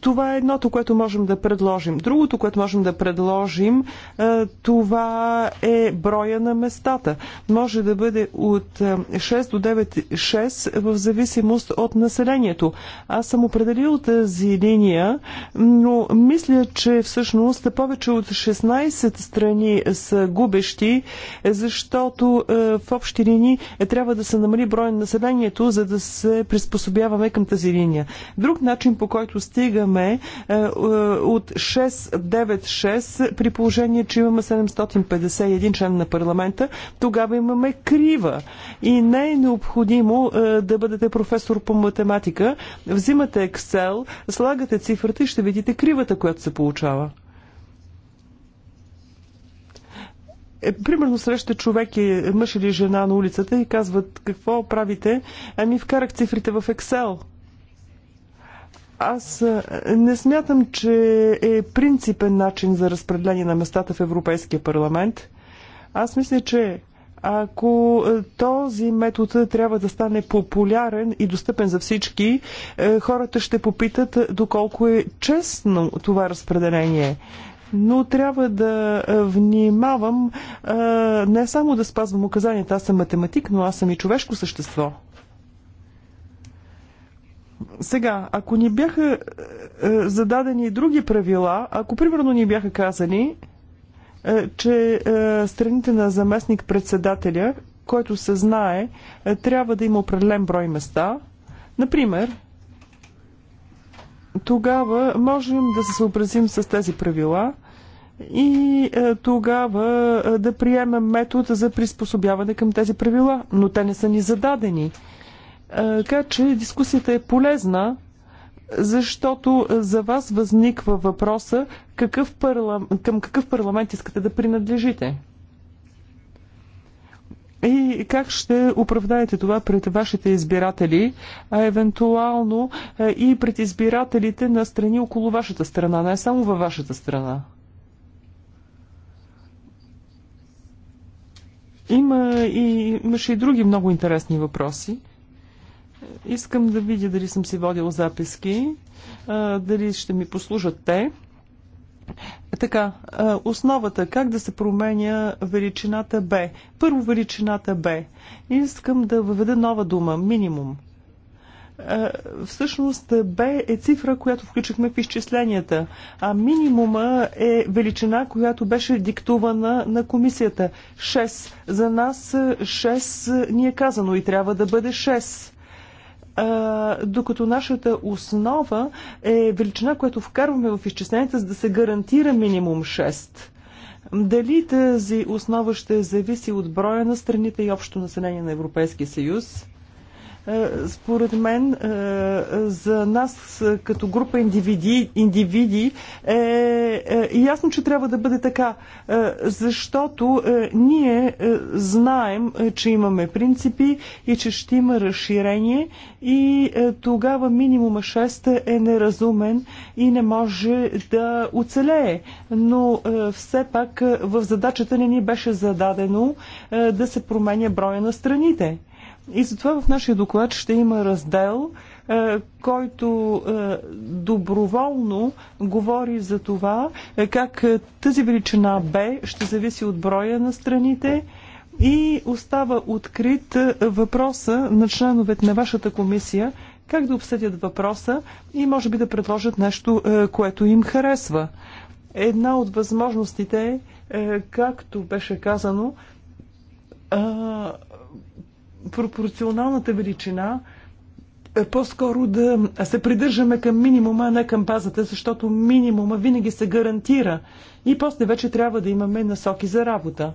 Това е едното, което можем да предложим. Другото, което можем да предложим, е, това е броя на местата. Може да бъде от 6 е, до 9, 6 в зависимост от населението. Аз съм определил тази линия, но мисля, че всъщност повече от 16 страни са губещи, защото е, в общи линии трябва да се намали броя на населението, за да се приспособяваме към тази линия. Друг начин, по който стигаме гласуваме е, е, от 696 при положение, че имаме 751 член на парламента, тогава имаме крива. И не е необходимо е, да бъдете професор по математика. Взимате Excel, слагате цифрата и ще видите кривата, която се получава. е, примерно среща човек е мъж или жена на улицата и казват какво правите? Ами вкарах цифрите в Excel. Аз не смятам, че е принципен начин за разпределение на местата в Европейския парламент. Аз мисля, че ако този метод трябва да стане популярен и достъпен за всички, хората ще попитат доколко е честно това разпределение но трябва да внимавам не само да спазвам указанията. Аз съм математик, но аз съм и човешко същество. Сега, ако ни бяха е, е, зададени други правила, ако примерно ни бяха казани, е, че е, страните на заместник-председателя, който се знае, е, трябва да има определен брой места, например, тогава можем да се съобразим с тези правила и е, тогава е, да приемем метод за приспособяване към тези правила, но те не са ни зададени. Е, така че дискусията е полезна, защото за вас възниква въпроса какъв парлам... към какъв парламент искате да принадлежите. И как ще оправдаете това пред вашите избиратели, а евентуално е, и пред избирателите на страни около вашата страна, не само във вашата страна? Има и, имаше и други много интересни въпроси. Искам да видя дали съм си водил записки, дали ще ми послужат те. Така, основата как да се променя величината Б. Първо величината Б. Искам да въведа нова дума минимум. Всъщност Б е цифра, която включихме в изчисленията, а минимума е величина, която беше диктувана на комисията. 6. За нас 6 ни е казано и трябва да бъде 6 докато нашата основа е величина, която вкарваме в изчисленията, за да се гарантира минимум 6. Дали тази основа ще зависи от броя на страните и общо население на Европейския съюз? Е, според мен, е, за нас е, като група индивиди, индивиди е ясно, че трябва да бъде така, защото ние знаем, че имаме принципи и че ще има разширение и тогава минимума 6 е неразумен и не може да оцелее. Но все пак в задачата не ни беше зададено да се променя броя на страните. И затова в нашия доклад ще има раздел, е, който е, доброволно говори за това е, как тази величина Б ще зависи от броя на страните и остава открит въпроса на членовете на вашата комисия как да обсъдят въпроса и може би да предложат нещо, което им харесва. Една от възможностите е, както беше казано, пропорционалната величина е по-скоро да се придържаме към минимума, а не към базата, защото минимума винаги се гарантира. И после вече трябва да имаме насоки за работа.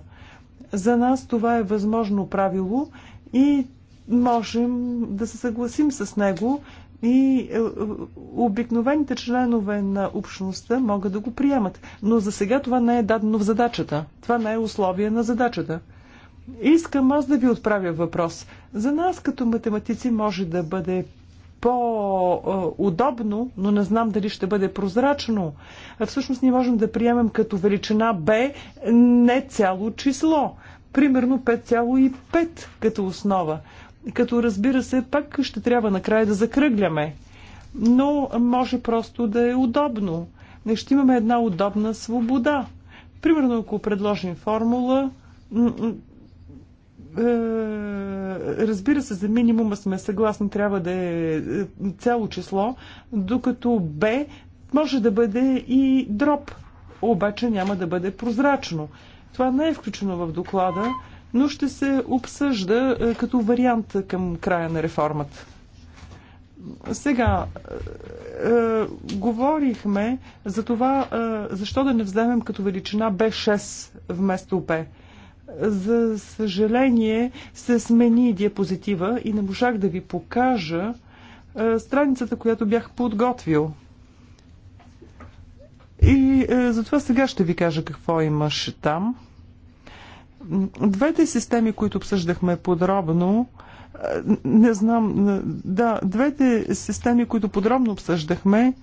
За нас това е възможно правило и можем да се съгласим с него и е, обикновените членове на общността могат да го приемат. Но за сега това не е дадено в задачата. Това не е условие на задачата. Искам аз да ви отправя въпрос. За нас като математици може да бъде по-удобно, но не знам дали ще бъде прозрачно. Всъщност ние можем да приемем като величина B не цяло число. Примерно 5,5 като основа. Като разбира се, пак ще трябва накрая да закръгляме. Но може просто да е удобно. Не ще имаме една удобна свобода. Примерно, ако предложим формула, е, разбира се, за минимума сме съгласни, трябва да е, е цяло число, докато Б може да бъде и дроп, обаче няма да бъде прозрачно. Това не е включено в доклада, но ще се обсъжда е, като вариант към края на реформата. Сега, е, е, говорихме за това, е, защо да не вземем като величина B6 вместо B. За съжаление се смени диапозитива и не можах да ви покажа страницата, която бях подготвил. И затова сега ще ви кажа какво имаше там. Двете системи, които обсъждахме подробно, не знам, да, двете системи, които подробно обсъждахме,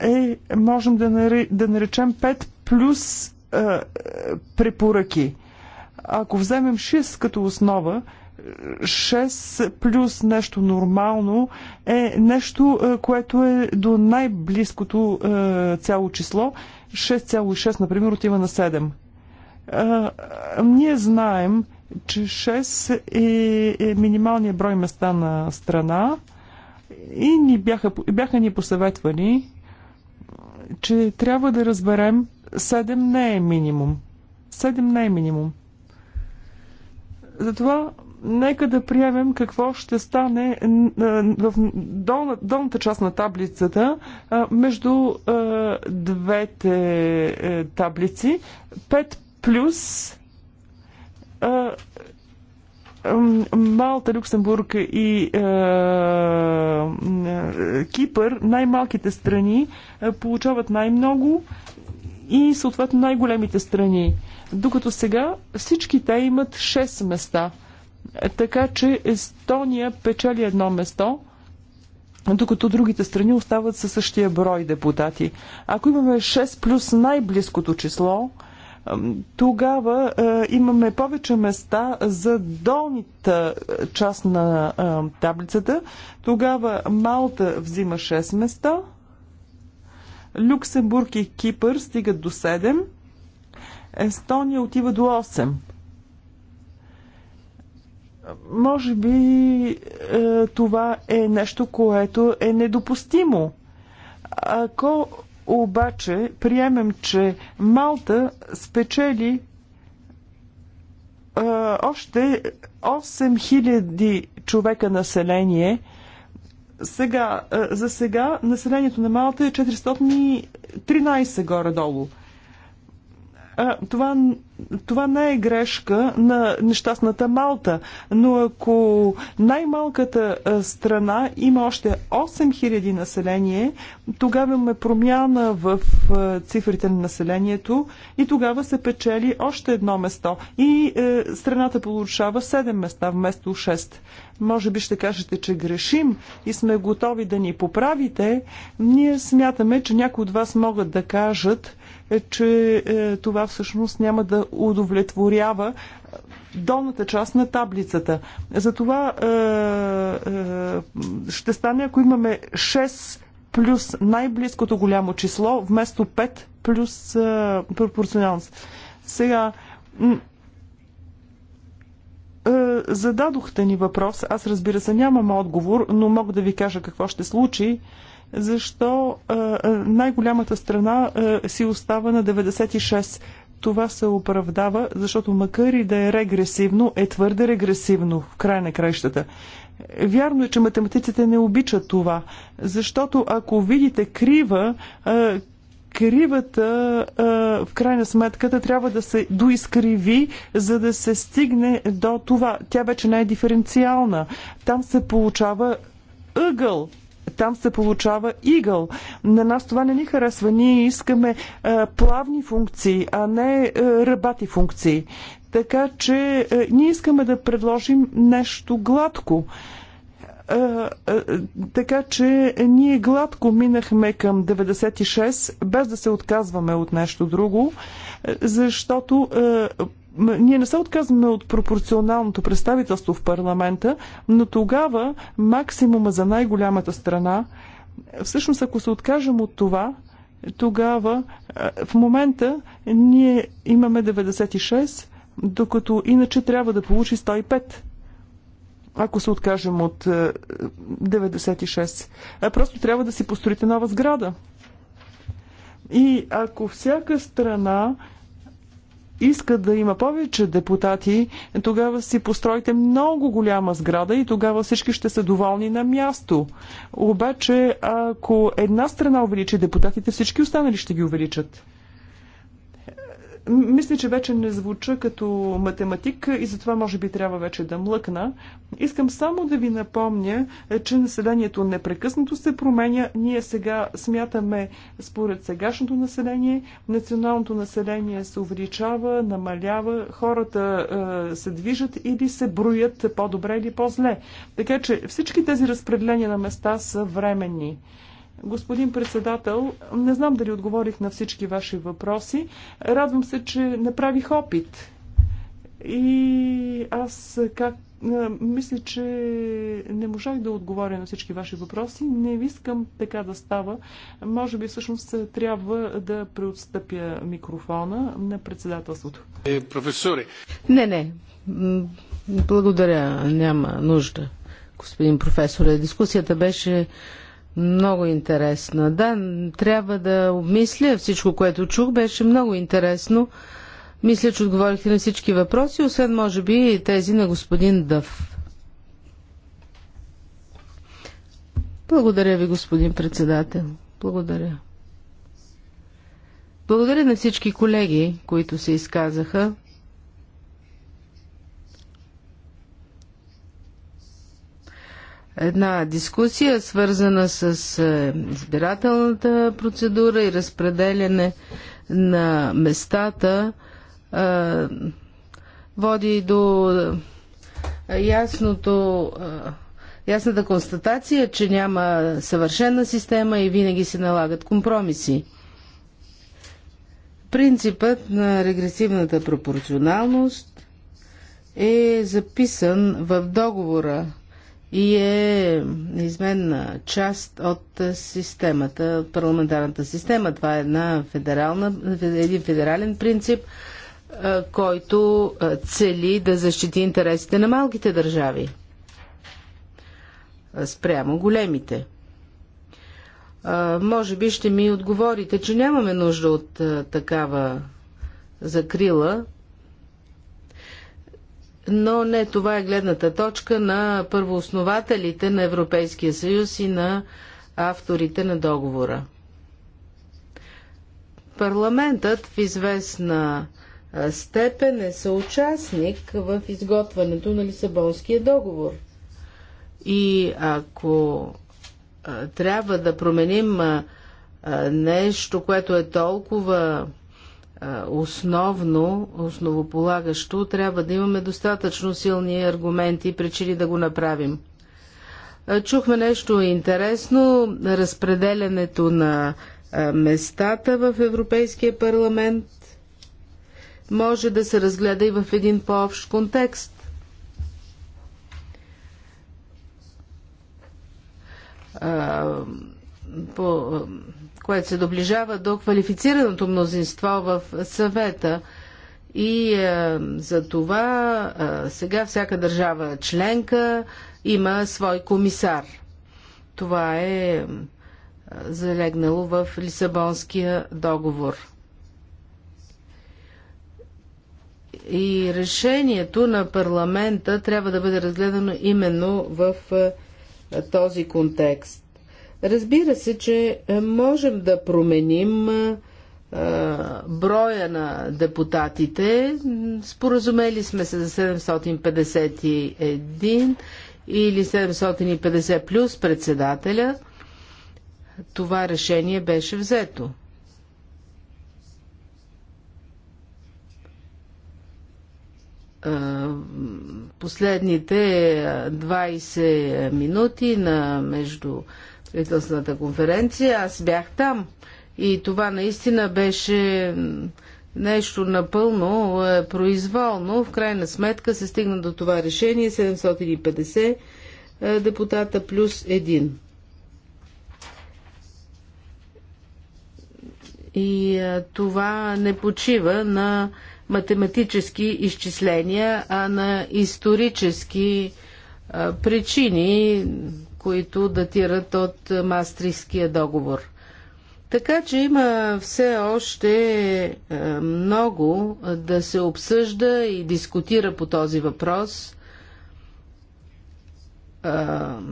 е, можем да, да наречем 5 плюс препоръки. Ако вземем 6 като основа, 6 плюс нещо нормално е нещо, е, което е до най-близкото е, цяло число. 6,6, например, отива на 7. Е, ние знаем, че 6 е, е минималният брой места на страна и ни бяха, бяха ни посъветвани, че трябва да разберем 7 не е минимум. 7 не е минимум. Затова нека да приемем какво ще стане в долна, долната част на таблицата между двете е, таблици. 5 плюс Малта, Люксембург и Кипър, най-малките страни, получават най-много и съответно най-големите страни. Докато сега всички те имат 6 места. Така че Естония печели едно место, докато другите страни остават със същия брой депутати. Ако имаме 6 плюс най-близкото число, тогава е, имаме повече места за долната част на е, таблицата. Тогава Малта взима 6 места – Люксембург и Кипър стигат до 7. Естония отива до 8. Може би е, това е нещо, което е недопустимо. Ако обаче приемем, че Малта спечели е, още 8000 човека население, сега, е, за сега населението на Малта е 413 горе-долу. А, е, това, това не е грешка на нещастната Малта, но ако най-малката е, страна има още 8000 население, тогава имаме промяна в цифрите на населението и тогава се печели още едно место и е, страната получава 7 места вместо 6. Може би ще кажете, че грешим и сме готови да ни поправите. Ние смятаме, че някои от вас могат да кажат, е, че е, това всъщност няма да удовлетворява е, долната част на таблицата. Затова е, е, ще стане, ако имаме 6 плюс най-близкото голямо число, вместо 5 плюс е, пропорционалност. Сега, е, зададохте ни въпрос. Аз разбира се нямам отговор, но мога да ви кажа какво ще случи. Защо е, е, най-голямата страна си остава на 96? Това се оправдава, защото макар и да е регресивно, е твърде регресивно в край на краищата. Вярно е, че математиците не обичат това, защото ако видите крива, кривата в крайна сметката трябва да се доизкриви, за да се стигне до това. Тя вече не е диференциална. Там се получава ъгъл там се получава игъл. На нас това не ни харесва. Ние искаме а, плавни функции, а не а, ръбати функции. Така че а, ние искаме да предложим нещо гладко. А, така че ние гладко минахме към 96, без да се отказваме от нещо друго, защото ние не се отказваме от пропорционалното представителство в парламента, но тогава максимума за най-голямата страна, всъщност ако се откажем от това, тогава в момента ние имаме 96, докато иначе трябва да получи 105 ако се откажем от 96. Е, е, просто трябва да си построите нова сграда. И ако всяка страна иска да има повече депутати, тогава си постройте много голяма сграда и тогава всички ще са доволни на място. Обаче, ако една страна увеличи депутатите, всички останали ще ги увеличат. Мисля, че вече не звуча като математик и затова може би трябва вече да млъкна. Искам само да ви напомня, е, че населението непрекъснато се променя. Ние сега смятаме според сегашното население. Националното население се увеличава, намалява, хората е, се движат или се броят по-добре или по-зле. Така че всички тези разпределения на места са временни. Господин председател, не знам дали отговорих на всички ваши въпроси. Радвам се, че направих опит. И аз как мисля, че не можах да отговоря на всички ваши въпроси. Не искам така да става. Може би всъщност трябва да преотстъпя микрофона на председателството. Е, професоре. Не, не. Благодаря. Няма нужда, господин професор, Дискусията беше много интересна. Да, трябва да обмисля всичко, което чух. Беше много интересно. Мисля, че отговорихте на всички въпроси, освен може би тези на господин Дъв. Благодаря ви, господин председател. Благодаря. Благодаря на всички колеги, които се изказаха. една дискусия, свързана с е, избирателната процедура и разпределяне на местата, е, води до е, ясното, ясната констатация, че няма съвършена система и винаги се налагат компромиси. Принципът на регресивната пропорционалност е записан в договора и е неизменна част от системата, от парламентарната система. Това е една федерална, един федерален принцип, е, който е, цели да защити интересите на малките държави е, спрямо големите. Може би ще ми отговорите, че нямаме нужда от такава закрила, но не това е гледната точка на първооснователите на Европейския съюз и на авторите на договора. Парламентът в известна степен е съучастник в изготвянето на Лисабонския договор. И ако трябва да променим нещо, което е толкова основно, основополагащо, трябва да имаме достатъчно силни аргументи и причини да го направим. Чухме нещо интересно. Разпределянето на местата в Европейския парламент може да се разгледа и в един по-общ контекст. По което се доближава до квалифицираното мнозинство в съвета. И е, за това е, сега всяка държава членка има свой комисар. Това е, е залегнало в Лисабонския договор. И решението на парламента трябва да бъде разгледано именно в е, този контекст. Разбира се, че е, можем да променим е, е, броя на депутатите. Споразумели сме се за 751 или 750 плюс председателя. Това решение беше взето. Последните 20 минути на между правителствената конференция. Аз бях там и това наистина беше нещо напълно е, произволно. В крайна сметка се стигна до това решение 750 е, депутата плюс един. И е, това не почива на математически изчисления, а на исторически а, причини, които датират от Мастрийския договор. Така че има все още е, много да се обсъжда и дискутира по този въпрос. Е,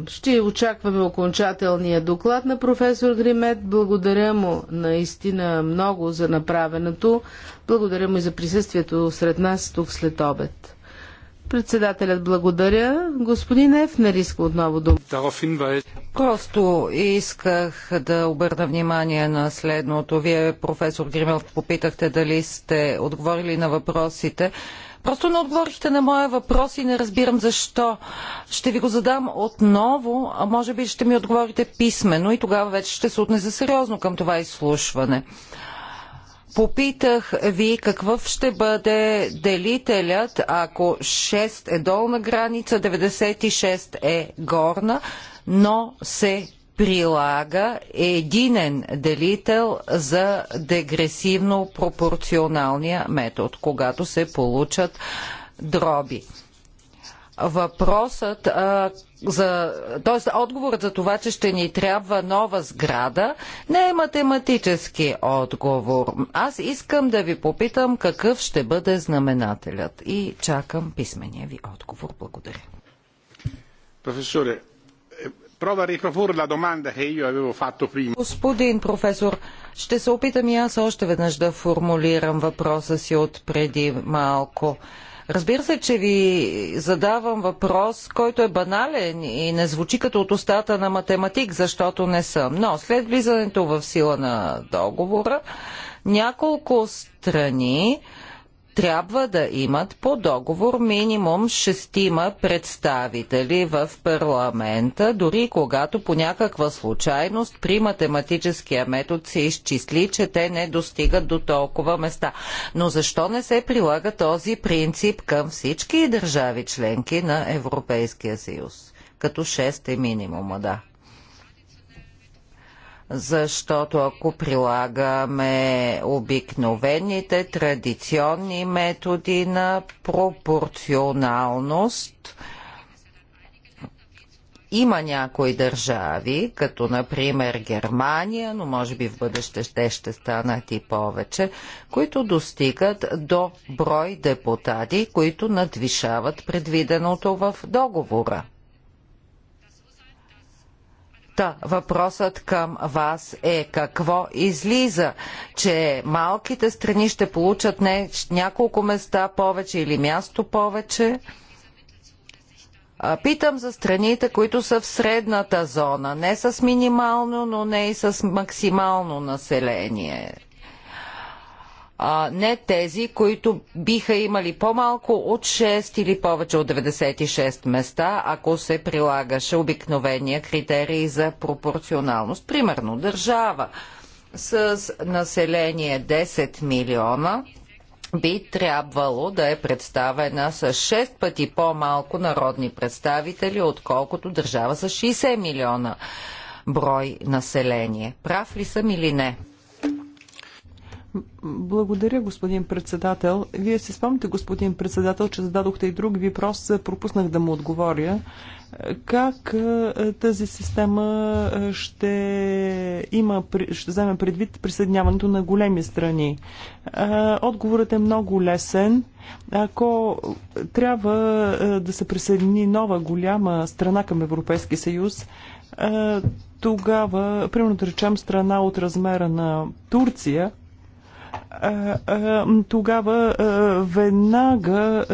ще очакваме окончателния доклад на професор Гримет. Благодаря му наистина много за направеното. Благодаря му и за присъствието сред нас тук след обед. Председателят благодаря. Господин Ефнер иска отново да... Просто исках да обърна внимание на следното. Вие, професор Гримел, попитахте дали сте отговорили на въпросите. Просто не отговорихте на моя въпрос и не разбирам защо. Ще ви го задам отново, а може би ще ми отговорите писменно и тогава вече ще се отнеза сериозно към това изслушване. Попитах ви какъв ще бъде делителят, ако 6 е долна граница, 96 е горна, но се прилага единен делител за дегресивно пропорционалния метод, когато се получат дроби въпросът а, за, т.е. отговорът за това, че ще ни трябва нова сграда, не е математически отговор. Аз искам да ви попитам какъв ще бъде знаменателят и чакам писмения ви отговор. Благодаря. Професоре, avevo fatto prima. Господин професор, ще се опитам и аз още веднъж да формулирам въпроса си от преди малко. Разбира се, че ви задавам въпрос, който е банален и не звучи като от устата на математик, защото не съм. Но след влизането в сила на договора, няколко страни трябва да имат по договор минимум шестима представители в парламента, дори когато по някаква случайност при математическия метод се изчисли, че те не достигат до толкова места. Но защо не се прилага този принцип към всички държави членки на Европейския съюз? Като шест е минимума, да защото ако прилагаме обикновените традиционни методи на пропорционалност, има някои държави, като например Германия, но може би в бъдеще ще, ще станат и повече, които достигат до брой депутати, които надвишават предвиденото в договора. Та, въпросът към вас е какво излиза, че малките страни ще получат не, няколко места повече или място повече? Питам за страните, които са в средната зона, не с минимално, но не и с максимално население а не тези, които биха имали по-малко от 6 или повече от 96 места, ако се прилагаше обикновения критерий за пропорционалност. Примерно, държава с население 10 милиона би трябвало да е представена с 6 пъти по-малко народни представители, отколкото държава с 60 милиона брой население. Прав ли съм или не? Благодаря, господин председател. Вие си спомните, господин председател, че зададохте и друг въпрос, пропуснах да му отговоря. Как е, тази система е, ще, има, ще вземе предвид присъединяването на големи страни? Е, отговорът е много лесен. Ако трябва да се присъедини нова голяма страна към Европейския съюз, тогава, примерно да речем страна от размера на Турция, тогава веднага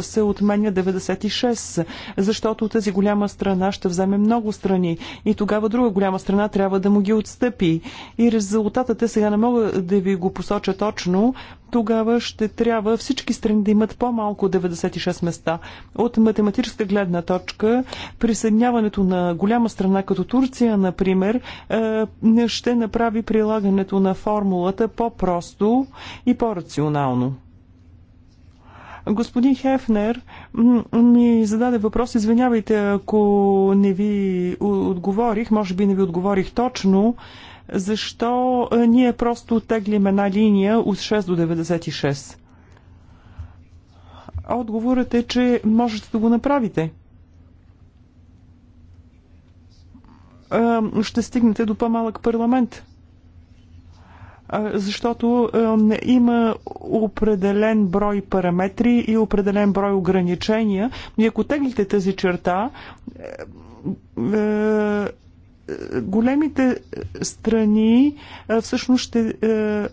се отменя 96, защото тази голяма страна ще вземе много страни и тогава друга голяма страна трябва да му ги отстъпи. И резултатът е, сега не мога да ви го посоча точно, тогава ще трябва всички страни да имат по-малко 96 места. От математическа гледна точка, присъединяването на голяма страна като Турция, например, ще направи прилагането на формулата по-просто и по-рационално. Господин Хефнер ми зададе въпрос. Извинявайте, ако не ви отговорих, може би не ви отговорих точно, защо е, ние просто теглим една линия от 6 до 96. Отговорът е, че можете да го направите. Е, ще стигнете до по-малък парламент защото има определен брой параметри и определен брой ограничения. И ако теглите тази черта, е, големите страни е, всъщност ще е,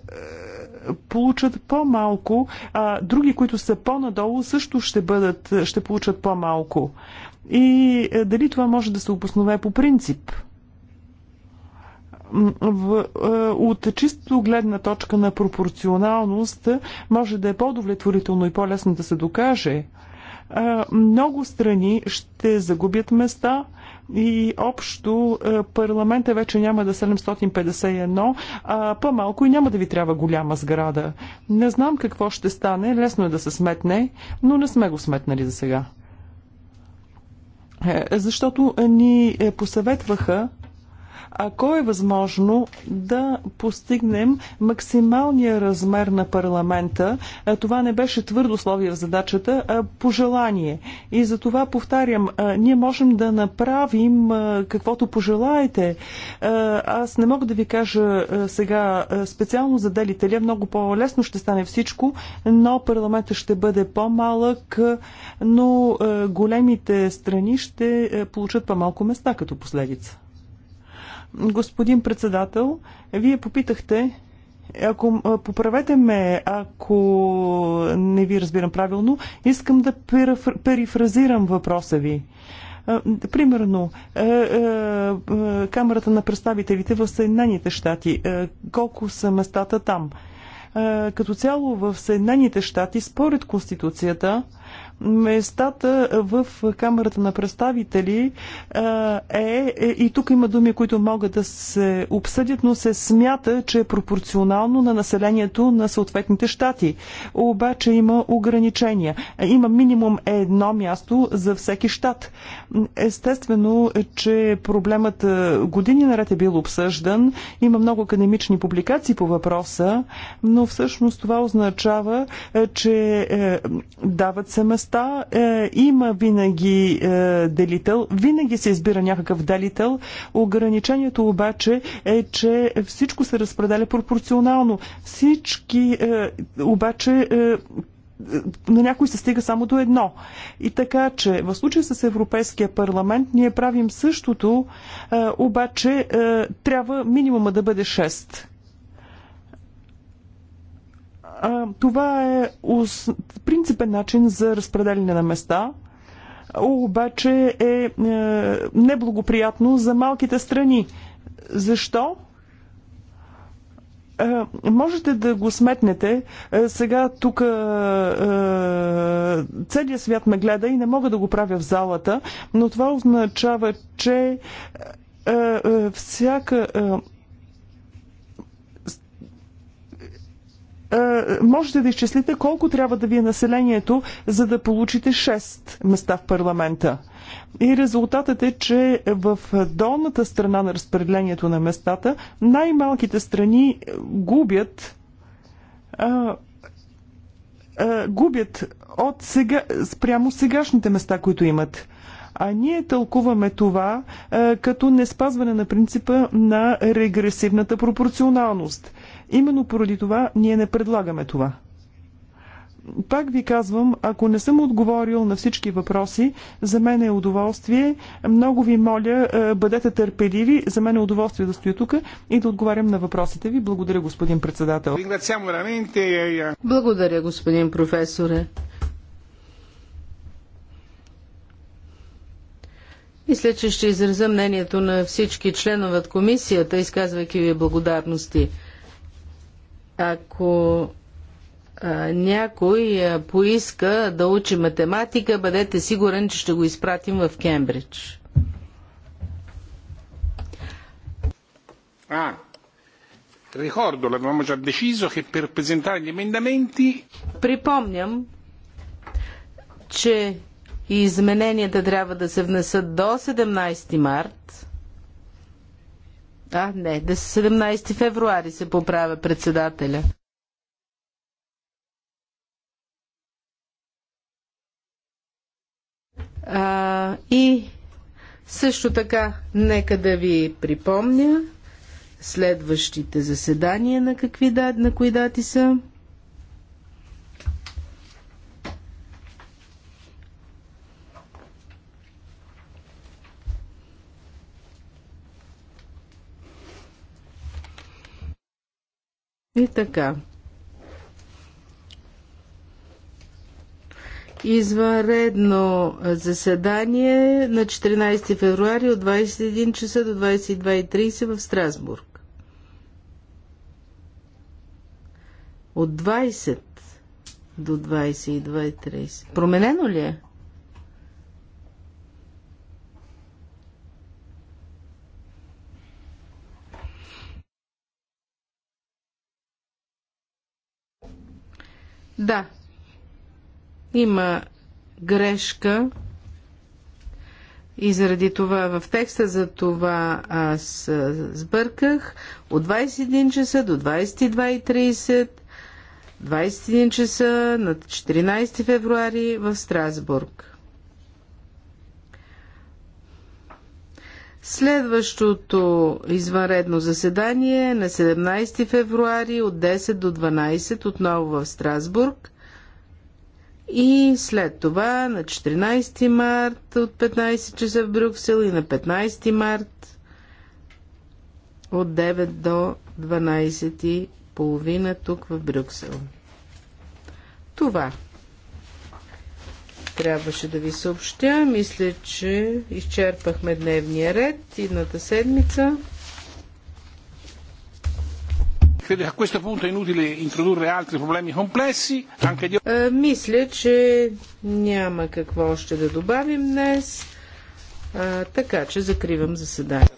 получат по-малко, а други, които са по-надолу, също ще, бъдат, ще получат по-малко. И дали това може да се обоснове по принцип? в, е, от чисто гледна точка на пропорционалност може да е по-удовлетворително и по-лесно да се докаже. Е, много страни ще загубят места и общо е, парламента вече няма да 751, а по-малко и няма да ви трябва голяма сграда. Не знам какво ще стане, лесно е да се сметне, но не сме го сметнали за сега. Защото ни посъветваха ако е възможно да постигнем максималния размер на парламента. Това не беше твърдо условие в задачата, а пожелание. И за това повтарям, ние можем да направим каквото пожелаете. Аз не мога да ви кажа сега специално за делителя, много по-лесно ще стане всичко, но парламента ще бъде по-малък, но големите страни ще получат по-малко места като последица. Господин председател, вие попитахте, ако поправете ме, ако не ви разбирам правилно, искам да перифразирам въпроса ви. Примерно, Камерата на представителите в Съединените щати, колко са местата там? Като цяло в Съединените щати, според Конституцията, местата в Камерата на представители е, е, и тук има думи, които могат да се обсъдят, но се смята, че е пропорционално на населението на съответните щати. Обаче има ограничения. Има минимум едно място за всеки щат. Естествено, че проблемът години наред е бил обсъждан. Има много академични публикации по въпроса, но всъщност това означава, че е, дават се места места е, има винаги е, делител, винаги се избира някакъв делител. Ограничението обаче е, че всичко се разпределя пропорционално. Всички е, обаче. Е, на някой се стига само до едно. И така, че в случая с Европейския парламент ние правим същото, е, обаче е, трябва минимума да бъде 6 това е принципен начин за разпределение на места, обаче е, е неблагоприятно за малките страни. Защо? Е, можете да го сметнете. Е, сега тук целият свят ме гледа и не мога да го правя в залата, но това означава, че всяка Е, можете да изчислите колко трябва да ви е населението, за да получите 6 места в парламента. И резултатът е, че в долната страна на разпределението на местата най-малките страни губят а, а, губят от сега, спрямо сегашните места, които имат. А ние тълкуваме това е, като не спазване на принципа на регресивната пропорционалност. Именно поради това ние не предлагаме това. Пак ви казвам, ако не съм отговорил на всички въпроси, за мен е удоволствие. Много ви моля, е, бъдете търпеливи. За мен е удоволствие да стоя тук и да отговарям на въпросите ви. Благодаря, господин председател. Eh, Благодаря, господин професоре. Мисля, че ще изразя мнението на всички членове от комисията, изказвайки ви благодарности. Ако а, някой а, поиска да учи математика, бъдете сигурен, че ще го изпратим в Кембридж. А, ricordo, l'avevamo già deciso che per presentare gli emendamenti... Припомням, че и измененията трябва да се внесат до 17 март. А, не, до 17 февруари се поправя председателя. А, и също така, нека да ви припомня следващите заседания на, какви, дати на кои дати са. И така. Извънредно заседание на 14 февруари от 21 часа до 22.30 в Страсбург. От 20 до 22.30. Променено ли е? Да, има грешка и заради това в текста за това аз сбърках от 21 часа до 22.30 21 часа на 14 февруари в Страсбург. Следващото извънредно заседание е на 17 февруари от 10 до 12 отново в Страсбург. И след това на 14 март от 15 часа в Брюксел и на 15 март от 9 до 12 и половина тук в Брюксел. Това трябваше да ви съобщя. Мисля, че изчерпахме дневния ред. Идната седмица. A questo punto è inutile introdurre altri problemi complessi. Anche di... Е, мисля, че няма какво още да добавим днес, е, така че закривам заседанието.